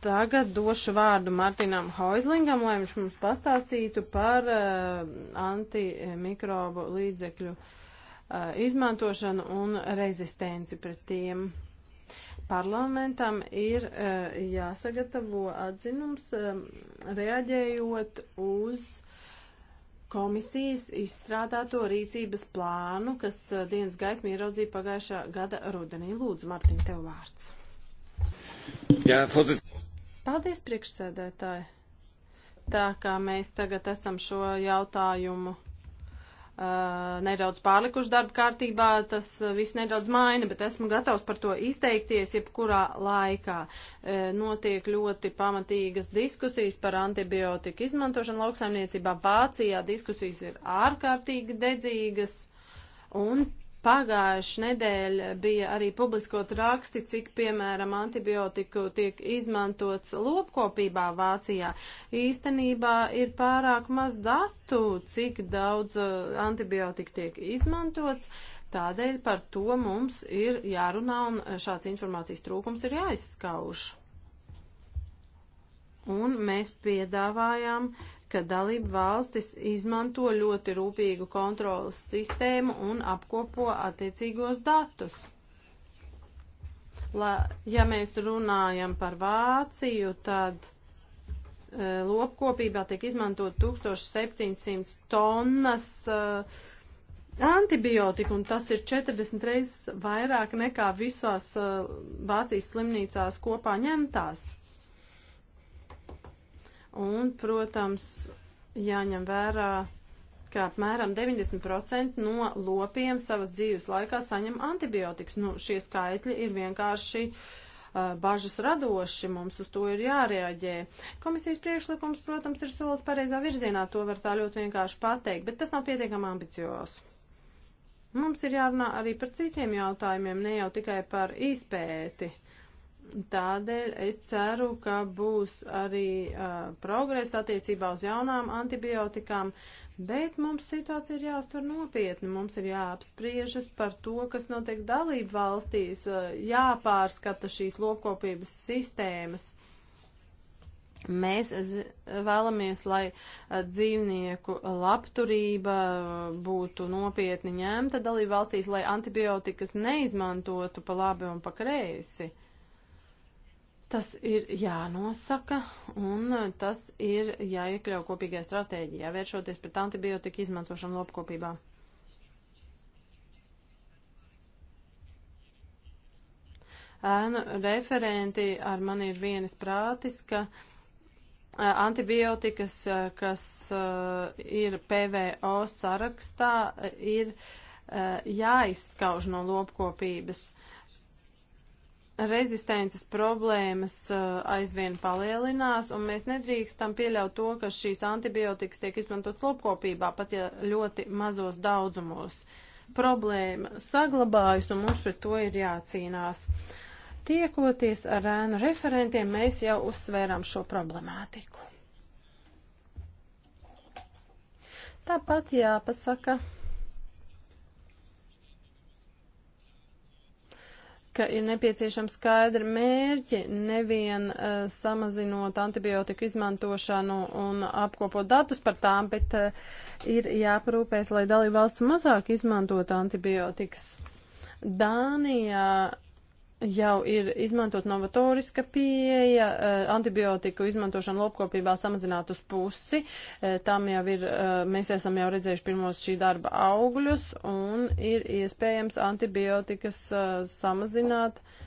tagad došu vārdu Martinam Hoizlingam, lai viņš mums pastāstītu par uh, antimikrobu līdzekļu uh, izmantošanu un rezistenci pret tiem. Parlamentam ir uh, jāsagatavo atzinums, um, reaģējot uz komisijas izstrādāto rīcības plānu, kas uh, dienas gaismu ieraudzīja pagājušā gada rudenī. Lūdzu, Martin, tev vārds. Jā, fotot. Paldies, priekšsēdētāji. Tā kā mēs tagad esam šo jautājumu uh, nedaudz pārlikuši darba kārtībā, tas uh, viss nedaudz maina, bet esmu gatavs par to izteikties jebkurā laikā. Uh, notiek ļoti pamatīgas diskusijas par antibiotiku izmantošanu lauksaimniecībā. Vācijā diskusijas ir ārkārtīgi dedzīgas. Un Pagājuši nedēļa bija arī publiskot raksti, cik, piemēram, antibiotiku tiek izmantots lopkopībā Vācijā. Īstenībā ir pārāk maz datu, cik daudz uh, antibiotiku tiek izmantots. Tādēļ par to mums ir jārunā un šāds informācijas trūkums ir jāizskauž. Un mēs piedāvājām uh, ka dalība valstis izmanto ļoti rūpīgu kontrolas sistēmu un apkopo attiecīgos datus. La, ja mēs runājam par Vāciju, tad e, lopkopībā tiek izmantot 1700 tonnas e, antibiotiku, un tas ir 40 reizes vairāk nekā visās e, Vācijas slimnīcās kopā ņemtās. Un, protams, jāņem vērā, ka apmēram 90% no lopiem savas dzīves laikā saņem antibiotikas. Nu, šie skaitļi ir vienkārši uh, bažas radoši, mums uz to ir jārēģē. Komisijas priekšlikums, protams, ir solis pareizā virzienā, to var tā ļoti vienkārši pateikt, bet tas nav pietiekami ambiciozs. Mums ir jārunā arī par citiem jautājumiem, ne jau tikai par izpēti. Tādēļ es ceru, ka būs arī uh, progress attiecībā uz jaunām antibiotikām, bet mums situācija ir jāuztver nopietni. Mums ir jāapspriežas par to, kas notiek dalību valstīs, uh, jāpārskata šīs lopkopības sistēmas. Mēs vēlamies, lai uh, dzīvnieku labturība būtu nopietni ņemta dalību valstīs, lai antibiotikas neizmantotu pa labi un pa kreisi. Tas ir jānosaka, un tas ir jāiekļau kopīgajā stratēģijā, vēršoties pret antibiotiku izmantošanu lopkopībā. Ēnu referenti ar mani ir vienas prātis, ka antibiotikas, kas ir PVO sarakstā, ir jāizskauž no lopkopības rezistences problēmas uh, aizvien palielinās, un mēs nedrīkstam pieļaut to, ka šīs antibiotikas tiek izmantotas lopkopībā, pat ja ļoti mazos daudzumos. Problēma saglabājas, un mums pret to ir jācīnās. Tiekoties ar ēnu referentiem, mēs jau uzsvērām šo problemātiku. Tāpat jāpasaka. ka ir nepieciešams skaidri mērķi, nevien uh, samazinot antibiotiku izmantošanu un apkopot datus par tām, bet uh, ir jāparūpēs, lai dalībvalsts mazāk izmantot antibiotikas. Dānijā jau ir izmantot novatoriska pieeja, eh, antibiotiku izmantošana lopkopībā samazināt uz pusi, eh, tam jau ir, eh, mēs esam jau redzējuši pirmos šī darba augļus un ir iespējams antibiotikas samazināt uh,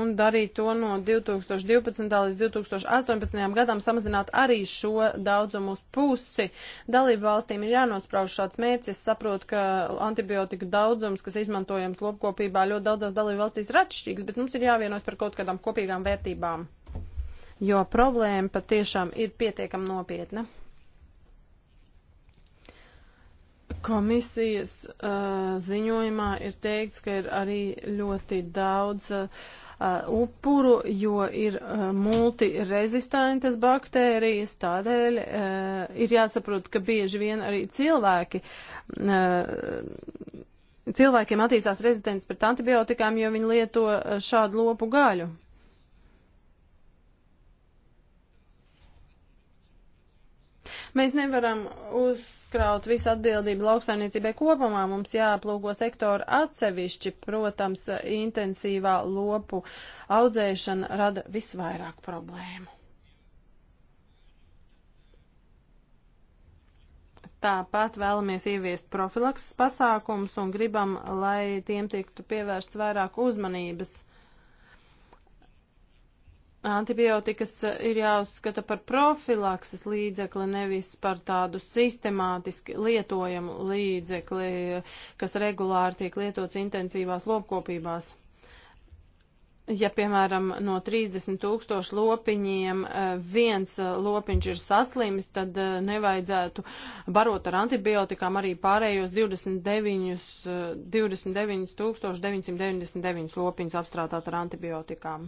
un darīt to no 2012. līdz 2018. gadam, samazināt arī šo daudzumu uz pusi. Dalību valstīm ir jānosprauž šāds mērķis. Es saprotu, ka antibiotiku daudzums, kas izmantojams lopkopībā, ļoti daudzās dalību valstīs ir atšķirīgs, bet mums ir jāvienos par kaut kādām kopīgām vērtībām, jo problēma patiešām ir pietiekam nopietna. Komisijas uh, ziņojumā ir teikts, ka ir arī ļoti daudz uh, uh upuru, jo ir uh, multirezistentas baktērijas, tādēļ uh, ir jāsaprot, ka bieži vien arī cilvēki. Uh, Cilvēkiem attīstās rezistents pret antibiotikām, jo viņi lieto uh, šādu lopu gaļu. Mēs nevaram uzkraut visu atbildību lauksaimniecībai kopumā, mums jāaplūko sektoru atsevišķi, protams, intensīvā lopu audzēšana rada visvairāk problēmu. Tāpat vēlamies ieviest profilakses pasākums un gribam, lai tiem tiktu pievērsts vairāk uzmanības antibiotikas e, ir jāuzskata par profilakses līdzekli, nevis par tādu sistemātiski lietojamu līdzekli, kas regulāri tiek lietots intensīvās lopkopībās. Ja, piemēram, no 30 tūkstošu lopiņiem e, viens e, lopiņš ir saslimis, tad nevajadzētu barot ar antibiotikām arī pārējos 29, 29 999 lopiņus apstrādāt ar antibiotikām.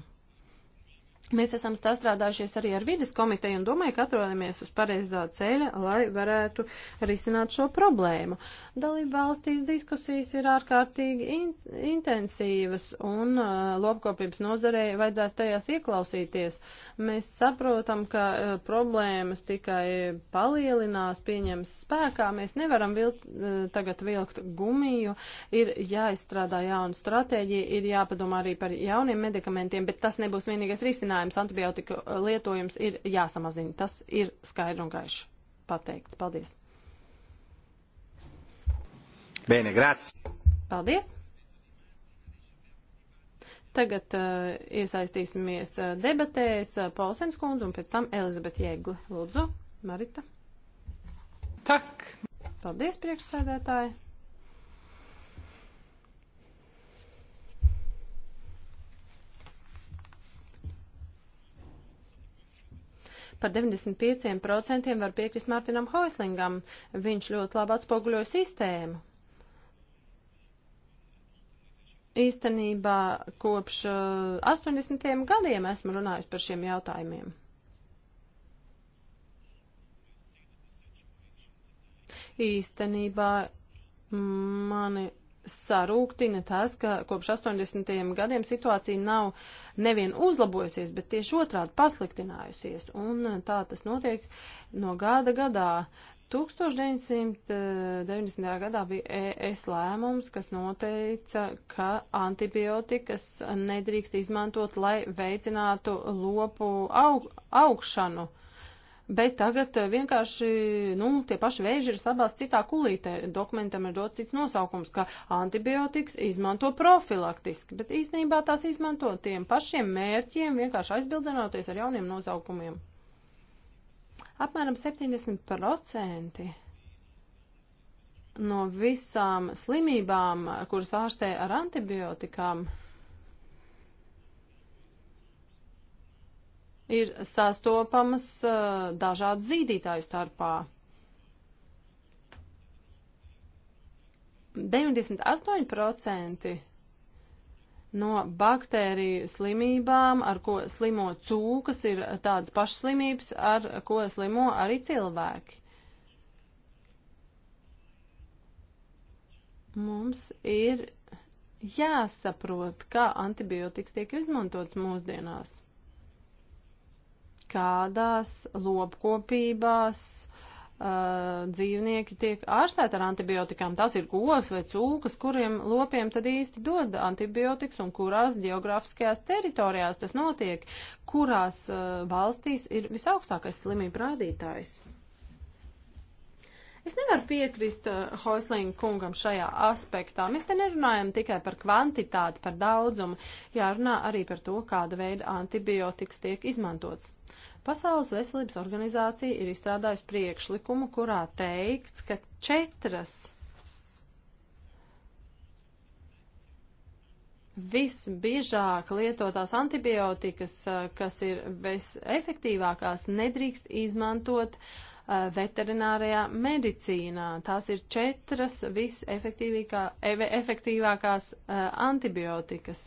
Mēs esam sastrādājušies arī ar vides komiteju un domāju, ka atrodamies uz pareizā ceļa, lai varētu risināt šo problēmu. Dalību valstīs diskusijas ir ārkārtīgi in intensīvas un uh, lopkopības nozarei vajadzētu tajās ieklausīties. Mēs saprotam, ka uh, problēmas tikai palielinās, pieņems spēkā. Mēs nevaram vilkt, uh, tagad vilkt gumiju, ir jāizstrādā jauna stratēģija, ir jāpadomā arī par jauniem medikamentiem, bet tas nebūs vienīgais risinājums samazinājums, antibiotiku lietojums ir jāsamazina. Tas ir skaidri un gaiši pateikts. Paldies! Bene, grazie! Paldies! Tagad uh, iesaistīsimies uh, debatēs uh, Paulsens kundze un pēc tam Elizabete Jēgli. Lūdzu, Marita. Tak! Paldies, priekšsēdētāji! Par 95% var piekrist Mārtiņam Hoislingam. Viņš ļoti labi atspoguļoja sistēmu. Īstenībā kopš 80. Uh, gadiem esmu runājis par šiem jautājumiem. Īstenībā mani sarūktina tas, ka kopš 80. gadiem situācija nav nevien uzlabojusies, bet tieši otrādi pasliktinājusies. Un tā tas notiek no gada gadā. 1990. Eh, gadā bija ES lēmums, kas noteica, ka antibiotikas nedrīkst izmantot, lai veicinātu lopu aug, augšanu bet tagad eh, vienkārši nu, tie paši vēži ir sabās citā kulītē. Dokumentam ir dots cits nosaukums, ka antibiotikas izmanto profilaktiski, bet īstenībā tās izmanto tiem pašiem mērķiem, vienkārši aizbildinoties ar jauniem nosaukumiem. Apmēram 70% no visām slimībām, kuras ārstē ar antibiotikām, ir sastopamas uh, dažādu zīdītāju starpā. 98% no baktēriju slimībām, ar ko slimo cūkas, ir tādas pašas slimības, ar ko slimo arī cilvēki. Mums ir jāsaprot, kā antibiotikas tiek izmantots mūsdienās kādās lopkopībās uh, dzīvnieki tiek ārstēti ar antibiotikām. Tas ir govs vai cūkas, kuriem lopiem tad īsti dod antibiotikas un kurās geogrāfiskajās teritorijās tas notiek, kurās uh, valstīs ir visaugstākais slimību rādītājs. Es nevaru piekrist uh, Hoislinga kungam šajā aspektā. Mēs te nerunājam tikai par kvantitāti, par daudzumu, jārunā arī par to, kāda veida antibiotikas tiek izmantots. Pasaules veselības organizācija ir izstrādājusi priekšlikumu, kurā teikts, ka četras visbiežāk lietotās antibiotikas, uh, kas ir visefektīvākās, nedrīkst izmantot uh, Eh, veterinārijā medicīnā. Tās ir četras visefektīvākās eh, antibiotikas.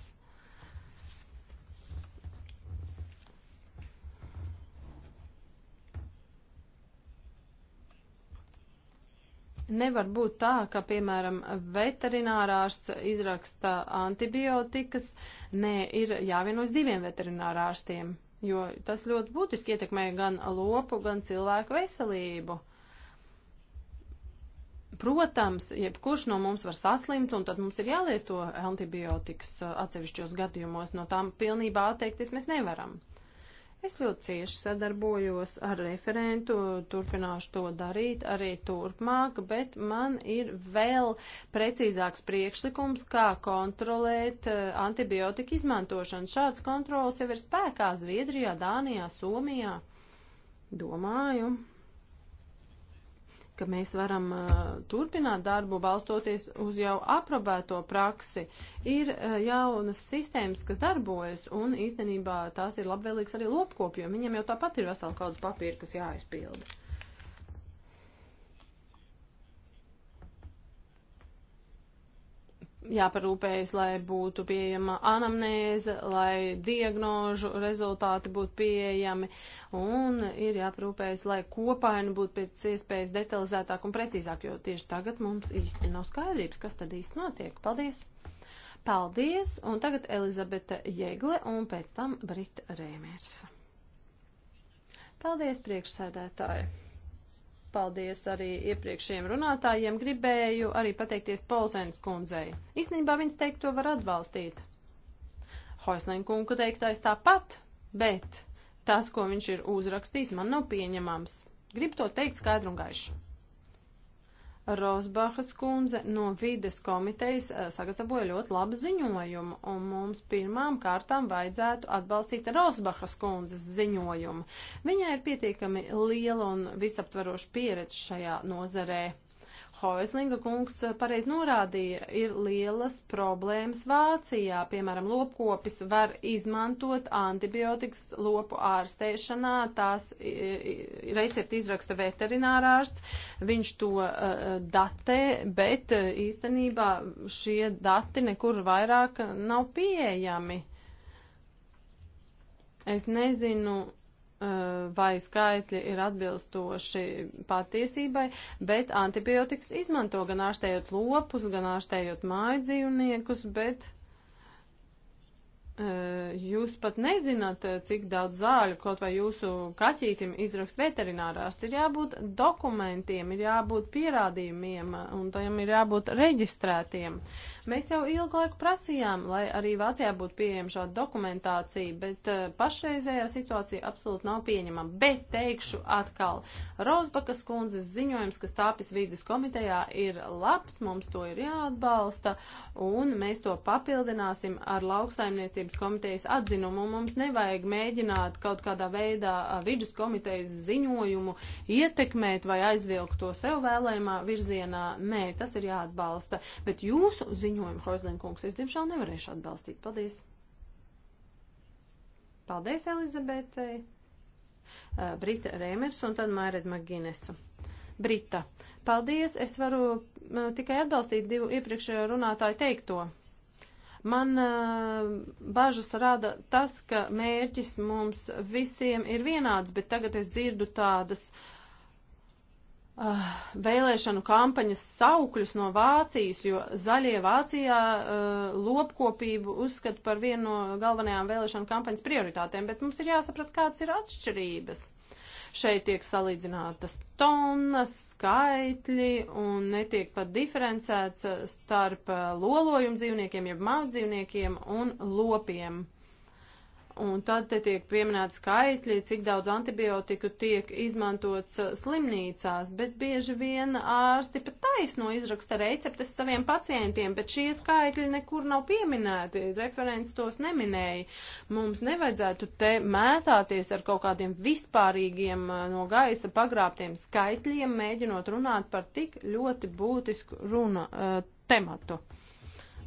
Nevar būt tā, ka, piemēram, veterinārārsts izraksta antibiotikas. Nē, ir jāvienojas diviem veterinārārstiem jo tas ļoti būtiski ietekmē gan lopu, gan cilvēku veselību. Protams, jebkurš no mums var saslimt, un tad mums ir jālieto antibiotikas uh, atsevišķos gadījumos, no tām pilnībā atteikties mēs nevaram. Es ļoti cieši sadarbojos ar referentu, turpināšu to darīt arī turpmāk, bet man ir vēl precīzāks priekšlikums, kā kontrolēt eh, antibiotika izmantošanu. Šāds kontrols jau ir spēkā Zviedrijā, Dānijā, Somijā. Domāju, ka mēs varam uh, turpināt darbu balstoties uz jau aprobēto praksi. Ir uh, jaunas sistēmas, kas darbojas, un īstenībā tās ir labvēlīgas arī lopkopjiem. Viņiem jau tāpat ir vesela kaudzes papīra, kas jāizpilda. jāparūpējas, lai būtu pieejama anamnēze, lai diagnožu rezultāti būtu pieejami, un ir jāparūpējas, lai kopaini būtu pēc iespējas detalizētāk un precīzāk, jo tieši tagad mums īsti nav skaidrības, kas tad īsti notiek. Paldies! Paldies! Un tagad Elizabete Jēgle un pēc tam Brita Rēmērs. Paldies, priekšsēdētāji! Paldies arī iepriekšējiem runātājiem. Gribēju arī pateikties Polsēnas kundzei. Īsnībā viņas teikt to var atbalstīt. Hoislēna kunga teiktais tāpat, bet tas, ko viņš ir uzrakstījis, man nav pieņemams. Gribu to teikt skaidru un gaišu. Rosbahas kundze no vides komitejas eh, sagatavoja ļoti labu ziņojumu, un mums pirmām kārtām vajadzētu atbalstīt Rosbahas kundzes ziņojumu. Viņai ir pietiekami liela un visaptvaroša pieredze šajā nozarē. Hoislinga kungs pareiz norādīja, ir lielas problēmas Vācijā. Piemēram, lopkopis var izmantot antibiotikas lopu ārstēšanā, tās recepti izraksta veterinārārsts, viņš to uh, datē, bet e, īstenībā šie dati nekur vairāk nav pieejami. Es nezinu, Eh, vai skaitļi ir atbilstoši patiesībai, bet antibiotikas izmanto gan ārstējot lopus, gan ārstējot māju dzīvniekus, bet eh, jūs pat nezināt, eh, cik daudz zāļu kaut vai jūsu kaķītim izrakst veterinārārsts. Ir jābūt dokumentiem, ir jābūt pierādījumiem un tajam ir jābūt reģistrētiem. Mēs jau ilgu laiku prasījām, lai arī Vācijā būtu pieejama šāda dokumentācija, bet uh, pašreizējā situācija absolūti nav pieņemama. Bet teikšu atkal, Rozbakas kundzes ziņojums, kas tāpis vīdes komitejā, ir labs, mums to ir jāatbalsta, un mēs to papildināsim ar lauksaimniecības komitejas atzinumu. Mums nevajag mēģināt kaut kādā veidā vidus komitejas ziņojumu ietekmēt vai aizvilkt to sev vēlējumā virzienā. Nē, tas ir jāatbalsta. Bet jūsu ziņojums ziņojumu, Hoizlinkungs. Es, diemžēl, nevarēšu atbalstīt. Paldies! Paldies, Elizabetei! Eh, Brita Rēmers un tad Maired Maginesa. Brita, paldies! Es varu eh, tikai atbalstīt divu iepriekšējo runātāju teikto. Man uh, bažas rada tas, ka mērķis mums visiem ir vienāds, bet tagad es dzirdu tādas uh, uh, vēlēšanu kampaņas saukļus no Vācijas, jo zaļie Vācijā uh, lopkopību uzskata par vienu no galvenajām vēlēšanu kampaņas prioritātēm, bet mums ir jāsaprot, kāds ir atšķirības. Šeit tiek salīdzinātas tonnas, skaitļi un netiek pat diferencēts eh, starp eh, lolojumu dzīvniekiem, jeb mājdzīvniekiem un lopiem. Un tad te tiek pieminēti skaitļi, cik daudz antibiotiku tiek izmantots uh, slimnīcās, bet bieži vien ārsti pat taisno izraksta receptes saviem pacientiem, bet šie skaitļi nekur nav pieminēti, referents tos neminēja. Mums nevajadzētu te mētāties ar kaut kādiem vispārīgiem uh, no gaisa pagrābtiem skaitļiem, mēģinot runāt par tik ļoti būtisku runa, uh, tematu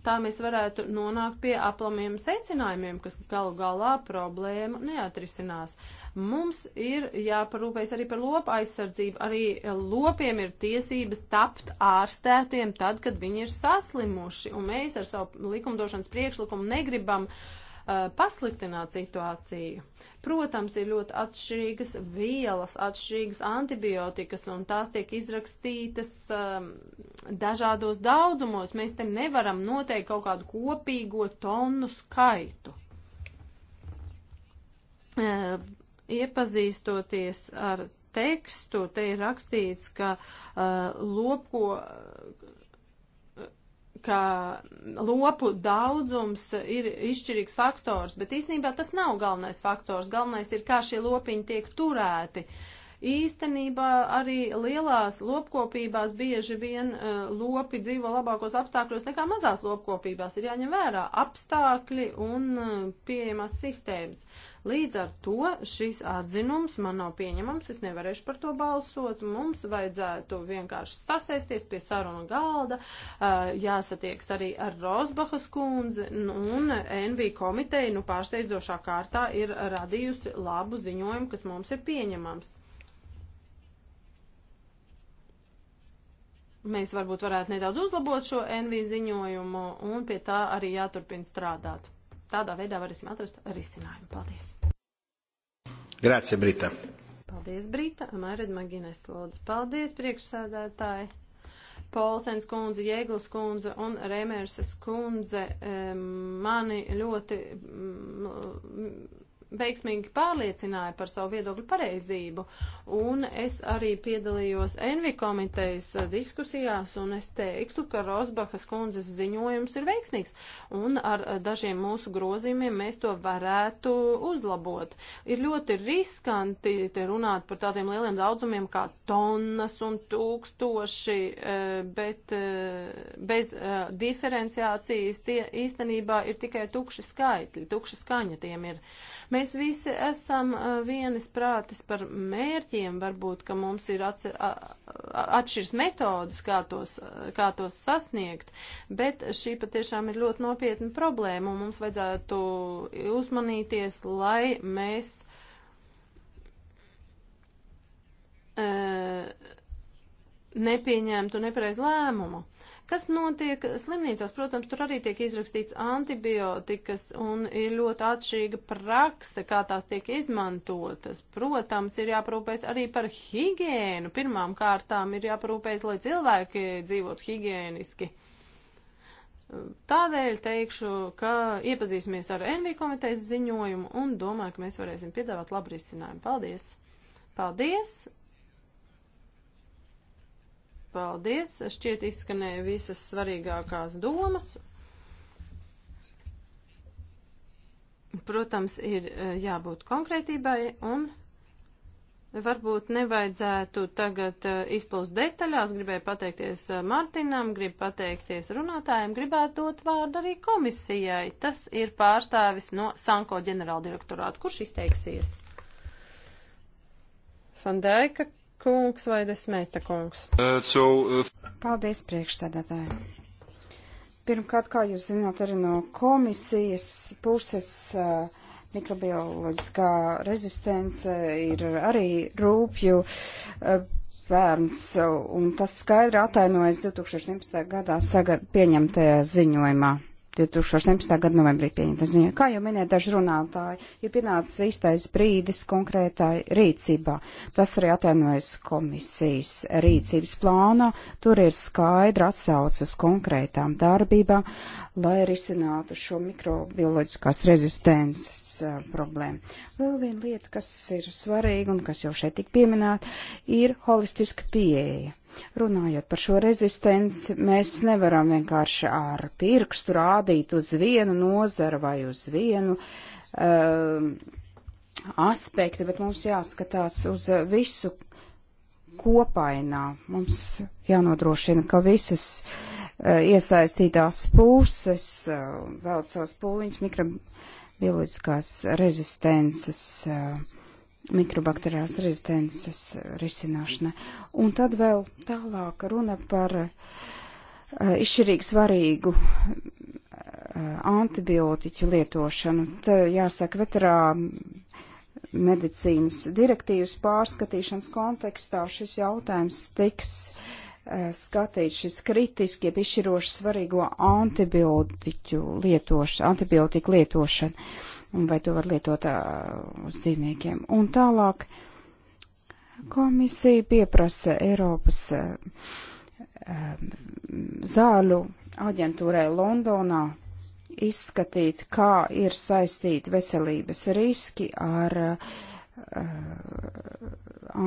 tā mēs varētu nonākt pie aplamiem secinājumiem, kas galu galā problēmu neatrisinās. Mums ir jāparūpējas arī par lopu aizsardzību. Arī lopiem ir tiesības tapt ārstētiem tad, kad viņi ir saslimuši, un mēs ar savu likumdošanas priekšlikumu negribam uh, uh, pasliktināt situāciju. Protams, ir ļoti atšķirīgas vielas, atšķirīgas antibiotikas, un tās tiek izrakstītas um, dažādos daudzumos. Mēs te nevaram noteikt kaut kādu kopīgo tonu skaitu. Uh, iepazīstoties ar tekstu, te ir rakstīts, ka uh, lopko ka lopu daudzums ir izšķirīgs faktors, bet īstenībā tas nav galvenais faktors. Galvenais ir, kā šie lopiņi tiek turēti. Uh, Īstenībā arī lielās lopkopībās bieži vien uh, lopi dzīvo labākos apstākļos nekā mazās lopkopībās. Ir jāņem vērā apstākļi un uh, pieejamās sistēmas. Līdz ar to šis atzinums man nav pieņemams, es nevarēšu par to balsot. Mums vajadzētu vienkārši sasēsties pie sarunu galda, uh, e, jāsatieks arī ar Rosbahas kundzi nu, un NV komiteju, nu pārsteidzošā kārtā ir radījusi labu ziņojumu, kas mums ir pieņemams. Mēs varbūt varētu nedaudz uzlabot šo NV ziņojumu un pie tā arī jāturpina strādāt. Tādā veidā varēsim atrast risinājumu. Paldies! Grācija, Brita! Paldies, Brita! Mērķi Magīnēs Lodis. Paldies, priekšsēdētāji! Polsens kundze, Jēglas kundze un Remērsas kundze mani ļoti veiksmīgi pārliecināja par savu viedokļu pareizību, un es arī piedalījos Envi komitejas diskusijās, un es teiktu, ka Rosbahas kundzes ziņojums ir veiksmīgs, un ar dažiem mūsu grozījumiem mēs to varētu uzlabot. Ir ļoti riskanti te runāt par tādiem lieliem daudzumiem kā tonnas un tūkstoši, eh, bet eh, bez eh, diferenciācijas tie īstenībā ir tikai tukši skaitļi, tukša skaņa tiem ir. Mēs Mēs visi esam vienas prātes par mērķiem, varbūt, ka mums ir atcer, atšķirs metodas, kā tos, kā tos sasniegt, bet šī patiešām ir ļoti nopietna problēma, un mums vajadzētu uzmanīties, lai mēs. Uh, nepieņemtu nepareiz lēmumu. Kas notiek slimnīcās? Protams, tur arī tiek izrakstīts antibiotikas un ir ļoti atšķirīga prakse, kā tās tiek izmantotas. Protams, ir jāprūpēs arī par higiēnu. Pirmām kārtām ir jāprūpēs, lai cilvēki dzīvotu higiēniski. Tādēļ teikšu, ka iepazīsimies ar NV komitejas ziņojumu un domāju, ka mēs varēsim piedāvāt labu risinājumu. Paldies! Paldies! paldies. Šķiet izskanēja visas svarīgākās domas. Protams, ir eh, jābūt konkrētībai un varbūt nevajadzētu tagad eh, izplūst detaļās. Gribēju pateikties eh, Martinam, gribu pateikties runātājiem, gribētu dot vārdu arī komisijai. Tas ir pārstāvis no Sanko ģenerāldirektorāta. Kurš izteiksies? Fandaika kungs vai Desmeta kungs? Uh, so, uh... Paldies priekšstādātāji. Pirmkārt, kā jūs zināt, arī no komisijas puses uh, mikrobioloģiskā rezistence ir arī rūpju uh, bērns, un tas skaidri atainojas 2011. gadā saga, pieņemtajā ziņojumā. 2017. gada novembrī pieņemta ziņa. Kā jau minēja daži runātāji, ir pienācis īstais brīdis konkrētai rīcībā. Tas arī atainojas komisijas rīcības plānā. Tur ir skaidra atsauce uz konkrētām darbībām, lai risinātu šo mikrobioloģiskās rezistences uh, problēmu. Vēl viena lieta, kas ir svarīga un kas jau šeit tik pieminēta, ir holistiska pieeja Runājot par šo rezistenci, mēs nevaram vienkārši ar pirkstu rādīt uz vienu nozaru vai uz vienu um, ehm, aspektu, bet mums jāskatās uz visu kopainā. Mums jānodrošina, ka visas uh, iesaistītās puses uh, eh, vēl savas pūliņas mikrobioloģiskās rezistences. Uh, mikrobakteriālas rezistences risināšanai. Un tad vēl tālāk runa par uh, izšķirīgi svarīgu eh, antibiotiķu lietošanu. Te jāsaka, veterā medicīnas direktīvas pārskatīšanas kontekstā šis jautājums tiks eh, skatīts šis kritiski, ja izšķiroši svarīgo antibiotiķu lietošana, antibiotiku lietošana un vai to var lietot uz dzīvniekiem. Un tālāk komisija pieprasa Eiropas zāļu aģentūrai Londonā izskatīt, kā ir saistīti veselības riski ar uh,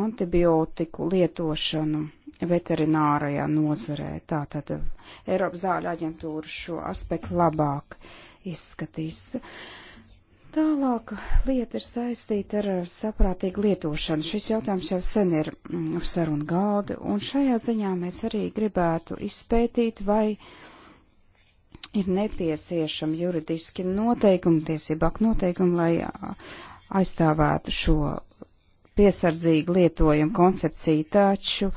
antibiotiku lietošanu veterinārajā nozarē. Tātad Eiropas zāļu aģentūra šo aspektu labāk izskatīs. Uh, Tālāk lieta ir saistīta ar saprātīgu lietošanu. Šis jautājums jau sen ir mm, uz sarunu galda, un šajā ziņā mēs arī gribētu izpētīt, vai ir nepieciešami juridiski noteikumi, tiesībāk noteikumi, lai aizstāvētu šo piesardzīgu lietojumu koncepciju, taču,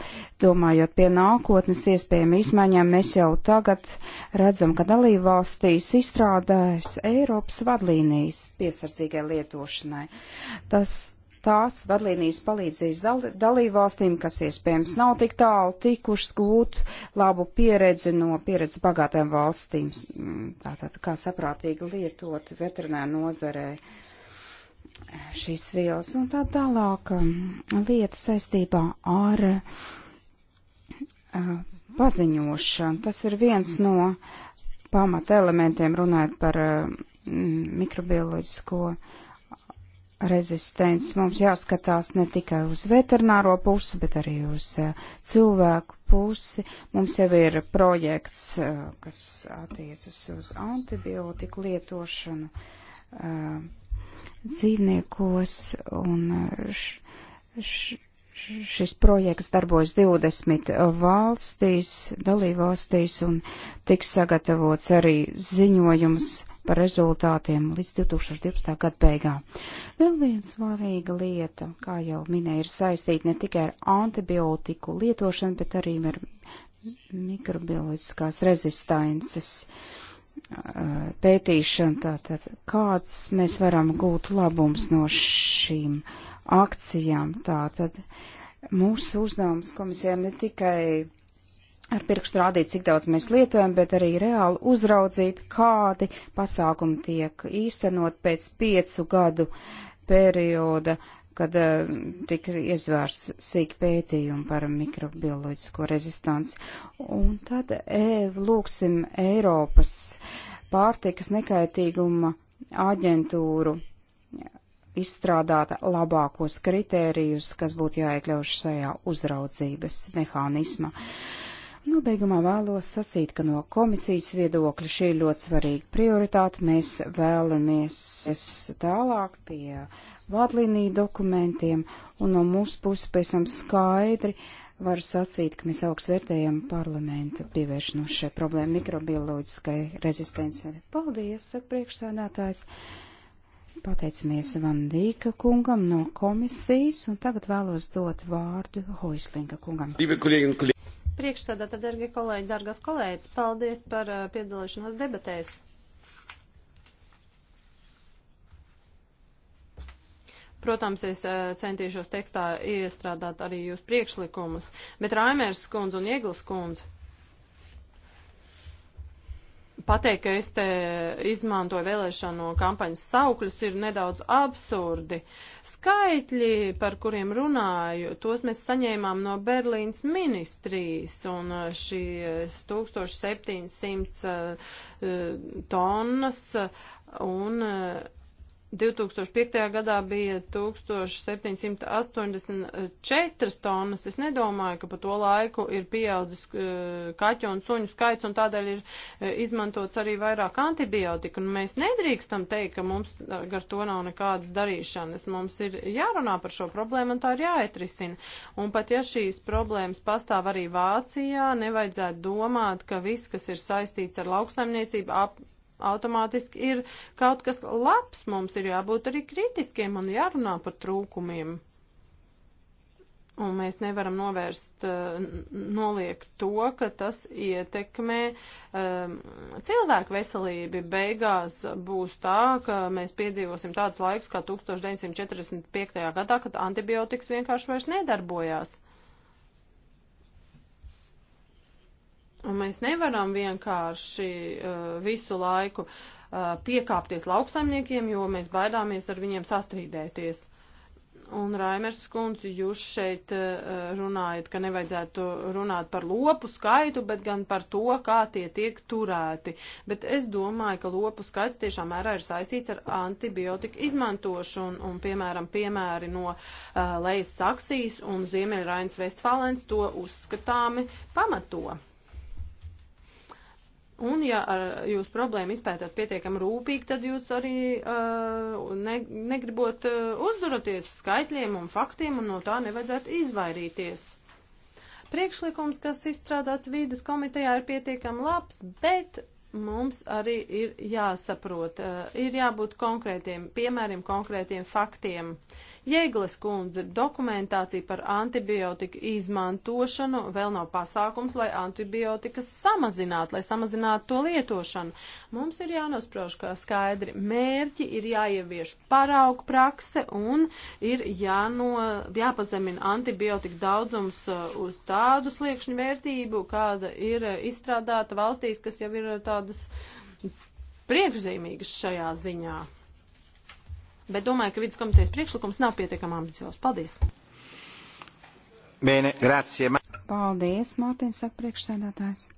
domājot pie nākotnes iespējām izmaiņām, mēs jau tagad redzam, ka dalībvalstīs izstrādājas Eiropas vadlīnijas piesardzīgai lietošanai. Tas Tās vadlīnijas palīdzīs dal dalībvalstīm, kas iespējams nav tik tālu tikušas gūt labu pieredzi no pieredzes bagātām valstīm, tātad kā saprātīgi lietot veterinē nozarē. Uh, šīs vielas un tā tālāk um, lieta saistībā ar uh, paziņošanu. Tas ir viens no pamata elementiem runājot par uh, mikrobioloģisko rezistenci. Mums jāskatās ne tikai uz veterināro pusi, bet arī uz uh, cilvēku pusi. Mums jau ir projekts, uh, kas attiecas uz antibiotiku lietošanu uh, dzīvniekos, un uh, š, š, šis projekts darbojas 20 valstīs, dalībvalstīs, un tiks sagatavots arī ziņojums par rezultātiem līdz 2012. gada beigām. Vēl viena svarīga lieta, kā jau minēja, ir saistīta ne tikai ar antibiotiku lietošanu, bet arī ar mikrobioloģiskās rezistences uh, pētīšana, tātad kāds mēs varam gūt labums no šīm akcijām. Tātad mūsu uzdevums komisijai ne tikai ar pirkstu rādīt, cik daudz mēs lietojam, bet arī reāli uzraudzīt, kādi pasākumi tiek īstenot pēc piecu gadu perioda. Uh, kad uh, tika iezvērts sīk pētījumi par mikrobioloģisko rezistanci. Un tad e, lūksim Eiropas pārtikas nekaitīguma aģentūru izstrādāt labākos kritērijus, kas būtu jāiekļauš šajā uzraudzības mehānismā. Nobeigumā nu, vēlos sacīt, ka no komisijas viedokļa šī ir ļoti svarīga prioritāte. Mēs vēlamies tālāk pie uh, vadlīniju dokumentiem, un no mūsu puses pēc tam skaidri var sacīt, ka mēs augstu vērtējam parlamentu pievēršanos šai problēmai mikrobioloģiskai rezistencei. Paldies, saka priekšsēdētājs. Pateicamies Vandīka kungam no komisijas, un tagad vēlos dot vārdu Hoislinga kungam. Priekšsēdētā, dargie kolēģi, dargās kolēģis, paldies par uh, piedalīšanos debatēs. Protams, es eh, centīšos tekstā iestrādāt arī jūs priekšlikumus, bet Raimērs skundze un Ieglis skundze pateikt, ka es te izmantoju vēlēšanu kampaņas saukļus, ir nedaudz absurdi. Skaitļi, par kuriem runāju, tos mēs saņēmām no Berlīnas ministrijas, un eh, šīs 1700 eh, tonnas, un 2005. gadā bija 1784 tonnas. Es nedomāju, ka pa to laiku ir pieaudzis eh, kaķu un suņu skaits, un tādēļ ir eh, izmantots arī vairāk antibiotika. Un mēs nedrīkstam teikt, ka mums gar to nav nekādas darīšanas. Mums ir jārunā par šo problēmu, un tā ir jāatrisina. Un pat ja šīs problēmas pastāv arī Vācijā, nevajadzētu domāt, ka viss, kas ir saistīts ar lauksaimniecību, ap automātiski ir kaut kas labs, mums ir jābūt arī kritiskiem un jārunā par trūkumiem. Un mēs nevaram novērst, eh, noliegt to, ka tas ietekmē um, cilvēku veselību. Beigās būs tā, ka mēs piedzīvosim tādus laikus kā 1945. gadā, kad antibiotikas vienkārši vairs nedarbojās. Un mēs nevaram vienkārši uh, visu laiku uh, piekāpties lauksaimniekiem, jo mēs baidāmies ar viņiem sastrīdēties. Un Raimers Kunds, jūs šeit uh, runājat, ka nevajadzētu runāt par lopu skaitu, bet gan par to, kā tie tiek turēti. Bet es domāju, ka lopu skaits tiešām mērā ir saistīts ar antibiotiku izmantošanu, un, un piemēram, piemēri no uh, Lejas Saksijas un Ziemeļrainas Vestfālēns to uzskatāmi pamato. Un, ja ar, jūs problēmu izpētāt pietiekami rūpīgi, tad jūs arī uh, ne, negribot uh, uzduroties skaitļiem un faktiem, un no tā nevajadzētu izvairīties. Priekšlikums, kas izstrādāts vīdes komitejā, ir pietiekami labs, bet mums arī ir jāsaprot, uh, ir jābūt konkrētiem piemēriem, konkrētiem faktiem. Jēglas kundze, dokumentācija par antibiotiku izmantošanu vēl nav pasākums, lai antibiotikas samazinātu, lai samazinātu to lietošanu. Mums ir jānosprauž, ka skaidri mērķi ir jāievieš paraugu prakse un ir jāno, jāpazemina antibiotika daudzums uh, uz tādu sliekšņu vērtību, kāda ir uh, izstrādāta valstīs, kas jau ir uh, tādas priekšzīmīgas šajā ziņā bet domāju, ka vidas komitejas priekšlikums nav pietiekami ambiciozs. Paldies! Bene, grazie. Paldies, Mārtiņš, saka priekšsēdētājs.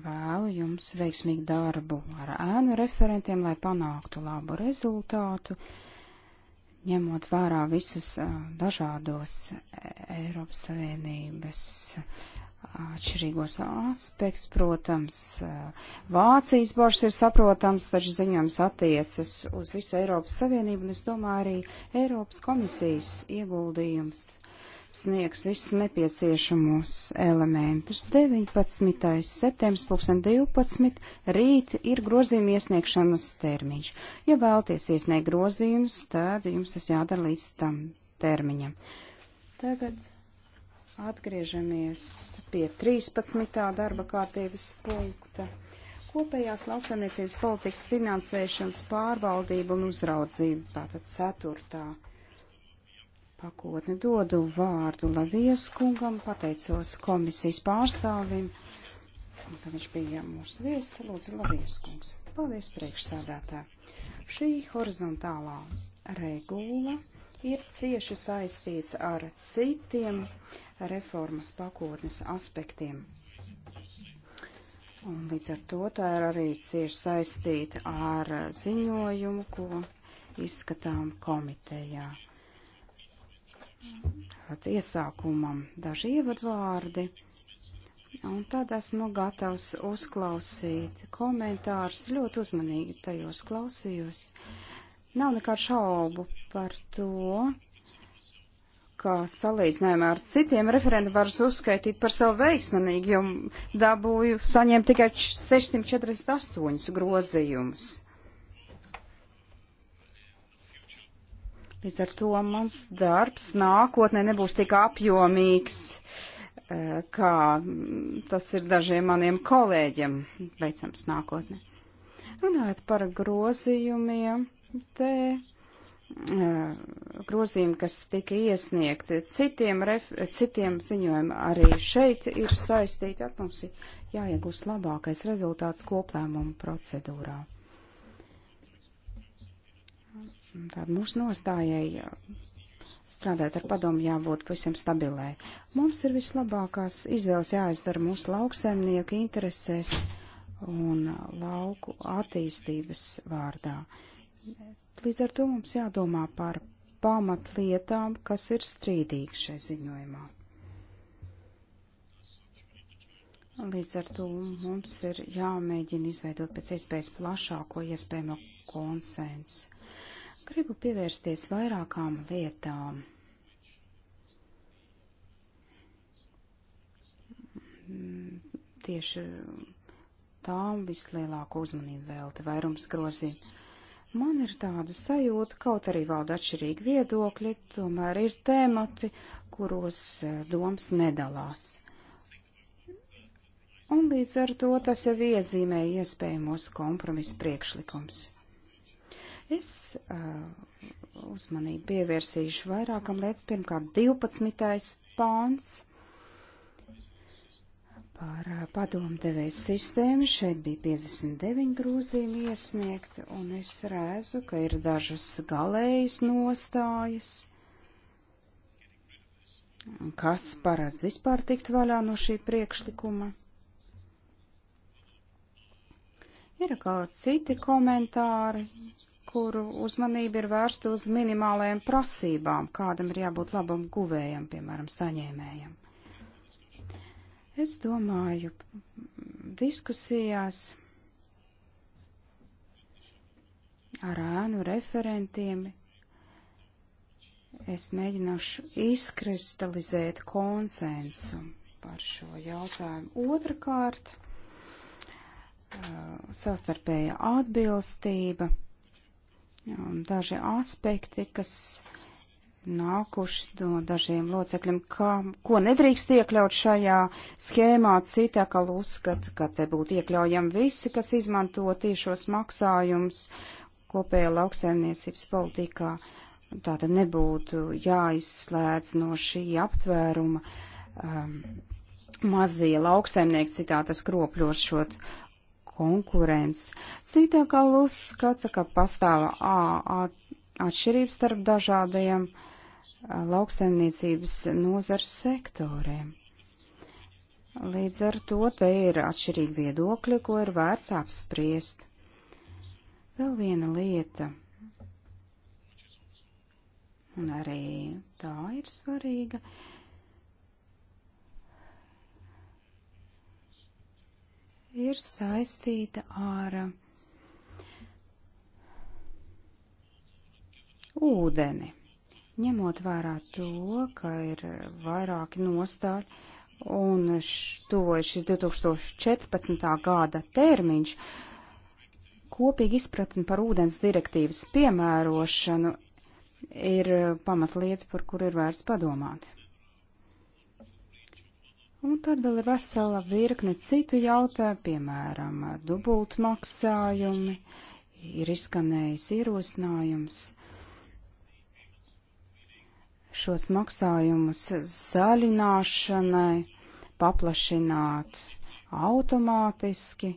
Vēlu jums veiksmīgu darbu ar ēnu referentiem, lai panāktu labu rezultātu, ņemot vērā visus dažādos Eiropas Savienības uh, atšķirīgos aspekts, protams, Vācijas bažas ir saprotams, taču ziņojums attiecas uz visu Eiropas Savienību, un es domāju arī Eiropas komisijas ieguldījums sniegs visus nepieciešamos elementus. 19. septembris 2012. rīt ir grozījuma iesniegšanas termiņš. Ja vēlties iesniegt grozījumus, tad jums tas jādara līdz tam termiņam. Tagad Atgriežamies pie 13. darba kārtības punkta. Kopējās lauksaimniecības politikas finansēšanas pārvaldība un uzraudzība, tātad ceturtā pakotne dodu vārdu Lavijas kungam, pateicos komisijas pārstāvim, un tad viņš bija mūsu viesis, lūdzu Lavijas kungs. Paldies priekšsādātā. Šī horizontālā regula ir cieši saistīts ar citiem reformas pakotnes aspektiem. Un līdz ar to tā ir arī cieši saistīta ar ziņojumu, ko izskatām komitejā. At iesākumam daži ievadvārdi, un tad esmu gatavs uzklausīt komentārus, ļoti uzmanīgi tajos klausījos. Uh, Nav nekādu šaubu par to, ka salīdzinājumā ar citiem referendu varas uzskaitīt par sev veiksmanīgi, jo dabūju saņemt tikai 648 grozījumus. Līdz ar to mans darbs nākotnē nebūs tik apjomīgs, eh, kā tas ir dažiem maniem kolēģiem veicams nākotnē. Runājot par grozījumiem Te eh, grozījumi, kas tika iesniegti citiem, ref, citiem ziņojumiem, arī šeit ir saistīti ar mums jāiegūst labākais rezultāts koplēmumu procedūrā. Tāda mūsu nostājai eh, strādāt ar padomu jābūt pavisam stabilai. Mums ir vislabākās izvēles jāizdara mūsu lauksaimnieku interesēs un lauku attīstības vārdā. Uh, Līdz ar to mums jādomā par pamatlietām, kas ir strīdīgas šai ziņojumā. Līdz ar to mums ir jāmēģina izveidot pēc iespējas plašāko iespējamo konsensu. Gribu pievērsties vairākām lietām. Tieši tām vislielāko uzmanību velti vairums grozījumu. Man ir tāda sajūta, kaut arī valda atšķirīgi viedokļi, tomēr ir tēmati, kuros eh, domas nedalās. Un līdz ar to tas jau iezīmē iespējamos kompromisu priekšlikums. Es uh, eh, uzmanību pievērsīšu vairākam lietu. Pirmkārt, 12. pāns par eh, padomdevēju sistēmu. Šeit bija 59 grozījumi iesniegti, un es redzu, ka ir dažas galējas nostājas, kas paredz vispār tikt vaļā no šī priekšlikuma. Ir kā citi komentāri, kuru uzmanība ir vērsta uz minimālajām prasībām, kādam ir jābūt labam guvējam, piemēram, saņēmējam. Es domāju, diskusijās ar ēnu referentiem es mēģināšu izkristalizēt konsensu par šo jautājumu. Otrakārt, savstarpēja atbilstība un daži aspekti, kas nākuši no dažiem locekļiem, kā, ko nedrīkst iekļaut šajā schēmā. Citā, ka uzskata, ka te būtu iekļaujami visi, kas izmanto tiešos maksājumus kopējā lauksaimniecības politikā. Tā tad nebūtu jāizslēdz no šī aptvēruma um, mazie lauksaimnieki, citā tas kropļošot konkurence. Citā, ka uzskata, ka pastāv atšķirības starp dažādajiem uh, lauksaimniecības nozars sektoriem. Līdz ar to te ir atšķirīgi viedokļi, ko ir vērts apspriest. Vēl viena lieta, un arī tā ir svarīga, ir saistīta ar ūdeni. Ņemot vērā to, ka ir vairāki nostāļi un tuvojas šis 2014. gada termiņš, kopīgi izpratni par ūdens direktīvas piemērošanu ir pamatlieta, par kuru ir vērts padomāt. Un tad vēl ir vesela virkne citu jautājumu, piemēram, dubultmaksājumi, ir izskanējis ierosinājums šos maksājumus zaļināšanai paplašināt automātiski.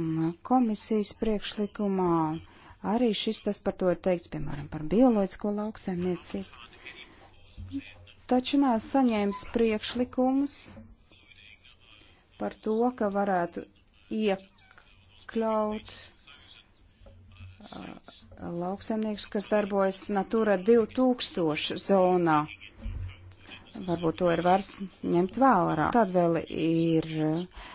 Un komisijas priekšlikumā arī šis tas par to ir teikts, piemēram, par bioloģisko lauksaimniecību. Taču nē, saņēmis priekšlikumus par to, ka varētu iekļaut lauksaimnieks, kas darbojas Natura 2000 zonā. Varbūt to ir vairs ņemt vērā. Tad vēl ir uh,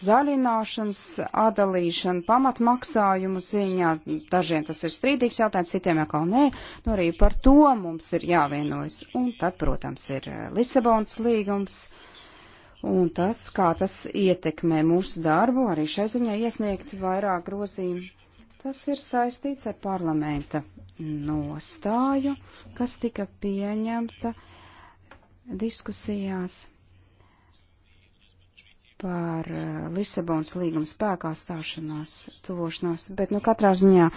zaļināšanas, atdalīšana pamatmaksājumu ziņā. Dažiem tas ir strīdīgs jautājums, citiem jau nē. Nu arī par to mums ir jāvienojas. Un tad, protams, ir Lisabons līgums. Un tas, kā tas ietekmē mūsu darbu, arī šai ziņā iesniegt vairāk grozījumu. Tas ir saistīts ar parlamenta nostāju, kas tika pieņemta diskusijās par eh, Lisabonas līguma spēkā stāšanās tuvošanos, bet nu katrā ziņā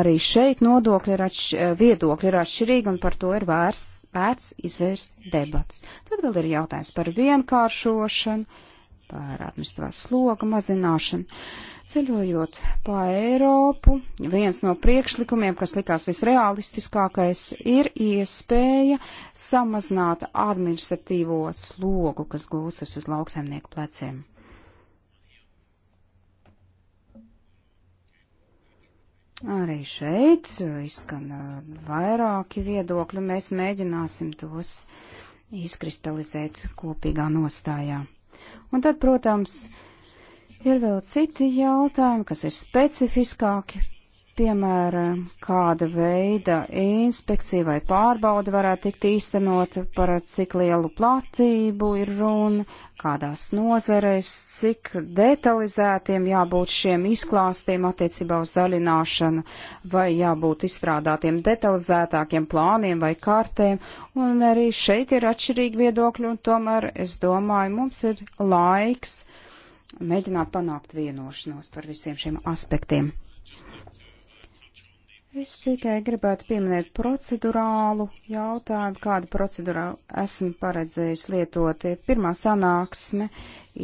arī šeit nodokļi ir atš eh, viedokļi ir atšķirīgi un par to ir vērts, vērts izvērst debatas. Tad vēl ir jautājums par vienkāršošanu par administratīvās sloga mazināšanu. Ceļojot pa Eiropu, viens no priekšlikumiem, kas likās visrealistiskākais, ir iespēja samazināt administratīvo slogu, kas gūstas uz lauksaimnieku pleciem. Arī šeit izskan uh, vairāki viedokļi, mēs mēģināsim tos izkristalizēt kopīgā nostājā. Un tad, protams, ir vēl citi jautājumi, kas ir specifiskāki piemēram, kāda veida inspekcija vai pārbauda varētu tikt īstenot, par cik lielu platību ir runa, kādās nozareis, cik detalizētiem jābūt šiem izklāstiem attiecībā uz zaļināšanu, vai jābūt izstrādātiem detalizētākiem plāniem vai kārtēm, un arī šeit ir atšķirīgi viedokļi, un tomēr es domāju, mums ir laiks mēģināt panākt vienošanos par visiem šiem aspektiem. Es tikai gribētu pieminēt procedurālu jautājumu, kādu procedūru esmu paredzējis lietot. Pirmā sanāksme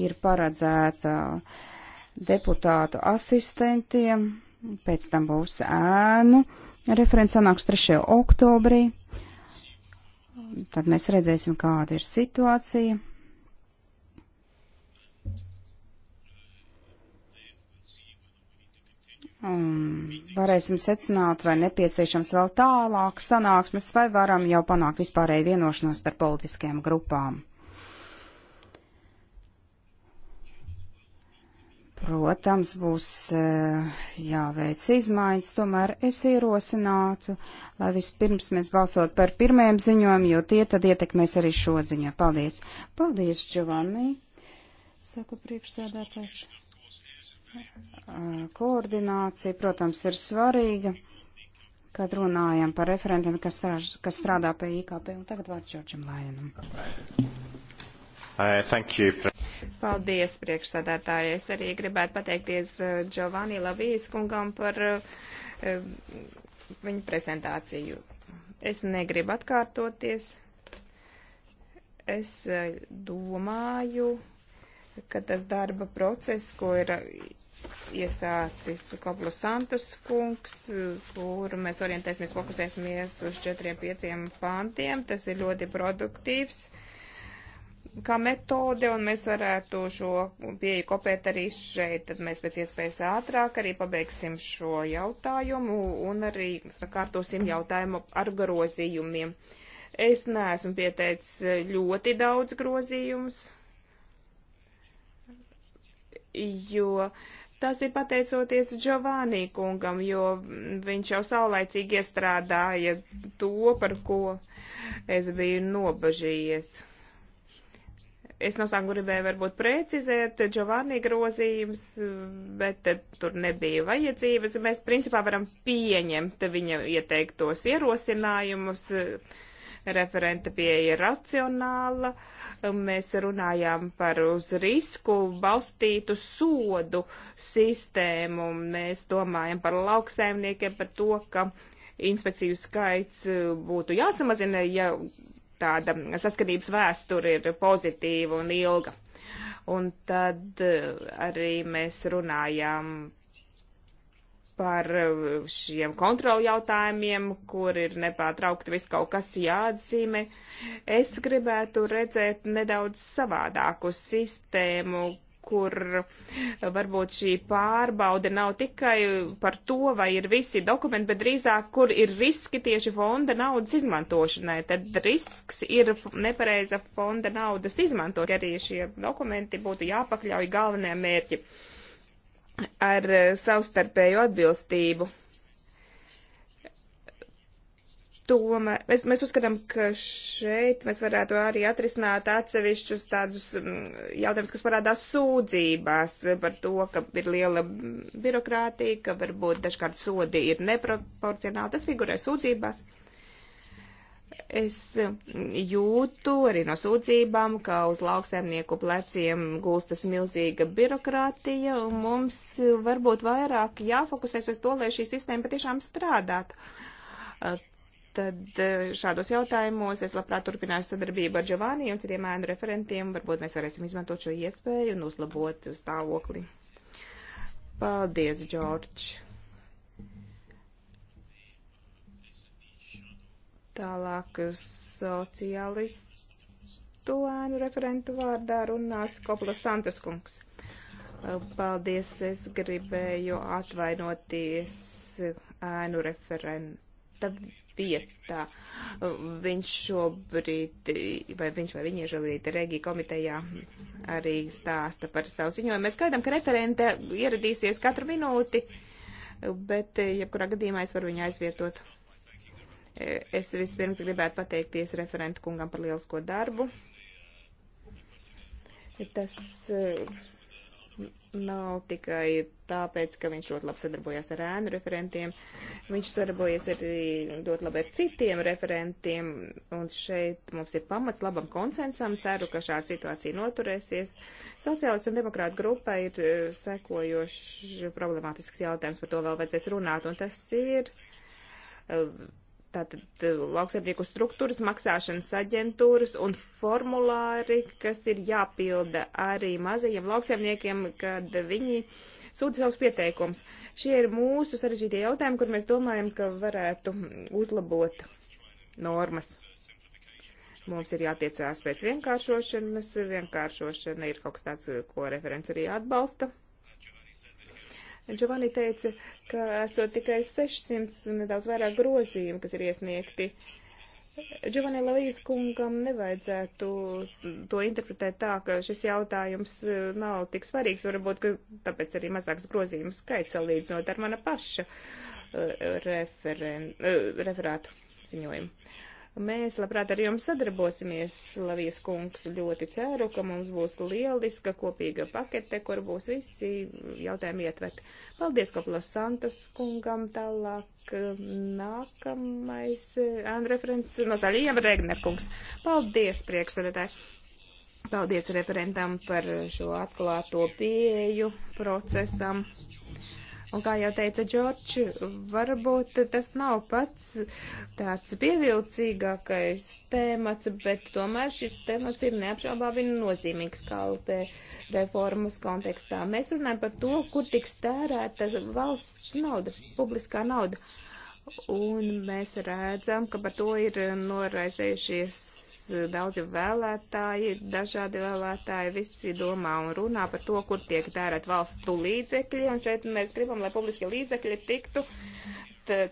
ir paredzēta deputātu asistentiem, pēc tam būs ēnu. Referents sanāks 3. oktobrī. Tad mēs redzēsim, kāda ir situācija. Un varēsim secināt, vai nepieciešams vēl tālāk sanāksmes, vai varam jau panākt vispārēju vienošanos starp politiskajām grupām. Protams, būs eh, jāveic izmaiņas, tomēr es ierosinātu, lai vispirms mēs balsot par pirmajiem ziņojumiem, jo tie tad ietekmēs arī šo ziņu. Paldies! Paldies, Giovanni! Saku priekšsēdētājs koordinācija, protams, ir svarīga, kad runājam par referentiem, kas strādā, kas strādā pie IKP. Un tagad vārds Čorčam Lainam. Uh, Paldies, priekšsādātāji. Es arī gribētu pateikties Giovanni Lavijas kungam par uh, viņu prezentāciju. Es negribu atkārtoties. Es domāju, ka tas darba process, ko ir iesācis Koplu Santus kungs, kur mēs orientēsimies, fokusēsimies uz četriem pieciem pantiem. Tas ir ļoti produktīvs kā metode, un mēs varētu šo pieeju kopēt arī šeit. Tad mēs pēc iespējas ātrāk arī pabeigsim šo jautājumu un arī sakārtosim jautājumu ar grozījumiem. Es neesmu pieteicis ļoti daudz grozījumus, jo uh, Tas ir pateicoties Giovanni kungam, jo viņš jau saulaicīgi iestrādāja to, par ko es biju nobažījies. Es no sākuma gribēju varbūt precizēt Giovanni grozījums, bet tur nebija vajadzības. Mēs principā varam pieņemt viņa ieteiktos ierosinājumus. Uh, referenta pieeja ir racionāla. Mēs runājām par uz risku balstītu sodu sistēmu. Mēs domājam par lauksaimniekiem, par to, ka inspekciju skaits būtu jāsamazina, ja tāda saskanības vēsture ir pozitīva un ilga. Un tad eh, arī mēs runājām par eh, šiem kontrolu jautājumiem, kur ir nepārtraukti viss kaut kas jāatzīmē. Es gribētu redzēt nedaudz savādāku sistēmu, kur varbūt šī pārbaude nav tikai par to, vai ir visi dokumenti, bet drīzāk, kur ir riski tieši fonda naudas izmantošanai. Tad risks ir nepareiza fonda naudas izmantošana, arī šie dokumenti būtu jāpakļauj galvenajam mērķim ar eh, savstarpēju atbilstību. Tomēr mēs, mēs uzskatām, ka šeit mēs varētu arī atrisināt atsevišķus tādus mm, jautājumus, kas parādās sūdzībās par to, ka ir liela birokrātija, ka varbūt dažkārt sodi ir neproporcionāli. Tas figurē sūdzībās. Uh, Es mm, jūtu arī no sūdzībām, ka uz lauksaimnieku pleciem gulstas milzīga birokrātija, un mums varbūt vairāk jāfokusēs uz to, lai šī sistēma patiešām strādātu. Tad e, šādos jautājumos es labprāt turpināšu sadarbību ar Giovanni un citiem ēnu referentiem. Varbūt mēs varēsim izmantot šo iespēju un uzlabot stāvokli. Paldies, Džordž! Tālāk sociālistu ēnu referentu vārdā runās Koplas Santas kungs. Paldies, es gribēju atvainoties ēnu referenta vietā. Viņš šobrīd, vai viņš vai viņa šobrīd Regi komitejā arī stāsta par savu ziņojumu. Mēs gaidām, ka referente ieradīsies katru minūti, bet jebkurā gadījumā es varu viņu aizvietot. Es vispirms gribētu pateikties referentu kungam par lielisko darbu. Tas eh, nav tikai tāpēc, ka viņš ļoti labi sadarbojās ar ēnu referentiem, viņš sadarbojas arī ļoti labi ar citiem referentiem, un šeit mums ir pamats labam konsensam, ceru, ka šāda situācija noturēsies. Sociālis un demokrāta grupa ir eh, sekojoši problemātisks jautājums, par to vēl vajadzēs runāt, un tas ir eh, Tātad eh, lauksaimnieku struktūras, maksāšanas aģentūras un formulāri, kas ir jāpilda arī mazajiem lauksaimniekiem, kad viņi sūta savus pieteikumus. Šie ir mūsu sarežģītie jautājumi, kur mēs domājam, ka varētu uzlabot normas. Mums ir jātiecās pēc vienkāršošanas. Vienkāršošana ir kaut kas tāds, ko referents arī atbalsta. Giovanni teica, ka esot tikai 600 nedaudz vairāk grozījumu, kas ir iesniegti. Giovanni Lavijas kungam nevajadzētu to interpretēt tā, ka šis jautājums e, nav tik svarīgs, varbūt, ka tāpēc arī mazāks grozījumu skaits salīdzinot ar mana paša e, referen, e, referātu ziņojumu. Mēs labprāt ar jums sadarbosimies, Lavijas kungs, ļoti ceru, ka mums būs lieliska kopīga pakete, kur būs visi jautājumi ietverti. Paldies, Koplos Santos kungam, tālāk eh, nākamais eh, referents no zaļajiem Regner kungs. Paldies, priekšsēdētāji! Paldies referentam par šo atklāto pieeju procesam. Un, kā jau teica Džordž, varbūt tas nav pats tāds pievilcīgākais tēmats, bet tomēr šis temats ir neapšaubāmi nozīmīgs kalte reformas kontekstā. Mēs runājam par to, kur tiks tērēta valsts nauda, publiskā nauda. Un mēs redzam, ka par to ir noraizējušies daudzi vēlētāji, dažādi vēlētāji, visi domā un runā par to, kur tiek tērēt valstu līdzekļi, un šeit mēs gribam, lai publiskie līdzekļi tiktu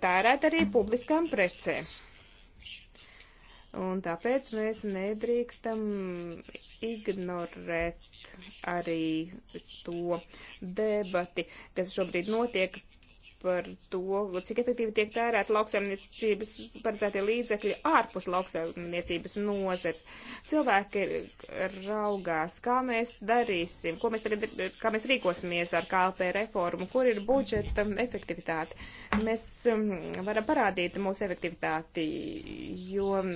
tērēt arī publiskām precēm. Un tāpēc mēs nedrīkstam ignorēt arī to debati, kas šobrīd notiek par to, cik efektīvi tiek tērēt lauksaimniecības paredzētie līdzekļi ārpus lauksaimniecības nozars. Cilvēki raugās, kā mēs darīsim, ko mēs tagad, kā mēs rīkosimies ar KLP reformu, kur ir budžeta efektivitāte. Mēs Um, varam parādīt mūsu efektivitāti, jo um,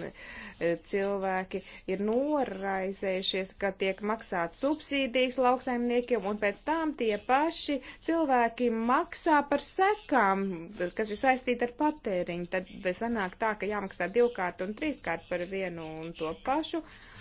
cilvēki ir noraizējušies, ka tiek maksāt subsīdijas lauksaimniekiem, un pēc tam tie paši cilvēki maksā par sekām, kas ir saistīti ar patēriņu. Tad sanāk tā, ka jāmaksā divkārt un trīskārt par vienu un to pašu. Uh,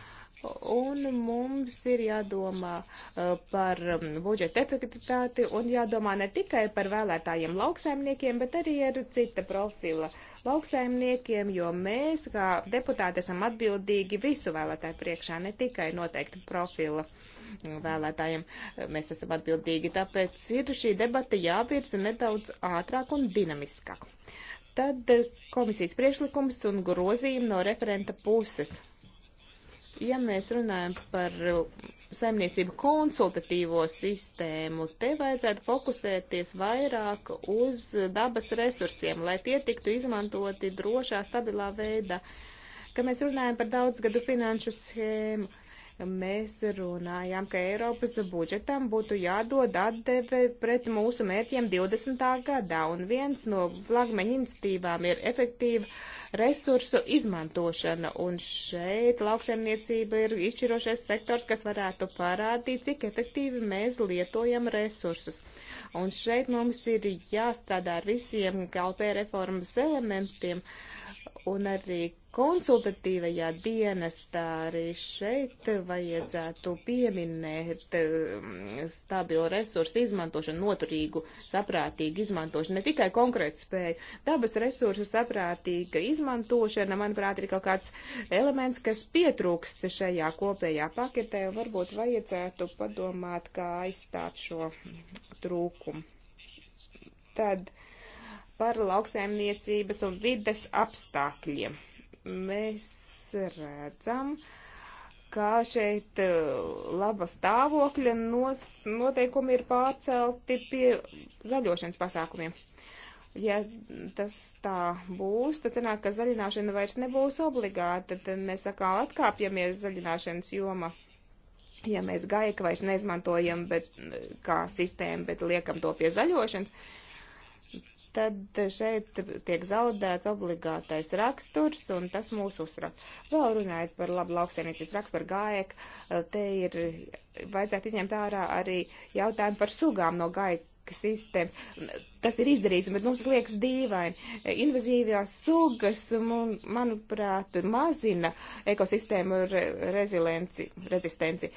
Un mums ir jādomā uh, par um, budžeta efektivitāti un jādomā ne tikai par vēlētājiem lauksaimniekiem, bet arī ar cita profila lauksaimniekiem, jo mēs, kā deputāti, esam atbildīgi visu vēlētāju priekšā, ne tikai noteikti profila vēlētājiem. Mēs esam atbildīgi, tāpēc ir šī debata jāvirza nedaudz ātrāk un dinamiskāk. Tad uh, komisijas priekšlikums un grozījumi no referenta puses Ja mēs runājam par saimniecību konsultatīvo sistēmu, te vajadzētu fokusēties vairāk uz dabas resursiem, lai tie tiktu izmantoti drošā, stabilā veidā. Kad mēs runājam par daudzgadu finanšu schēmu, mēs runājām, ka Eiropas budžetam būtu jādod atdeve pret mūsu mērķiem 20. gadā, un viens no flagmeņa institīvām ir efektīva resursu izmantošana, un šeit lauksaimniecība ir izšķirošais sektors, kas varētu parādīt, cik efektīvi mēs lietojam resursus. Un šeit mums ir jāstrādā ar visiem KLP reformas elementiem un arī konsultatīvajā dienestā arī šeit vajadzētu pieminēt um, stabilu resursu izmantošanu, noturīgu, saprātīgu izmantošanu, ne tikai konkrētu spēju. Dabas resursu saprātīga izmantošana, manuprāt, ir kaut kāds elements, kas pietrūkst šajā kopējā paketē, un varbūt vajadzētu padomāt, kā aizstāt šo trūkumu. Tad par lauksēmniecības un vides apstākļiem mēs redzam, ka šeit uh, laba stāvokļa nos, noteikumi ir pārcelti pie zaļošanas pasākumiem. Ja tas tā būs, tad sanāk, ka zaļināšana vairs nebūs obligāta, tad mēs atkal atkāpjamies zaļināšanas joma. Ja mēs gaika vairs neizmantojam bet, kā sistēmu, bet liekam to pie zaļošanas, uh, tad šeit tiek zaudēts obligātais raksturs, un tas mūs uzsver. Vēl runājot par labu lauksienīcības raksturu, par gājēku, te ir vajadzētu izņemt ārā arī jautājumu par sugām no gaita sistēmas. Tas ir izdarīts, bet mums tas liekas dīvaini. Invazīvās sugas, manuprāt, mazina ekosistēmu re rezilenci, rezistenci,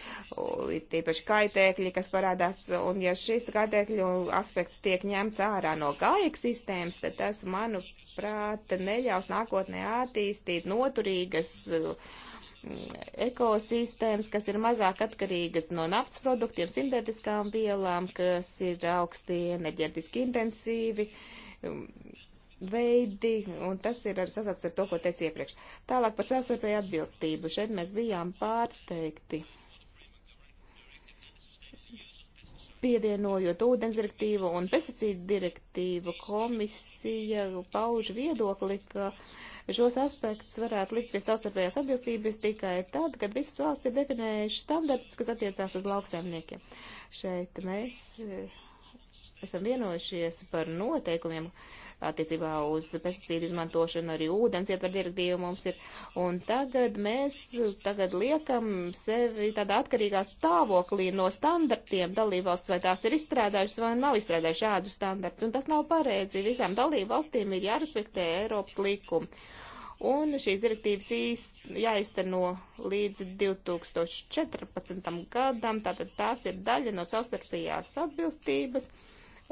tīpaši kaitēkļi, kas parādās, un ja šis kaitēkļu aspekts tiek ņemts ārā no gājēk sistēmas, tad tas, manuprāt, neļaus nākotnē attīstīt noturīgas uh, ekosistēmas, kas ir mazāk atkarīgas no naftas produktiem, sintētiskām vielām, kas ir augsti enerģetiski intensīvi um, veidi, un tas ir arī sasauts ar to, ko teicu iepriekš. Tālāk par savstarpēju atbilstību. Šeit mēs bijām pārsteigti pievienojot ūdens direktīvu un pesticīdu direktīvu, komisija pauž viedokli, ka šos aspektus varētu likt pie savstarpējās atbilstības tikai tad, kad visas valsts ir definējuši standartus, kas attiecās uz lauksaimniekiem. Šeit mēs esam vienojušies par noteikumiem attiecībā uz pesticīdu izmantošanu, arī ūdens ietver direktīvu mums ir. Un tagad mēs tagad liekam sevi tādā atkarīgā stāvoklī no standartiem dalībvalsts, vai tās ir izstrādājušas vai nav izstrādājušas šādu standartus. Un tas nav pareizi. Visām dalībvalstīm ir jārespektē Eiropas likumi un šīs direktīvas īst, jāizteno līdz 2014. gadam, tātad tās ir daļa no savstarpējās atbilstības. Uh,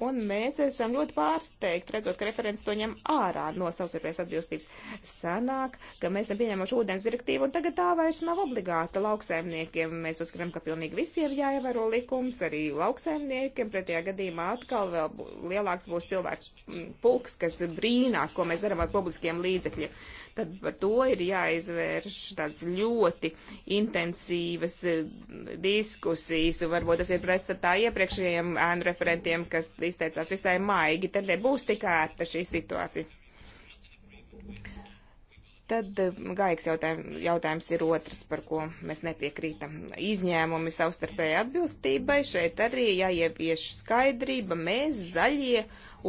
Un mēs esam ļoti pārsteigti, redzot, ka referents to ņem ārā no savstarpējās atbilstības. Sanāk, ka mēs esam pieņēmuši ūdens direktīvu, un tagad tā vairs nav obligāta lauksaimniekiem. Mēs uzskatām, ka pilnīgi visiem jāievēro likums, arī lauksaimniekiem. Pretējā gadījumā atkal vēl lielāks būs cilvēks mm, pulks, kas brīnās, ko mēs darām ar publiskiem līdzekļiem tad par to ir jāizvērš tāds ļoti intensīvas eh, diskusijas, un varbūt tas ir pretstatā iepriekšējiem ēnu referentiem, kas izteicās visai maigi, tad nebūs tik ērta šī situācija. Tad eh, gaiks jautājums, jautājums ir otrs, par ko mēs nepiekrītam. Izņēmumi savstarpēji atbilstībai šeit arī jāievieš skaidrība. Mēs zaļie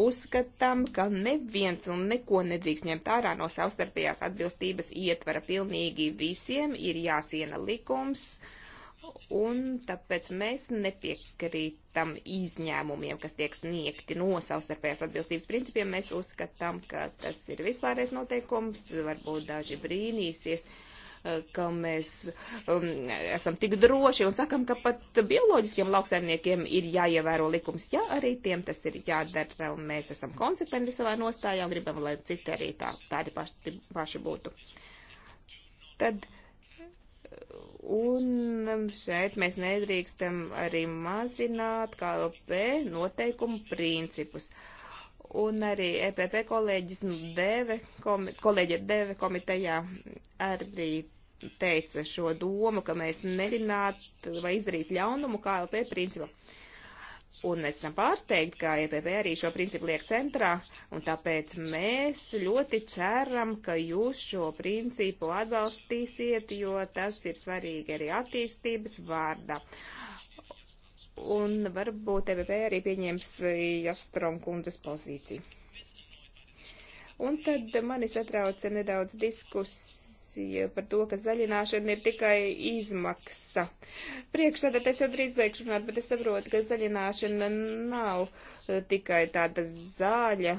uzskatām, ka neviens un neko nedrīkst ņemt ārā no savstarpējās atbilstības ietvara. Pilnīgi visiem ir jāciena likums. Uh, un tāpēc mēs nepiekrītam izņēmumiem, kas tiek sniegti no savstarpējās atbilstības principiem. Mēs uzskatām, ka tas ir vispārējais noteikums, varbūt daži brīnīsies eh, ka mēs um, esam tik droši un sakam, ka pat bioloģiskiem lauksaimniekiem ir jāievēro likums. Jā, arī tiem tas ir jādara, un mēs esam konsekventi savā nostājā un gribam, lai citi arī tā, tādi paši, paši būtu. Tad uh, Un um, šeit mēs nedrīkstam arī mazināt KLP noteikumu principus. Un arī EPP kolēģis deve, komi, kolēģi deve komitejā arī teica šo domu, ka mēs nevināt vai izdarīt ļaunumu KLP principam. Un mēs esam pārsteigti, ka EPP arī šo principu liek centrā, un tāpēc mēs ļoti ceram, ka jūs šo principu atbalstīsiet, jo tas ir svarīgi arī attīstības vārda. Un varbūt EPP arī pieņems Jastrom kundzes pozīciju. Un tad mani satrauca nedaudz diskusija informācija par to, ka zaļināšana ir tikai izmaksa. Priekšsēdēt es jau drīz beigšu runāt, bet es saprotu, ka zaļināšana nav eh, tikai tāda zāļa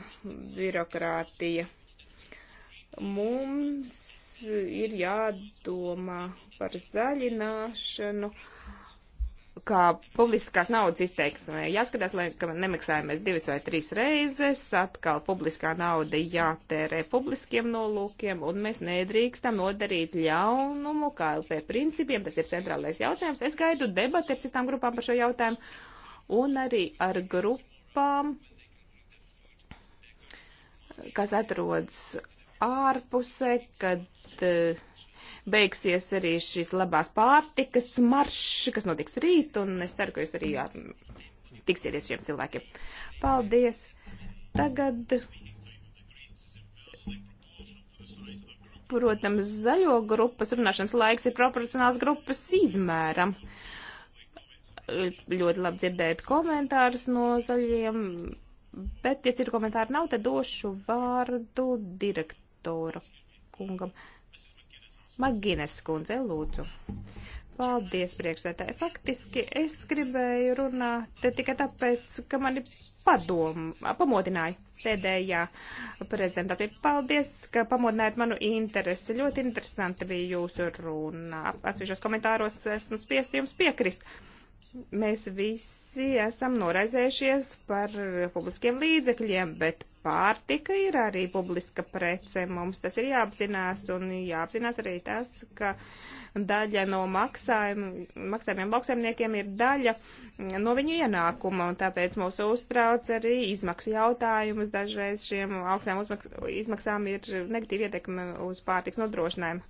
birokrātija. Mums ir jādomā par zaļināšanu. Uh, kā publiskās naudas izteiksmē. Jāskatās, lai nemaksājamies divas vai trīs reizes, atkal publiskā nauda jātērē publiskiem nolūkiem, un mēs nedrīkstam nodarīt ļaunumu KLP principiem. Tas ir centrālais jautājums. Es gaidu debati ar citām grupām par šo jautājumu, un arī ar grupām, kas atrodas ārpusē, kad uh, beigsies arī šis labās pārtikas maršs, kas notiks rīt, un es ceru, ka jūs arī jā, tiksieties šiem cilvēkiem. Paldies! Tagad, protams, zaļo grupas runāšanas laiks ir proporcionāls grupas izmēram. Ļoti labi dzirdēt komentārus no zaļiem, bet, ja citu komentāru nav, tad došu vārdu direktoru kungam. Uh, Magines kundze, lūdzu. Paldies, priekšsētāji. Faktiski es gribēju runāt tikai tāpēc, ka mani padom, pamodināja pēdējā prezentācija. Paldies, ka pamodinājāt manu interesi. Ļoti interesanti bija jūsu runa. Atsevišķos komentāros esmu spiesti jums piekrist. Mēs visi esam noraizējušies par publiskiem līdzekļiem, bet pārtika ir arī publiska prece. Mums tas ir jāapzinās un jāapzinās arī tas, ka daļa no maksājum, maksājumiem lauksaimniekiem ir daļa no viņu ienākuma, un tāpēc mūs uztrauc arī izmaksu jautājumus. Dažreiz šiem augstām izmaksām ir negatīva ietekme uz pārtiks nodrošinājumu.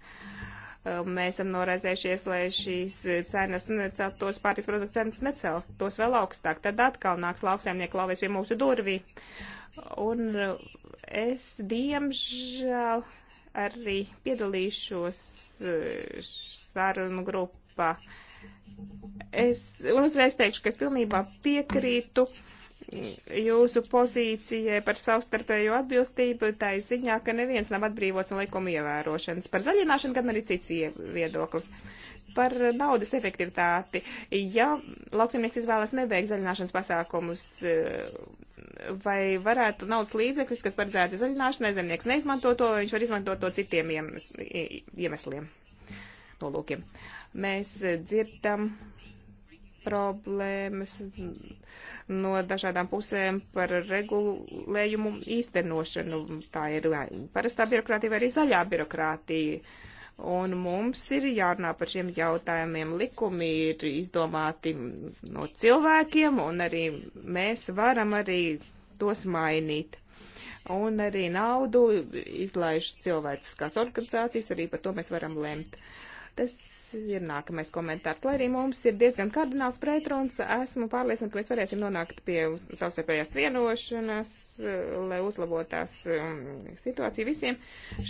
Um, mēs esam noraizējušies, lai šīs cenas neceltos, pārtiks produktu cenas neceltos vēl augstāk. Tad atkal nāks lauksaimnieku lauvies pie mūsu durvī. Uh, Un eh, es, diemžēl, arī piedalīšos eh, sarunu grupā. Es uzreiz teikšu, ka es pilnībā piekrītu mm, jūsu pozīcijai par savstarpējo atbilstību, tā ir ziņā, ka neviens nav atbrīvots no likuma ievērošanas. Par zaļināšanu gan arī cits viedoklis par naudas efektivitāti. Ja lauksimnieks izvēlas neveikt zaļināšanas pasākumus, eh, vai varētu naudas līdzeklis, kas paredzēti zaļināšanai, zemnieks neizmanto to, viņš var izmantot to citiem iemesliem, nolūkiem. Mēs dzirdam problēmas no dažādām pusēm par regulējumu īstenošanu. Tā ir parastā birokrātija vai arī zaļā birokrātija. Uh, un mums ir jārunā par šiem jautājumiem. Likumi ir izdomāti no cilvēkiem, un arī mēs varam arī tos mainīt. Un arī naudu izlaiž cilvēciskās organizācijas, arī par to mēs varam lemt. Tas ir nākamais komentārs. Lai arī mums ir diezgan kardināls pretruns, esmu pārliecināta, ka mēs varēsim nonākt pie savstarpējās vienošanas, lai uzlabotās um, situācija visiem.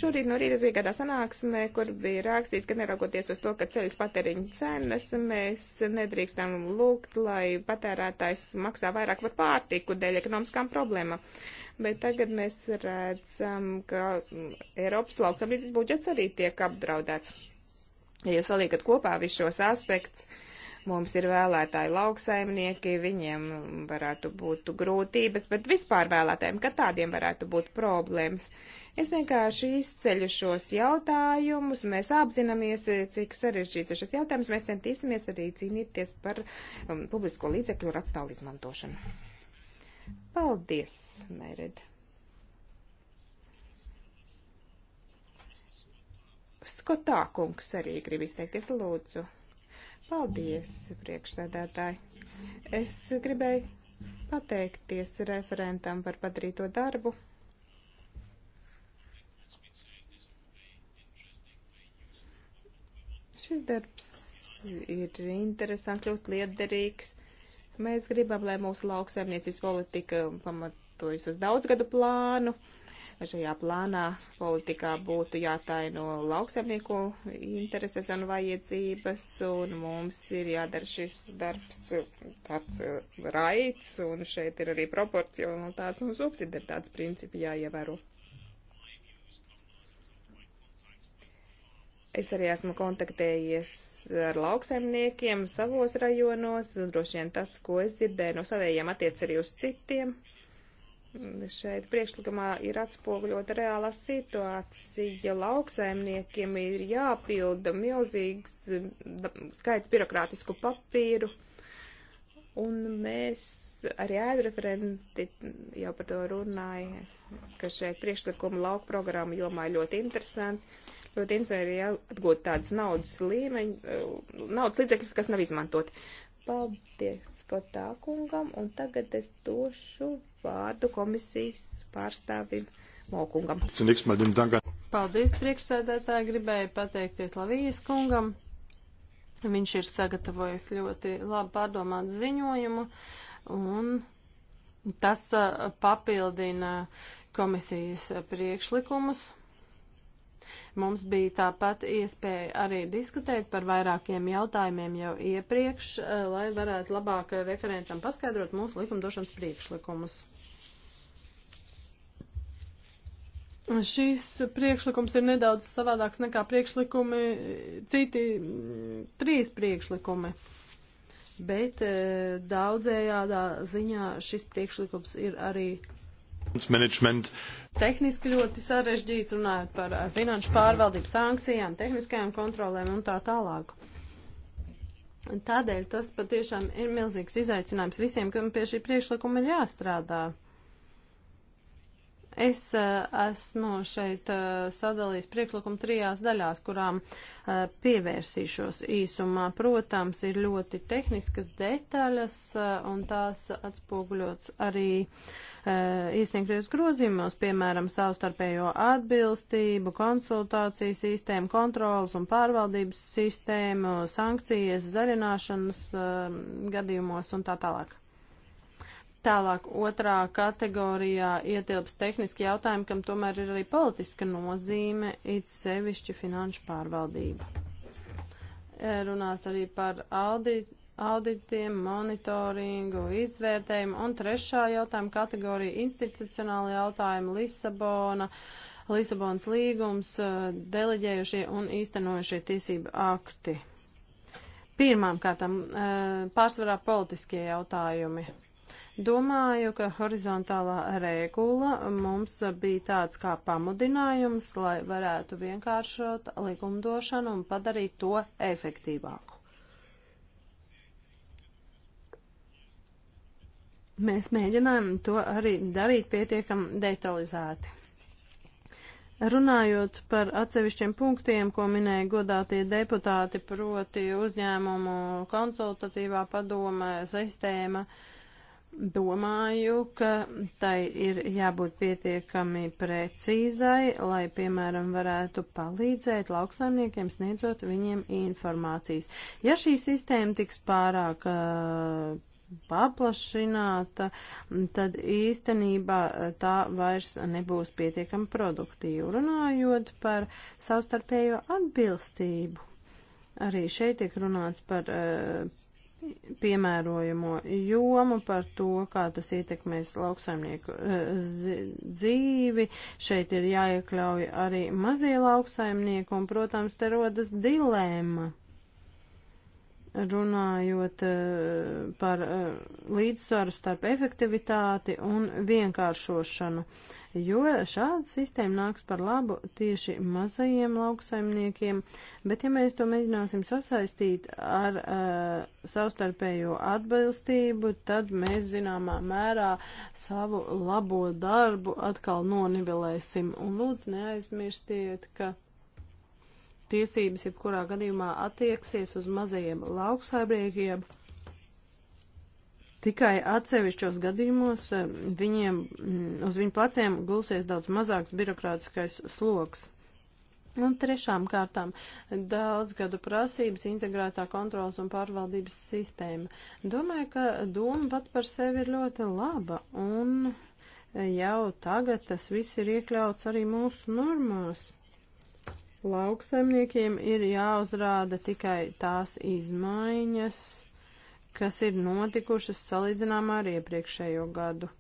Šorīt no rīta bija kādā sanāksmē, kur bija rakstīts, ka neraugoties uz to, ka ceļas patēriņa cenas, mēs nedrīkstam lūgt, lai patērētājs maksā vairāk par pārtiku dēļ ekonomiskām problēmām bet tagad mēs redzam, ka Eiropas lauksamības budžets arī tiek apdraudēts. Ja jūs saliekat kopā visus šos aspektus, mums ir vēlētāji lauksaimnieki, viņiem varētu būt grūtības, bet vispār vēlētājiem, ka tādiem varētu būt problēmas. Es vienkārši izceļu šos jautājumus, mēs apzināmies, cik sarežģīts ir šis jautājums, mēs centīsimies arī cīnīties par um, publisko līdzekļu racionālu izmantošanu. Paldies, Merida! Skotā kungs arī grib izteikties, lūdzu. Paldies, priekšsēdētāji. Es gribēju pateikties referentam par padarīto darbu. Šis darbs ir interesants, ļoti liederīgs. Mēs gribam, lai mūsu lauksaimniecības politika pamatojas uz daudzgadu plānu. Uh, šajā plānā politikā būtu jātaino lauksaimnieku intereses un vajadzības, un mums ir jādara šis darbs tāds uh, raids, un šeit ir arī proporcionalitātes un subsidiaritātes principi jāievēro. Es arī esmu kontaktējies ar lauksaimniekiem savos rajonos, un droši vien tas, ko es dzirdēju no savējiem, attiec arī uz citiem. Šeit priekšlikumā ir atspoguļota reālā situācija. Lauksaimniekiem ir jāpilda milzīgs skaits birokrātisku papīru, un mēs arī ēdreferenti jau par to runāja, ka šeit priekšlikuma lauka programma jomā ir ļoti interesanti. Ļoti interesanti arī atgūt tādas naudas līmeņi, eh, naudas līdzekļus, kas nav izmantoti. Paldies Skotā kungam, un tagad es došu vārdu komisijas pārstāvim Mokungam. Paldies, priekšsēdētāji. Gribēju pateikties Lavijas kungam. Viņš ir sagatavojis ļoti labi pārdomātu ziņojumu, un tas papildina komisijas priekšlikumus. Mums bija tāpat iespēja arī diskutēt par vairākiem jautājumiem jau iepriekš, lai varētu labāk referentam paskaidrot mūsu likumdošanas priekšlikumus. Šīs priekšlikums ir nedaudz savādāks nekā priekšlikumi, citi mm, trīs priekšlikumi, bet e, daudzējādā ziņā šis priekšlikums ir arī management. Tehniski ļoti sarežģīts runājot par e, finanšu pārvaldību sankcijām, tehniskajām kontrolēm un tā tālāk. Tādēļ tas patiešām ir milzīgs izaicinājums visiem, kam pie šī priekšlikuma ir jāstrādā. Es eh, esmu šeit eh, sadalījis priekšlikumu trijās daļās, kurām eh, pievērsīšos īsumā. Protams, ir ļoti tehniskas detaļas, un tās atspoguļots arī iesniegties grozījumos, piemēram, savstarpējo atbilstību, konsultāciju sistēmu, kontrolas un pārvaldības sistēmu, sankcijas, zarināšanas gadījumos un tā tālāk. Tālāk otrā kategorijā ietilps tehniski jautājumi, kam tomēr ir arī politiska nozīme, it sevišķi finanšu pārvaldība. E, runāts arī par audit, auditiem, monitoringu, izvērtējumu un trešā jautājuma kategorija - institucionāla jautājuma Lisabona, Lisabonas līgums, e, deleģējušie un īstenojušie tiesību akti. Pirmām kārtām e, pārsvarā politiskie jautājumi Domāju, ka horizontālā regula mums bija tāds kā pamudinājums, lai varētu vienkāršot likumdošanu un padarīt to efektīvāku. Mēs mēģinājām to arī darīt pietiekam detalizēti. Runājot par atsevišķiem punktiem, ko minēja godātie deputāti, proti uzņēmumu konsultatīvā padome, sistēma, uh, domāju, ka tai ir jābūt pietiekami precīzai, lai, piemēram, varētu palīdzēt lauksaimniekiem sniedzot viņiem informācijas. Ja šī sistēma tiks pārāk uh, paplašināta, tad īstenībā tā vairs nebūs pietiekami produktīva. Runājot par savstarpējo atbilstību, arī šeit tiek runāts par uh, piemērojamo jomu, par to, kā tas ietekmēs lauksaimnieku eh, dzīvi. Šeit ir jāiekļauj arī mazie lauksaimnieki, un, protams, te rodas dilemma runājot eh, par eh, līdzsvaru starp efektivitāti un vienkāršošanu, jo šāda sistēma nāks par labu tieši mazajiem lauksaimniekiem, bet ja mēs to mēģināsim sasaistīt ar uh, savstarpējo atbilstību, tad mēs zināmā mērā savu labo darbu atkal nonivelēsim. Un lūdzu neaizmirstiet, ka tiesības jebkurā gadījumā attieksies uz mazajiem lauksaimniekiem. Tikai atsevišķos gadījumos eh, viņiem, mm, uz viņu pleciem gulsies daudz mazāks birokrātiskais sloks. Un trešām kārtām daudz gadu prasības, integrētā kontrolas un pārvaldības sistēma. Domāju, ka doma pat par sevi ir ļoti laba, un jau tagad tas viss ir iekļauts arī mūsu normās. Lauksaimniekiem ir jāuzrāda tikai tās izmaiņas, kas ir notikušas salīdzinām ar iepriekšējo gadu.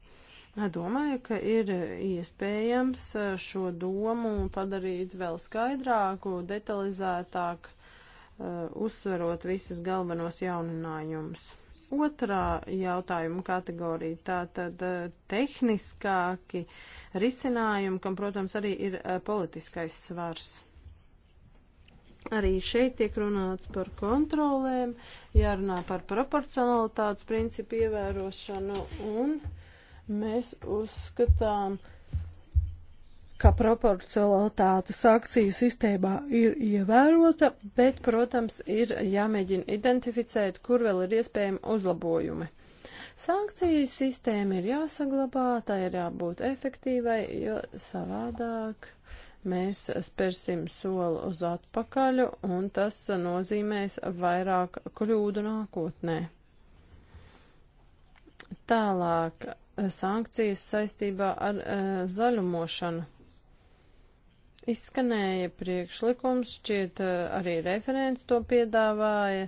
Domāju, ka ir iespējams šo domu padarīt vēl skaidrāku, detalizētāku eh, uzsverot visus galvenos jauninājumus. Otrā jautājuma kategorija - tātad eh, tehniskāki risinājumi, kam, protams, arī ir eh, politiskais svars. Arī šeit tiek runāts par kontrolēm, jārunā par proporcionalitātes principu ievērošanu, un mēs uzskatām, ka proporcionalitāte sankciju sistēmā ir ievērota, bet, protams, ir jāmēģina identificēt, kur vēl ir iespējami uzlabojumi. Sankciju sistēma ir jāsaglabā, tā ir jābūt efektīvai, jo savādāk mēs spērsim soli uz atpakaļ, un tas nozīmēs vairāk kļūdu nākotnē. Tālāk sankcijas saistībā ar e, zaļumošanu. Izskanēja priekšlikums, šķiet e, arī referents to piedāvāja,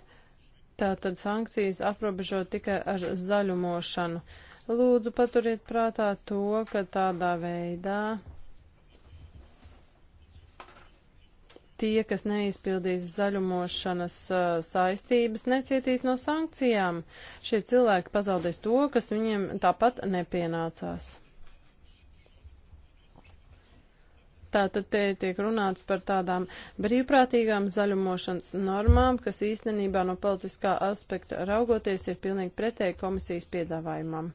tātad sankcijas aprobežo tikai ar zaļumošanu. Lūdzu, paturiet prātā to, ka tādā veidā tie, kas neizpildīs zaļumošanas uh, saistības, necietīs no sankcijām. Šie cilvēki pazaudēs to, kas viņiem tāpat nepienācās. Tātad te tiek runāts par tādām brīvprātīgām zaļumošanas normām, kas īstenībā no politiskā aspekta raugoties ir pilnīgi pretēji komisijas piedāvājumam.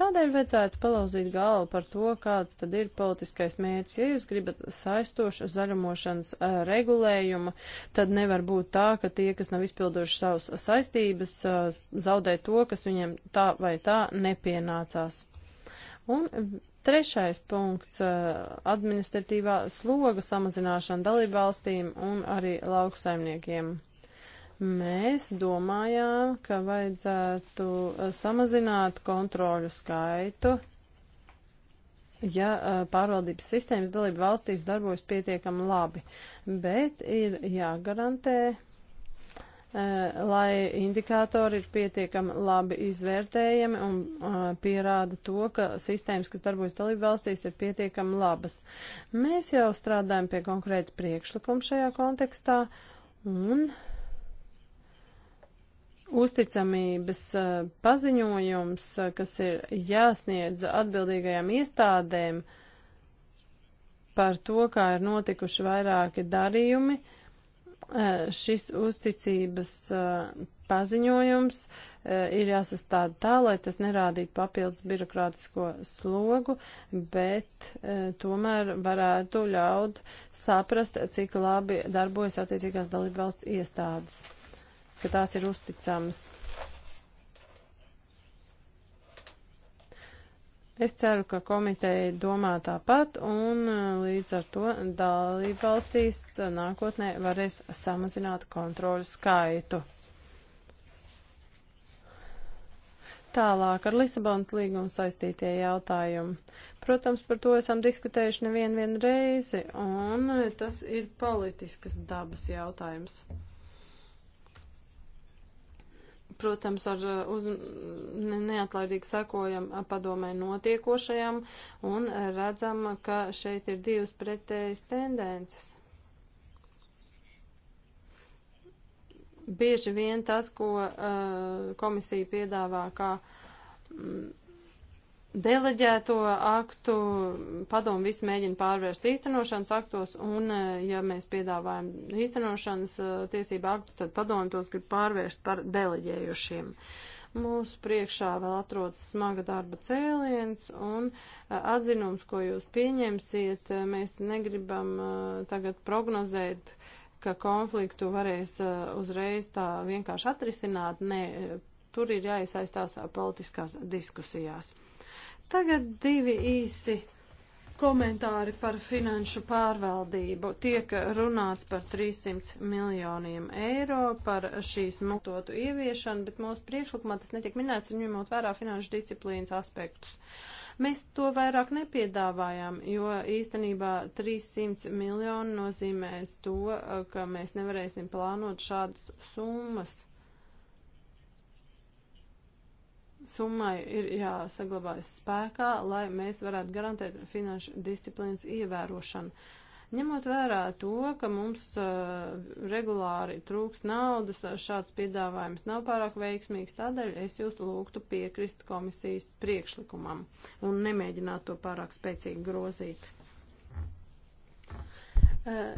Tādēļ vajadzētu palauzīt galvu par to, kāds tad ir politiskais mērķis. Ja jūs gribat saistošu zaļumošanas uh, regulējumu, tad nevar būt tā, ka tie, kas nav izpilduši savus saistības, uh, zaudē to, kas viņiem tā vai tā nepienācās. Un Trešais punkts eh, - administratīvā sloga samazināšana dalībvalstīm un arī lauksaimniekiem. Mēs domājām, ka vajadzētu eh, samazināt kontroļu skaitu, ja eh, pārvaldības sistēmas dalību valstīs darbojas pietiekami labi, bet ir jāgarantē, Eh, lai indikātori ir pietiekami labi izvērtējami un uh, pierāda to, ka sistēmas, kas darbojas dalību valstīs, ir pietiekami labas. Mēs jau strādājam pie konkrēta priekšlikuma šajā kontekstā un uzticamības uh, paziņojums, uh, kas ir jāsniedz atbildīgajām iestādēm par to, kā ir notikuši vairāki darījumi, uh, Eh, šis uzticības eh, paziņojums eh, ir jāsastāda tā, lai tas nerādītu papildus birokrātisko slogu, bet tomēr varētu ļaut saprast, cik labi darbojas attiecīgās dalību valstu iestādes, ka tās ir uzticamas. Es ceru, ka komiteja domā tāpat un uh, līdz ar to dalībvalstīs uh, nākotnē varēs samazināt kontroļu skaitu. Tālāk ar Lisabonas līgumu saistītie jautājumi. Protams, par to esam diskutējuši nevienu reizi, un uh, tas ir politiskas dabas jautājums protams, ar uh, uz, neatlaidīgi sekojam uh, padomē notiekošajam un redzam, ka šeit ir divas pretējas tendences. Bieži vien tas, ko uh, komisija piedāvā kā mm, Deleģēto aktu padomu visu mēģina pārvērst īstenošanas aktos, un eh, ja mēs piedāvājam īstenošanas eh, tiesību aktus, tad padomu tos grib pārvērst par deleģējušiem. Mūsu priekšā vēl atrodas smaga darba cēliens, un eh, atzinums, ko jūs pieņemsiet, mēs negribam tagad prognozēt, ka konfliktu varēs uzreiz tā vienkārši atrisināt. Nē, tur ir jāiesaistās politiskās diskusijās. Tagad divi īsi komentāri par finanšu pārvaldību. Tiek runāts par 300 miljoniem eiro, par šīs mutotu ieviešanu, bet mūsu priekšlikumā tas netiek minēts, ņemot vērā finanšu disciplīnas aspektus. Mēs to vairāk nepiedāvājām, jo īstenībā 300 miljoni nozīmēs to, ka mēs nevarēsim plānot šādas summas. summai ir jāsaglabājas spēkā, lai mēs varētu garantēt finanšu disciplīnas ievērošanu. Ņemot vērā to, ka mums uh, regulāri trūks naudas, šāds piedāvājums nav pārāk veiksmīgs, tādēļ es jūs lūgtu piekrist komisijas priekšlikumam un nemēģināt to pārāk spēcīgi grozīt. Uh,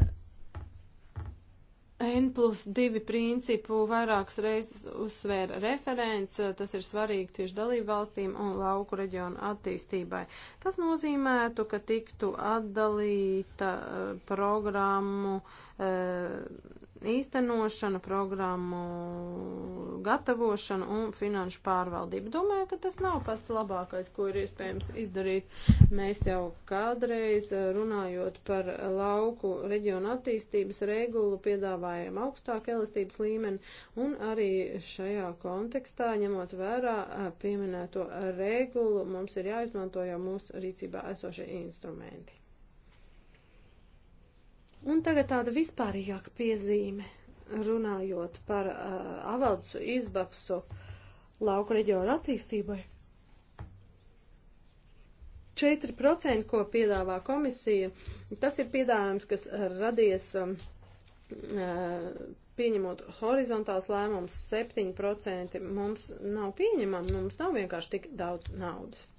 N plus 2 principu vairākas reizes uzsvēra referents, tas ir svarīgi tieši dalību valstīm un lauku reģionu attīstībai. Tas nozīmētu, ka tiktu atdalīta uh, programmu uh, īstenošana, programmu gatavošana un finanšu pārvaldība. Domāju, ka tas nav pats labākais, ko ir iespējams izdarīt. Mēs jau kādreiz eh, runājot par lauku reģionu attīstības regulu piedāvājam augstāku elastības līmeni un arī šajā kontekstā, ņemot vērā eh, pieminēto regulu, mums ir jāizmanto jau mūsu rīcībā esošie instrumenti. Un tagad tāda vispārīgāka piezīme, runājot par uh, avalcu izbaksu lauku reģionu attīstībai. 4%, ko piedāvā komisija, tas ir piedāvājums, kas uh, radies um, uh, pieņemot horizontāls lēmums 7%. Mums nav pieņemami, mums nav vienkārši tik daudz naudas.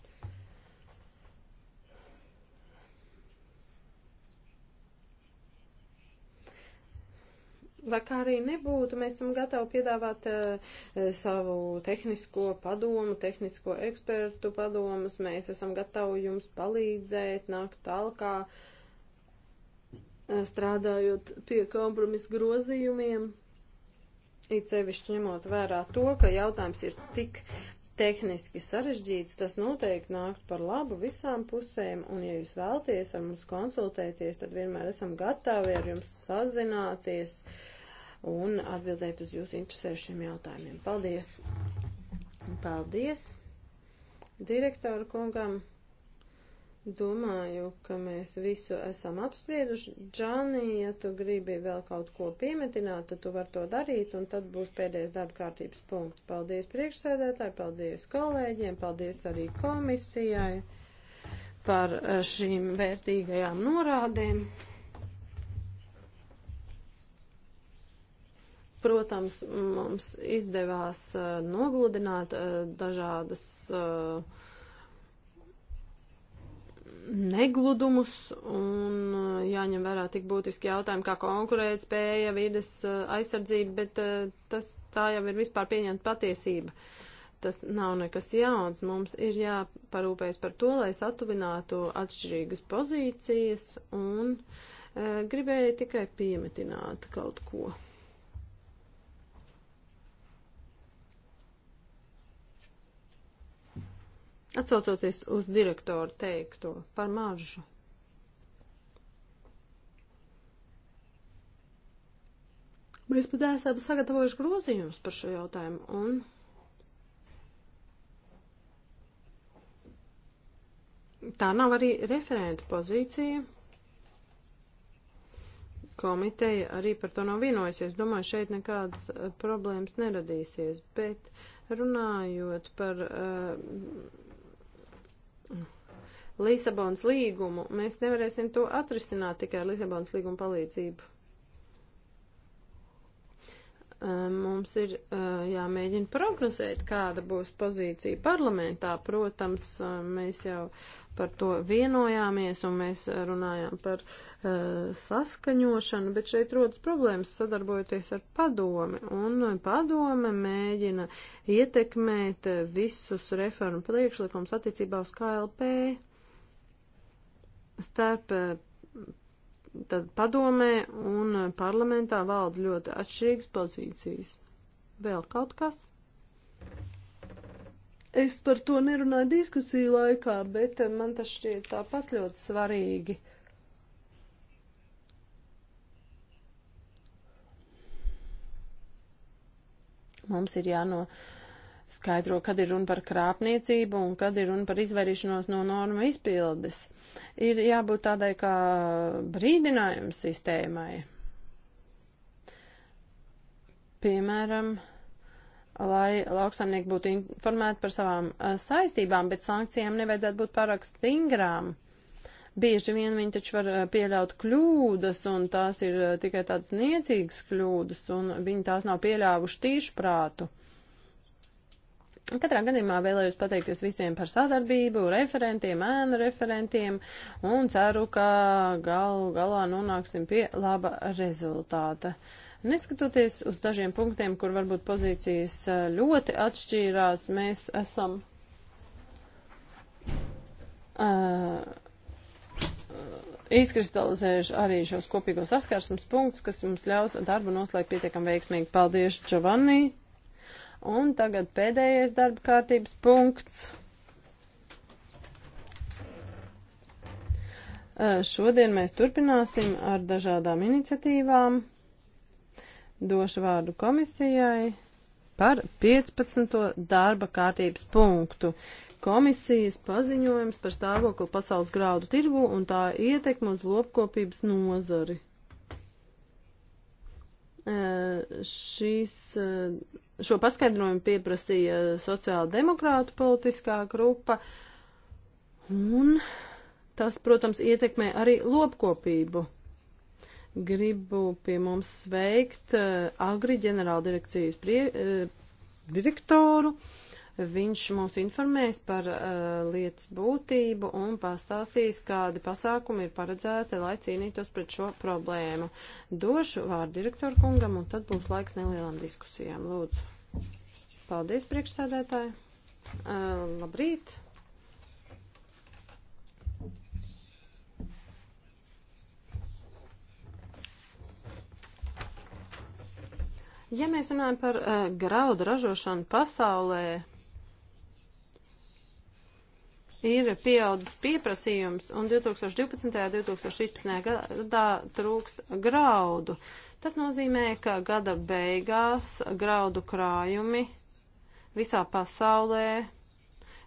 Lai kā arī nebūtu, mēs esam gatavi piedāvāt uh, savu tehnisko padomu, tehnisko ekspertu padomus, mēs esam gatavi jums palīdzēt, nākt talkā, eh, strādājot pie kompromisu grozījumiem, it sevišķi ņemot vērā to, ka jautājums ir tik tehniski sarežģīts, tas noteikti nākt par labu visām pusēm, un ja jūs vēlties ar mums konsultēties, tad vienmēr esam gatavi ar jums sazināties. Uh, un atbildēt uz jūsu interesējušiem jautājumiem. Paldies! Paldies direktoru kungam! Domāju, ka mēs visu esam apsprieduši. Džani, ja tu gribi vēl kaut ko piemetināt, tad tu var to darīt, un tad būs pēdējais darba kārtības punkts. Paldies priekšsēdētāji, paldies kolēģiem, paldies arī komisijai par eh, šīm vērtīgajām norādēm. Protams, mums izdevās uh, nogludināt uh, dažādas uh, negludumus un uh, jāņem vērā tik būtiski jautājumi kā konkurētspēja, vides uh, aizsardzība, bet uh, tas tā jau ir vispār pieņemta patiesība. Uh, tas nav nekas jauns. Mums ir jāparūpējas par to, lai satuvinātu atšķirīgas pozīcijas un e, gribēju tikai piemetināt kaut ko. Atcaucoties uz direktoru teikto par maržu. Mēs pat esam sagatavojuši grozījumus par šo jautājumu un tā nav arī referenta pozīcija. Komiteja arī par to nav vienojusies. Domāju, šeit nekādas eh, problēmas neradīsies, bet runājot par uh, Nu, Lisabonas līgumu. Mēs nevarēsim to atrisināt tikai ar Lisabonas līguma palīdzību. Mums ir jāmēģina prognozēt, kāda būs pozīcija parlamentā. Protams, mēs jau par to vienojāmies un mēs runājām par uh, E, saskaņošana, bet šeit rodas problēmas sadarbojoties ar padomi, un padome mēģina ietekmēt visus reformu priekšlikums attiecībā uz KLP starp e, tad padomē un parlamentā valda ļoti atšķirīgas pozīcijas. Vēl kaut kas? Es par to nerunāju diskusiju laikā, bet man tas šķiet tāpat ļoti svarīgi Mums ir jānoskaidro, kad ir runa par krāpniecību un kad ir runa par izvairīšanos no norma izpildes. Ir jābūt tādai kā brīdinājuma sistēmai. Piemēram, lai lauksaimnieki būtu informēti par savām eh, saistībām, bet sankcijām nevajadzētu būt pārāk stingrām. Bieži vien viņi taču var eh, pieļaut kļūdas, un tās ir eh, tikai tādas niecīgas kļūdas, un viņi tās nav pieļāvuši tīšprātu. Katrā gadījumā vēlējos pateikties visiem par sadarbību, referentiem, ēnu referentiem un ceru, ka galu galā nonāksim pie laba rezultāta. Neskatoties uz dažiem punktiem, kur varbūt pozīcijas eh, ļoti atšķīrās, mēs esam. Uh, izkristalizējuši arī šos kopīgos saskarsmes punktus, kas mums ļaus darbu noslēgt pietiekam veiksmīgi. Paldies, Giovanni! Un tagad pēdējais darba kārtības punkts. Šodien mēs turpināsim ar dažādām iniciatīvām. Došu vārdu komisijai par 15. darba kārtības punktu komisijas paziņojums par stāvokli pasaules graudu tirgu un tā ietekmu uz lopkopības nozari. Šis, šo paskaidrojumu pieprasīja sociāla demokrātu politiskā grupa, un tas, protams, ietekmē arī lopkopību. Gribu pie mums sveikt agri ģenerāldirekcijas prie, direktoru. Uh, Viņš mūs informēs par uh, lietas būtību un pastāstīs, kādi pasākumi ir paredzēti, lai cīnītos pret šo problēmu. Došu vārdu direktoru kungam un tad būs laiks nelielām diskusijām. Lūdzu. Paldies, priekšsēdētāji. Uh, labrīt. Ja mēs runājam par uh, graudu ražošanu pasaulē, ir pieaudzis pieprasījums, un 2012. un 2016. gadā trūkst graudu. Tas nozīmē, ka gada beigās graudu krājumi visā pasaulē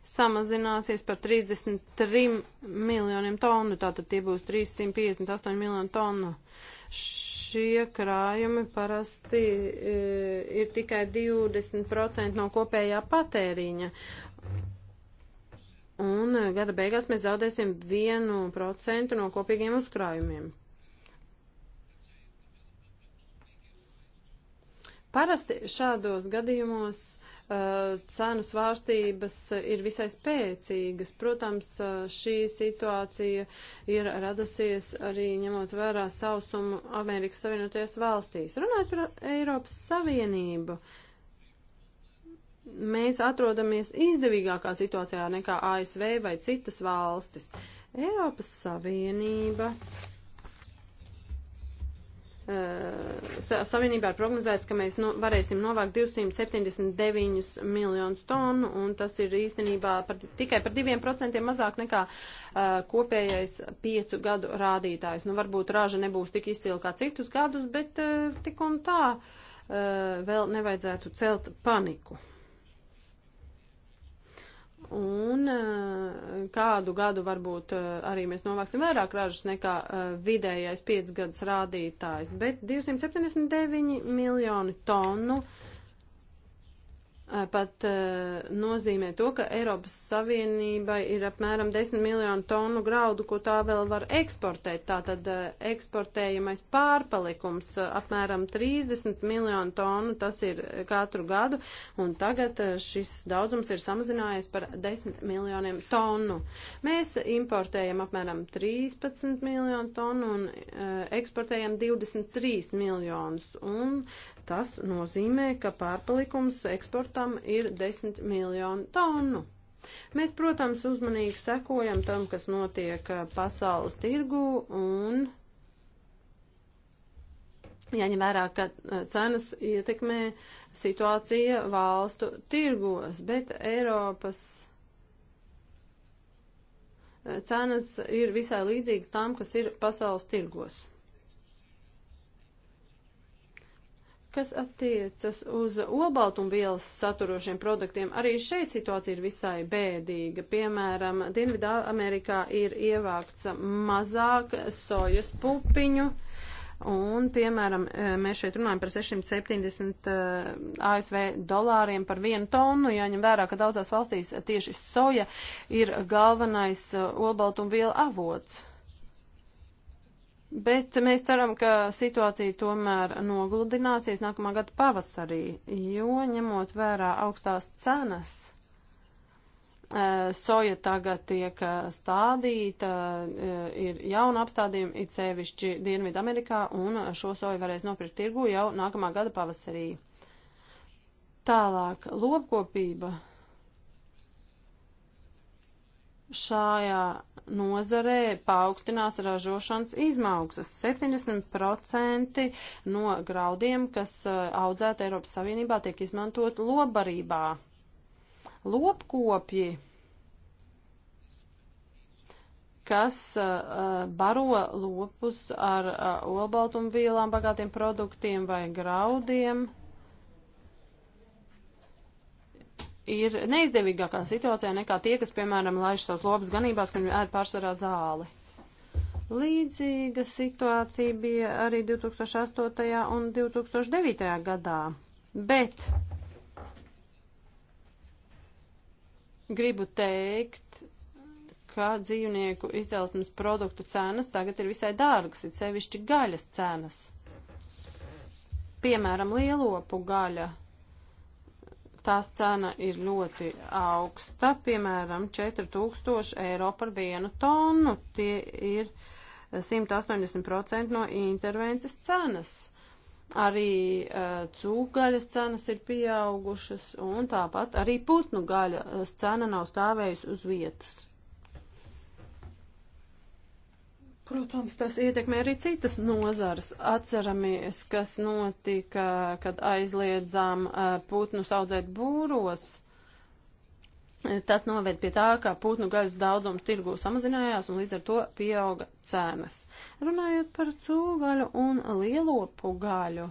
samazināsies par 33 miljoniem tonu, tātad tie būs 358 miljoni tonu. Šie krājumi parasti e, ir tikai 20% no kopējā patēriņa, un eh, gada beigās mēs zaudēsim 1% no kopīgiem uzkrājumiem. Parasti šādos gadījumos uh, cenu svārstības ir visai spēcīgas. Protams, eh, šī situācija ir radusies arī ņemot vērā sausumu Amerikas Savienotajās valstīs. Runājot par Eiropas Savienību, uh, mēs atrodamies izdevīgākā situācijā nekā ASV vai citas valstis. Eiropas Savienība. Eh, Savienībā ir prognozēts, ka mēs no, varēsim novākt 279 miljonus tonu, un tas ir īstenībā par, tikai par 2% mazāk nekā uh, kopējais piecu gadu rādītājs. Nu, varbūt raža nebūs tik izcila kā citus gadus, bet uh, tik un tā uh, vēl nevajadzētu celt paniku un eh, kādu gadu varbūt eh, arī mēs novāksim vairāk ražas nekā eh, vidējais 5 gadus rādītājs, bet 279 miljoni tonu uh, Eh, pat uh, nozīmē to, ka Eiropas Savienībai ir apmēram 10 miljonu tonu graudu, ko tā vēl var eksportēt. Tātad uh, eksportējamais pārpalikums uh, apmēram 30 miljonu tonu, tas ir katru gadu, un tagad šis daudzums ir samazinājies par 10 miljoniem tonu. Mēs importējam apmēram 13 miljonu tonu un eksportējam 23 miljonus, un Tas nozīmē, ka pārpalikums eksportam ir 10 miljonu tonu. Mēs, protams, uzmanīgi sekojam tam, kas notiek uh, pasaules tirgu un jāņem vērā, ka uh, cenas ietekmē situācija valstu tirgos, bet Eiropas uh, cenas ir visai līdzīgas tām, kas ir pasaules tirgos. Kas attiecas uz olbaltumvielas saturošiem produktiem, arī šeit situācija ir visai bēdīga. Piemēram, Dienvidā Amerikā ir ievākts mazāk sojas pupiņu. Un, piemēram, e, mēs šeit runājam par 670 e, ASV dolāriem par vienu tonu, jāņem vērā, ka daudzās valstīs tieši soja ir galvenais e, olbaltumviela avots. Bet mēs ceram, ka situācija tomēr nogludināsies nākamā gada pavasarī, jo ņemot vērā augstās cenas, eh, soja tagad tiek eh, stādīta, eh, ir jauna apstādījuma, it sevišķi Dienvidu Amerikā, un šo soju varēs nopirkt tirgu jau nākamā gada pavasarī. Tālāk, lopkopība. Šajā nozarē paaugstinās ražošanas izmaksas. 70% no graudiem, kas uh, audzēta Eiropas Savienībā, tiek izmantot lobarībā. Lopkopji, kas uh, uh, baro lopus ar olbaltumvielām bagātiem produktiem vai graudiem ir neizdevīgākā situācijā nekā tie, kas, piemēram, laiž savus lobus ganībās, kur viņi ēd pārsvarā zāli. Līdzīga situācija bija arī 2008. un 2009. gadā, bet gribu teikt, ka dzīvnieku izcelsmes produktu cenas tagad ir visai dārgas, it sevišķi gaļas cenas. Piemēram, lielopu gaļa tās cena ir ļoti augsta, piemēram, 4000 eiro par vienu tonu. Tie ir 180% no intervences cenas. Arī uh, cūgaļas cenas ir pieaugušas, un tāpat arī putnu gaļas cena nav stāvējusi uz vietas. Protams, tas ietekmē arī citas nozares. Atceramies, kas notika, kad aizliedzām putnus audzēt būros. Tas noved pie tā, ka putnu gaļas daudzums tirgū samazinājās un līdz ar to pieauga cenas. Runājot par cūgaļu un lielopu gaļu,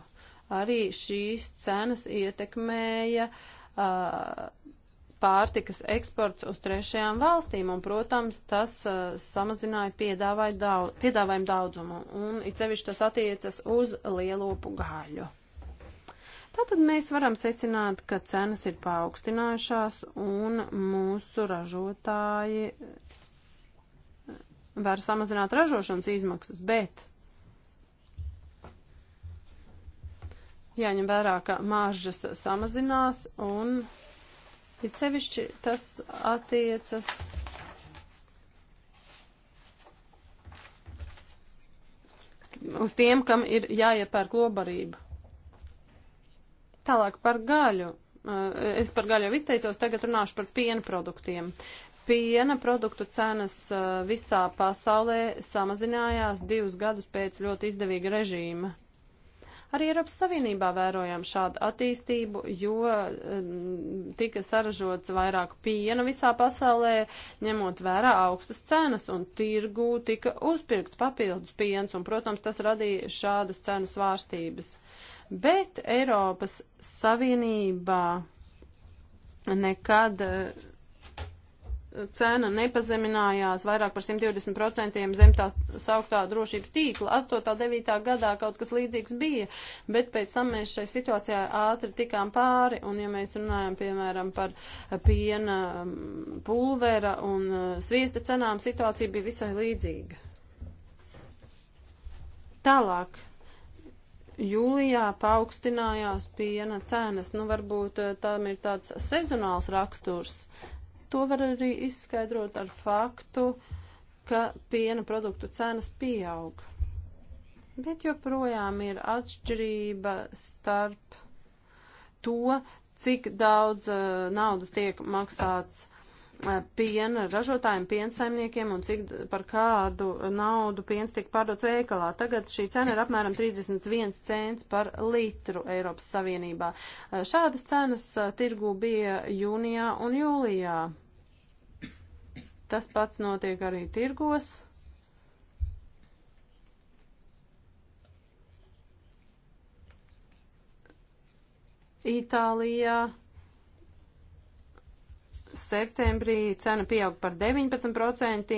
arī šīs cenas ietekmēja uh, pārtikas eksports uz trešajām valstīm, un, protams, tas uh, samazināja daudz, piedāvājumu daudzumu, un it sevišķi tas attiecas uz lielopu gaļu. Tātad mēs varam secināt, ka cenas ir paaugstinājušās, un mūsu ražotāji uh, var samazināt ražošanas izmaksas, bet jāņem vērā, ka maržas samazinās un Ir sevišķi tas attiecas uz tiem, kam ir jāiepērk lobarība. Tālāk par gaļu. Eh, es par gaļu jau izteicos, tagad runāšu par piena produktiem. Piena produktu cenas eh, visā pasaulē samazinājās divus gadus pēc ļoti izdevīga režīma Arī Eiropas Savienībā vērojām šādu attīstību, jo um, tika saražots vairāk piena visā pasaulē, ņemot vērā augstas cenas, un tirgū tika uzpirkts papildus piens, un, protams, tas radīja šādas cenu svārstības. Bet Eiropas Savienībā nekad uh, cena nepazeminājās vairāk par 120% zem tā sauktā drošības tīkla. 8. 9. gadā kaut kas līdzīgs bija, bet pēc tam mēs šai situācijā ātri tikām pāri, un ja mēs runājam, piemēram, par piena um, pulvera un uh, sviesta cenām, situācija bija visai līdzīga. Tālāk jūlijā paaugstinājās piena cenas. Nu, varbūt uh, tam ir tāds sezonāls raksturs, to var arī izskaidrot ar faktu, ka piena produktu cenas pieaug. Bet joprojām ir atšķirība starp to, cik daudz uh, naudas tiek maksāts uh, Eh, piena ražotājiem, piensaimniekiem un cik par kādu naudu piens tiek pārdots veikalā. Tagad šī cena ir apmēram 31 cents par litru Eiropas Savienībā. Eh, šādas cenas eh, tirgu bija jūnijā un jūlijā. Tas pats notiek arī tirgos. Itālijā septembrī cena pieauga par 19%,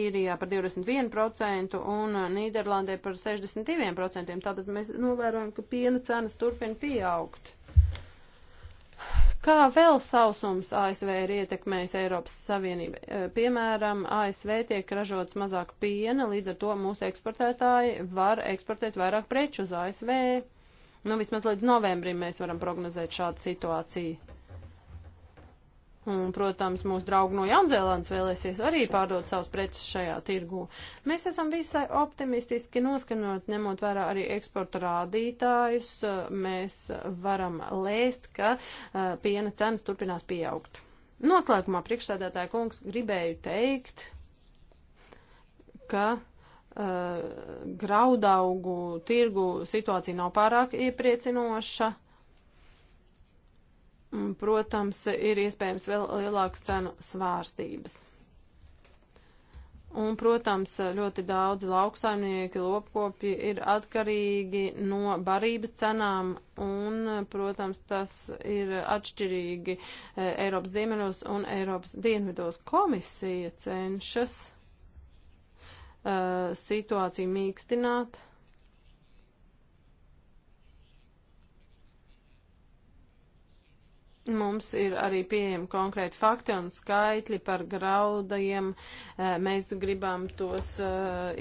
Īrijā par 21% un Nīderlandē par 62%. Tātad mēs novērojam, ka piena cenas turpina pieaugt. Kā vēl sausums ASV ir ietekmējis Eiropas Savienību? Piemēram, ASV tiek ražots mazāk piena, līdz ar to mūsu eksportētāji var eksportēt vairāk preču uz ASV. Nu, vismaz līdz novembrim mēs varam prognozēt šādu situāciju. Un, protams, mūsu draugi no Jaunzēlandes vēlēsies arī pārdot savus preces šajā tirgu. Mēs esam visai optimistiski noskaņot, ņemot vērā arī eksporta rādītājus. Mēs varam lēst, ka eh, piena cenas turpinās pieaugt. Noslēgumā priekšsēdētāja kungs gribēju teikt, ka uh, graudaugu tirgu situācija nav pārāk iepriecinoša. Uh, protams, ir iespējams vēl lielākas cenu svārstības. Un, protams, ļoti daudzi lauksaimnieki, lopkopji ir atkarīgi no barības cenām, un, protams, tas ir atšķirīgi eh, Eiropas ziemeļos un Eiropas dienvidos. Komisija cenšas uh, situāciju mīkstināt Mums ir arī pieejami konkrēti fakti un skaitļi par graudajiem. Mēs gribam tos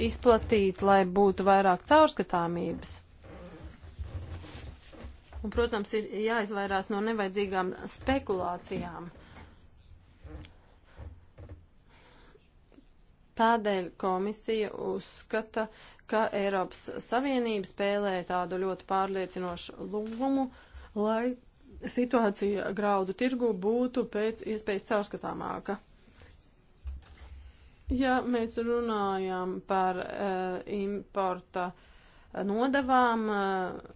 izplatīt, lai būtu vairāk caurskatāmības. Un, protams, ir jāizvairās no nevajadzīgām spekulācijām. Tādēļ komisija uzskata, ka Eiropas Savienība spēlē tādu ļoti pārliecinošu lomu, lai situācija graudu tirgu būtu pēc iespējas caurskatāmāka. Ja mēs runājam par uh, importa eh, nodavām, uh,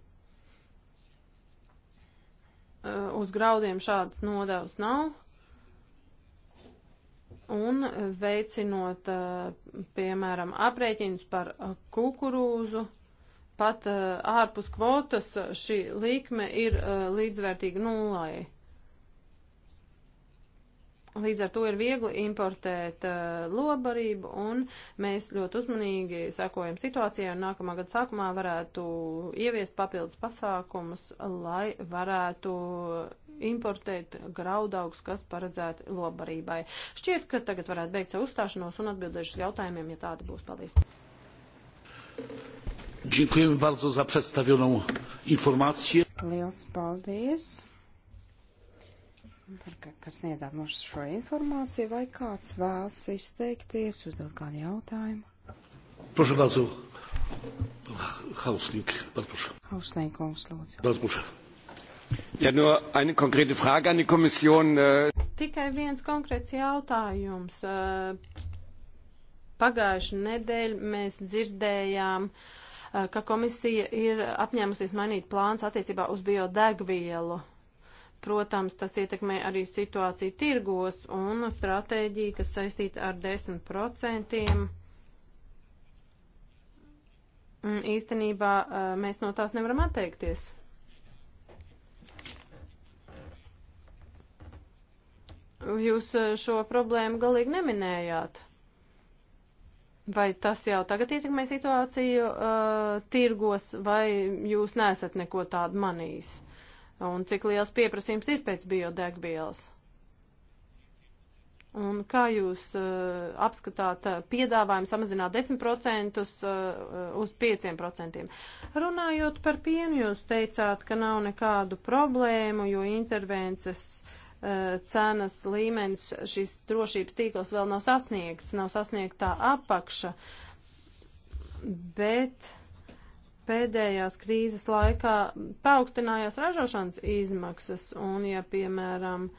eh, uz graudiem šādas nodevas nav. Un veicinot, uh, piemēram, aprēķinus par kukurūzu, uh, pat uh, ārpus kvotas šī likme ir uh, līdzvērtīga nulai. Līdz ar to ir viegli importēt uh, lobarību, un mēs ļoti uzmanīgi sekojam situācijai, un nākamā gada sākumā varētu ieviest papildus pasākumus, lai varētu importēt graudaugus, kas paredzēti lobarībai. Šķiet, ka tagad varētu beigt savu uzstāšanos un atbildēšu uz jautājumiem, ja tāda būs. Paldies! Dziękujemy bardzo za przedstawioną informację. Liels paldies, par, kas sniedzāt mums šo informāciju. Vai kāds vēlas izteikties, uzdot kādu jautājumu? Prošu bardzo, Hausnik, Bartuša. Hausnik, kungs, lūdzu. Bartuša. Ja, nur eine konkrete Frage an die Kommission. Äh, Tikai viens konkrēts jautājums. Äh, Pagājuši nedēļ mēs dzirdējām uh, ka komisija ir apņēmusies mainīt plāns attiecībā uz biodegvielu. Protams, tas ietekmē arī situāciju tirgos un stratēģiju, kas saistīta ar 10%. Īstenībā mēs no tās nevaram atteikties. Jūs šo problēmu galīgi neminējāt. Vai tas jau tagad ietekmē situāciju uh, tirgos, vai jūs nesat neko tādu manījis? Un cik liels pieprasījums ir pēc biodegvielas? Un kā jūs uh, apskatāt uh, piedāvājumu samazināt 10% uh, uh, uz 5%? Runājot par pienu, jūs teicāt, ka nav nekādu problēmu, jo intervences uh, Eh, cenas līmenis, šis drošības tīkls vēl nav sasniegts, nav sasniegta apakša, bet pēdējās krīzes laikā paaugstinājās ražošanas izmaksas un, ja piemēram,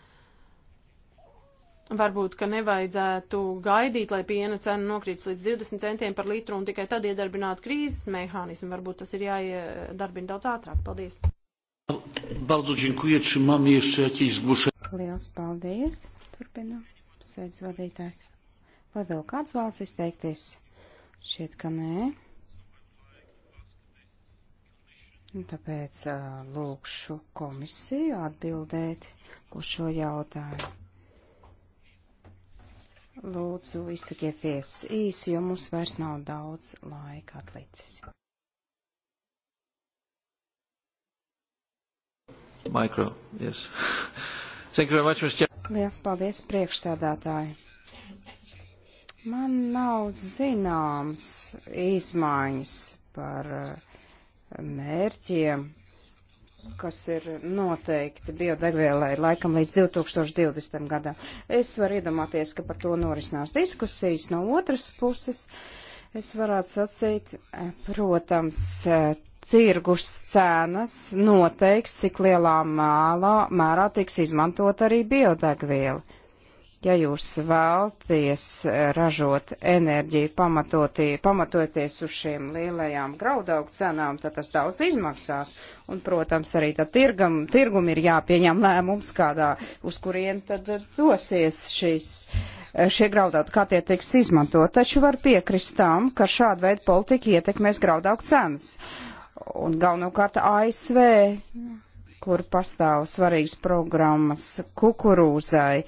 varbūt, ka nevajadzētu gaidīt, lai piena cena nokrītas līdz 20 centiem par litru un tikai tad iedarbināt krīzes mehānismu. Varbūt tas ir jāiedarbina daudz ātrāk. Paldies. Bardzo dziękuję. Czy mamy jeszcze jakieś zgłoszenie? Liels paldies! Turpinu sēdz vadītājs. Vai vēl kāds vēlas izteikties? Šķiet, ka nē. Un nu, tāpēc uh, lūkšu komisiju atbildēt uz šo jautājumu. Lūdzu, izsakieties īsi, jo mums vairs nav daudz laika atlicis. Micro, yes. Lielas paldies, priekšsēdētāji. Man nav zināms izmaiņas par eh, mērķiem, kas ir noteikti biodegvielai laikam līdz 2020. gadam. Es varu iedomāties, ka par to norisinās diskusijas no otras puses. Es varētu sacīt, eh, protams, eh, tirgus cenas noteiks, cik lielā mālā, mērā tiks izmantot arī biodegviela. Ja jūs vēlties ražot enerģiju pamatoties uz šiem lielajām graudaugu cenām, tad tas daudz izmaksās. Un, protams, arī tad tirgam, tirgum ir jāpieņem lēmums, kādā, uz kurien tad dosies šīs uh, šie graudauti, kā tie tiks izmantot, taču var piekrist tam, ka šāda veida politika ietekmēs graudaugu cenas un galvenokārt ASV, kur pastāv svarīgas programmas kukurūzai,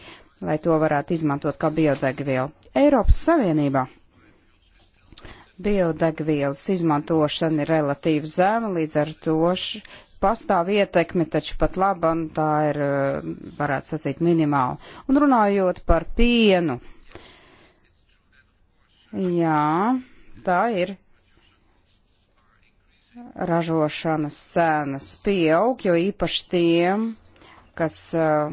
lai to varētu izmantot kā biodegvielu. Eiropas Savienībā biodegvielas izmantošana ir relatīvi zema, līdz ar to pastāv ietekmi, taču pat laba, un tā ir, eh, varētu sacīt, minimāla. Un runājot par pienu, jā, tā ir ražošanas cenas pieaug, jo īpaši tiem, kas uh,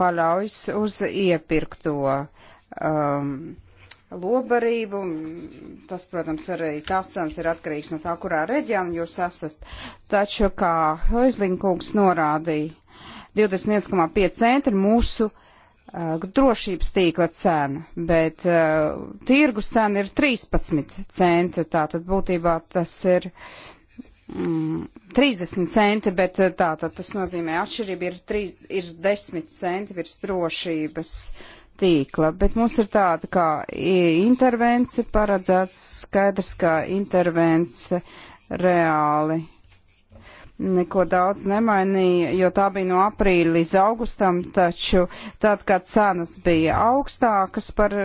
paļaujas uz iepirkto um, lobarību. Tas, protams, arī tās cenas ir atkarīgs no tā, kurā reģionā jūs esat. Taču, kā Hoizlinkungs norādīja, 21,5 centi ir mūsu uh, Eh, drošības tīkla cena, bet uh, tirgus cena ir 13 centi, tātad būtībā tas ir mm, 30 centi, bet eh, tātad tas nozīmē atšķirība ir, 3, ir 10 centi virs drošības tīkla, bet mums ir tāda kā intervence paredzēts, skaidrs, ka intervence reāli neko daudz nemainīja, jo tā bija no aprīļa līdz augustam, taču tad, kad cenas bija augstākas, par,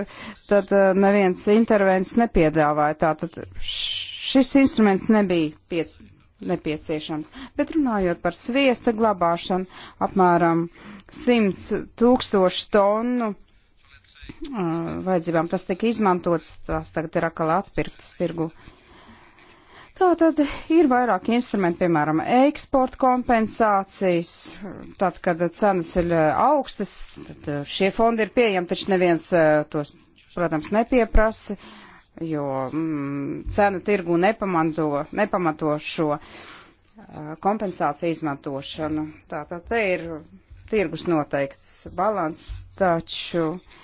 tad eh, neviens intervents nepiedāvāja. Tātad šis instruments nebija piec, nepieciešams. Bet runājot par sviesta glabāšanu, apmēram 100 tūkstošu tonu uh, vajadzībām tas tika izmantots, tās tagad ir akal atpirktas tirgu. Uh, Tā tad ir vairāki instrumenti, piemēram, eksporta kompensācijas. Tad, kad cenas ir eh, augstas, tad eh, šie fondi ir pieejami, taču neviens eh, tos, protams, nepieprasa, jo mm, cenu tirgu nepamanto, nepamato šo kompensāciju izmantošanu. Tā tad te ir tirgus noteikts balans, taču. Uh,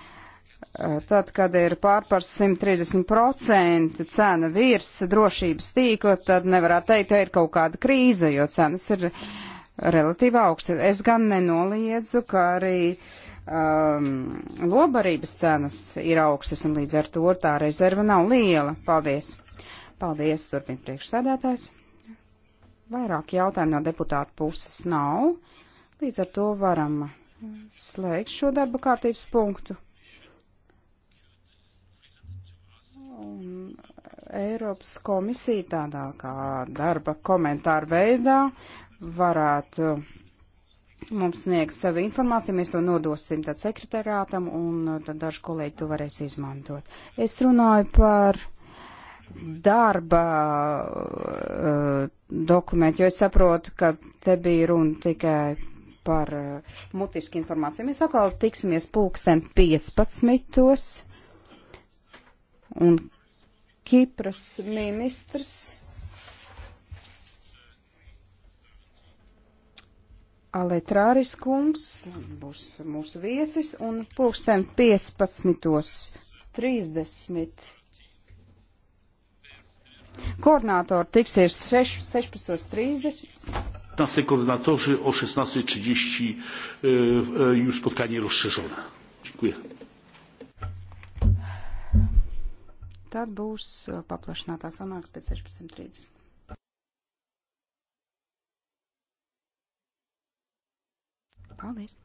Tad, kad ir pār par 130% cena virs drošības tīkla, tad nevarētu teikt, ka ir kaut kāda krīze, jo cenas ir relatīvi augstas. Es gan nenoliedzu, ka arī um, lobarības cenas ir augstas un līdz ar to tā rezerva nav liela. Paldies! Paldies, turpina priekšsēdētājs. Vairāk jautājumu no deputāta puses nav, līdz ar to varam slēgt šo darba kārtības punktu. Un Eiropas komisija tādā kā darba komentāru veidā varētu mums sniegs savu informāciju, mēs to nodosim tad sekretariātam un tad daži kolēģi to varēs izmantot. Es runāju par darba uh, dokumentu, jo es saprotu, ka te bija runa tikai par uh, mutisku informāciju. Mēs atkal tiksimies pulksten 15. un Kipras ministrs Aletrāris kungs būs mūsu viesis un pulksten 15.30. Koordinātori tiksies 16.30. Następny koordynatorzy o 16.30 e, e, już spotkanie rozszerzone. Dziękuję. Tad būs paplašinātā sanāks pēc 16.30. Paldies!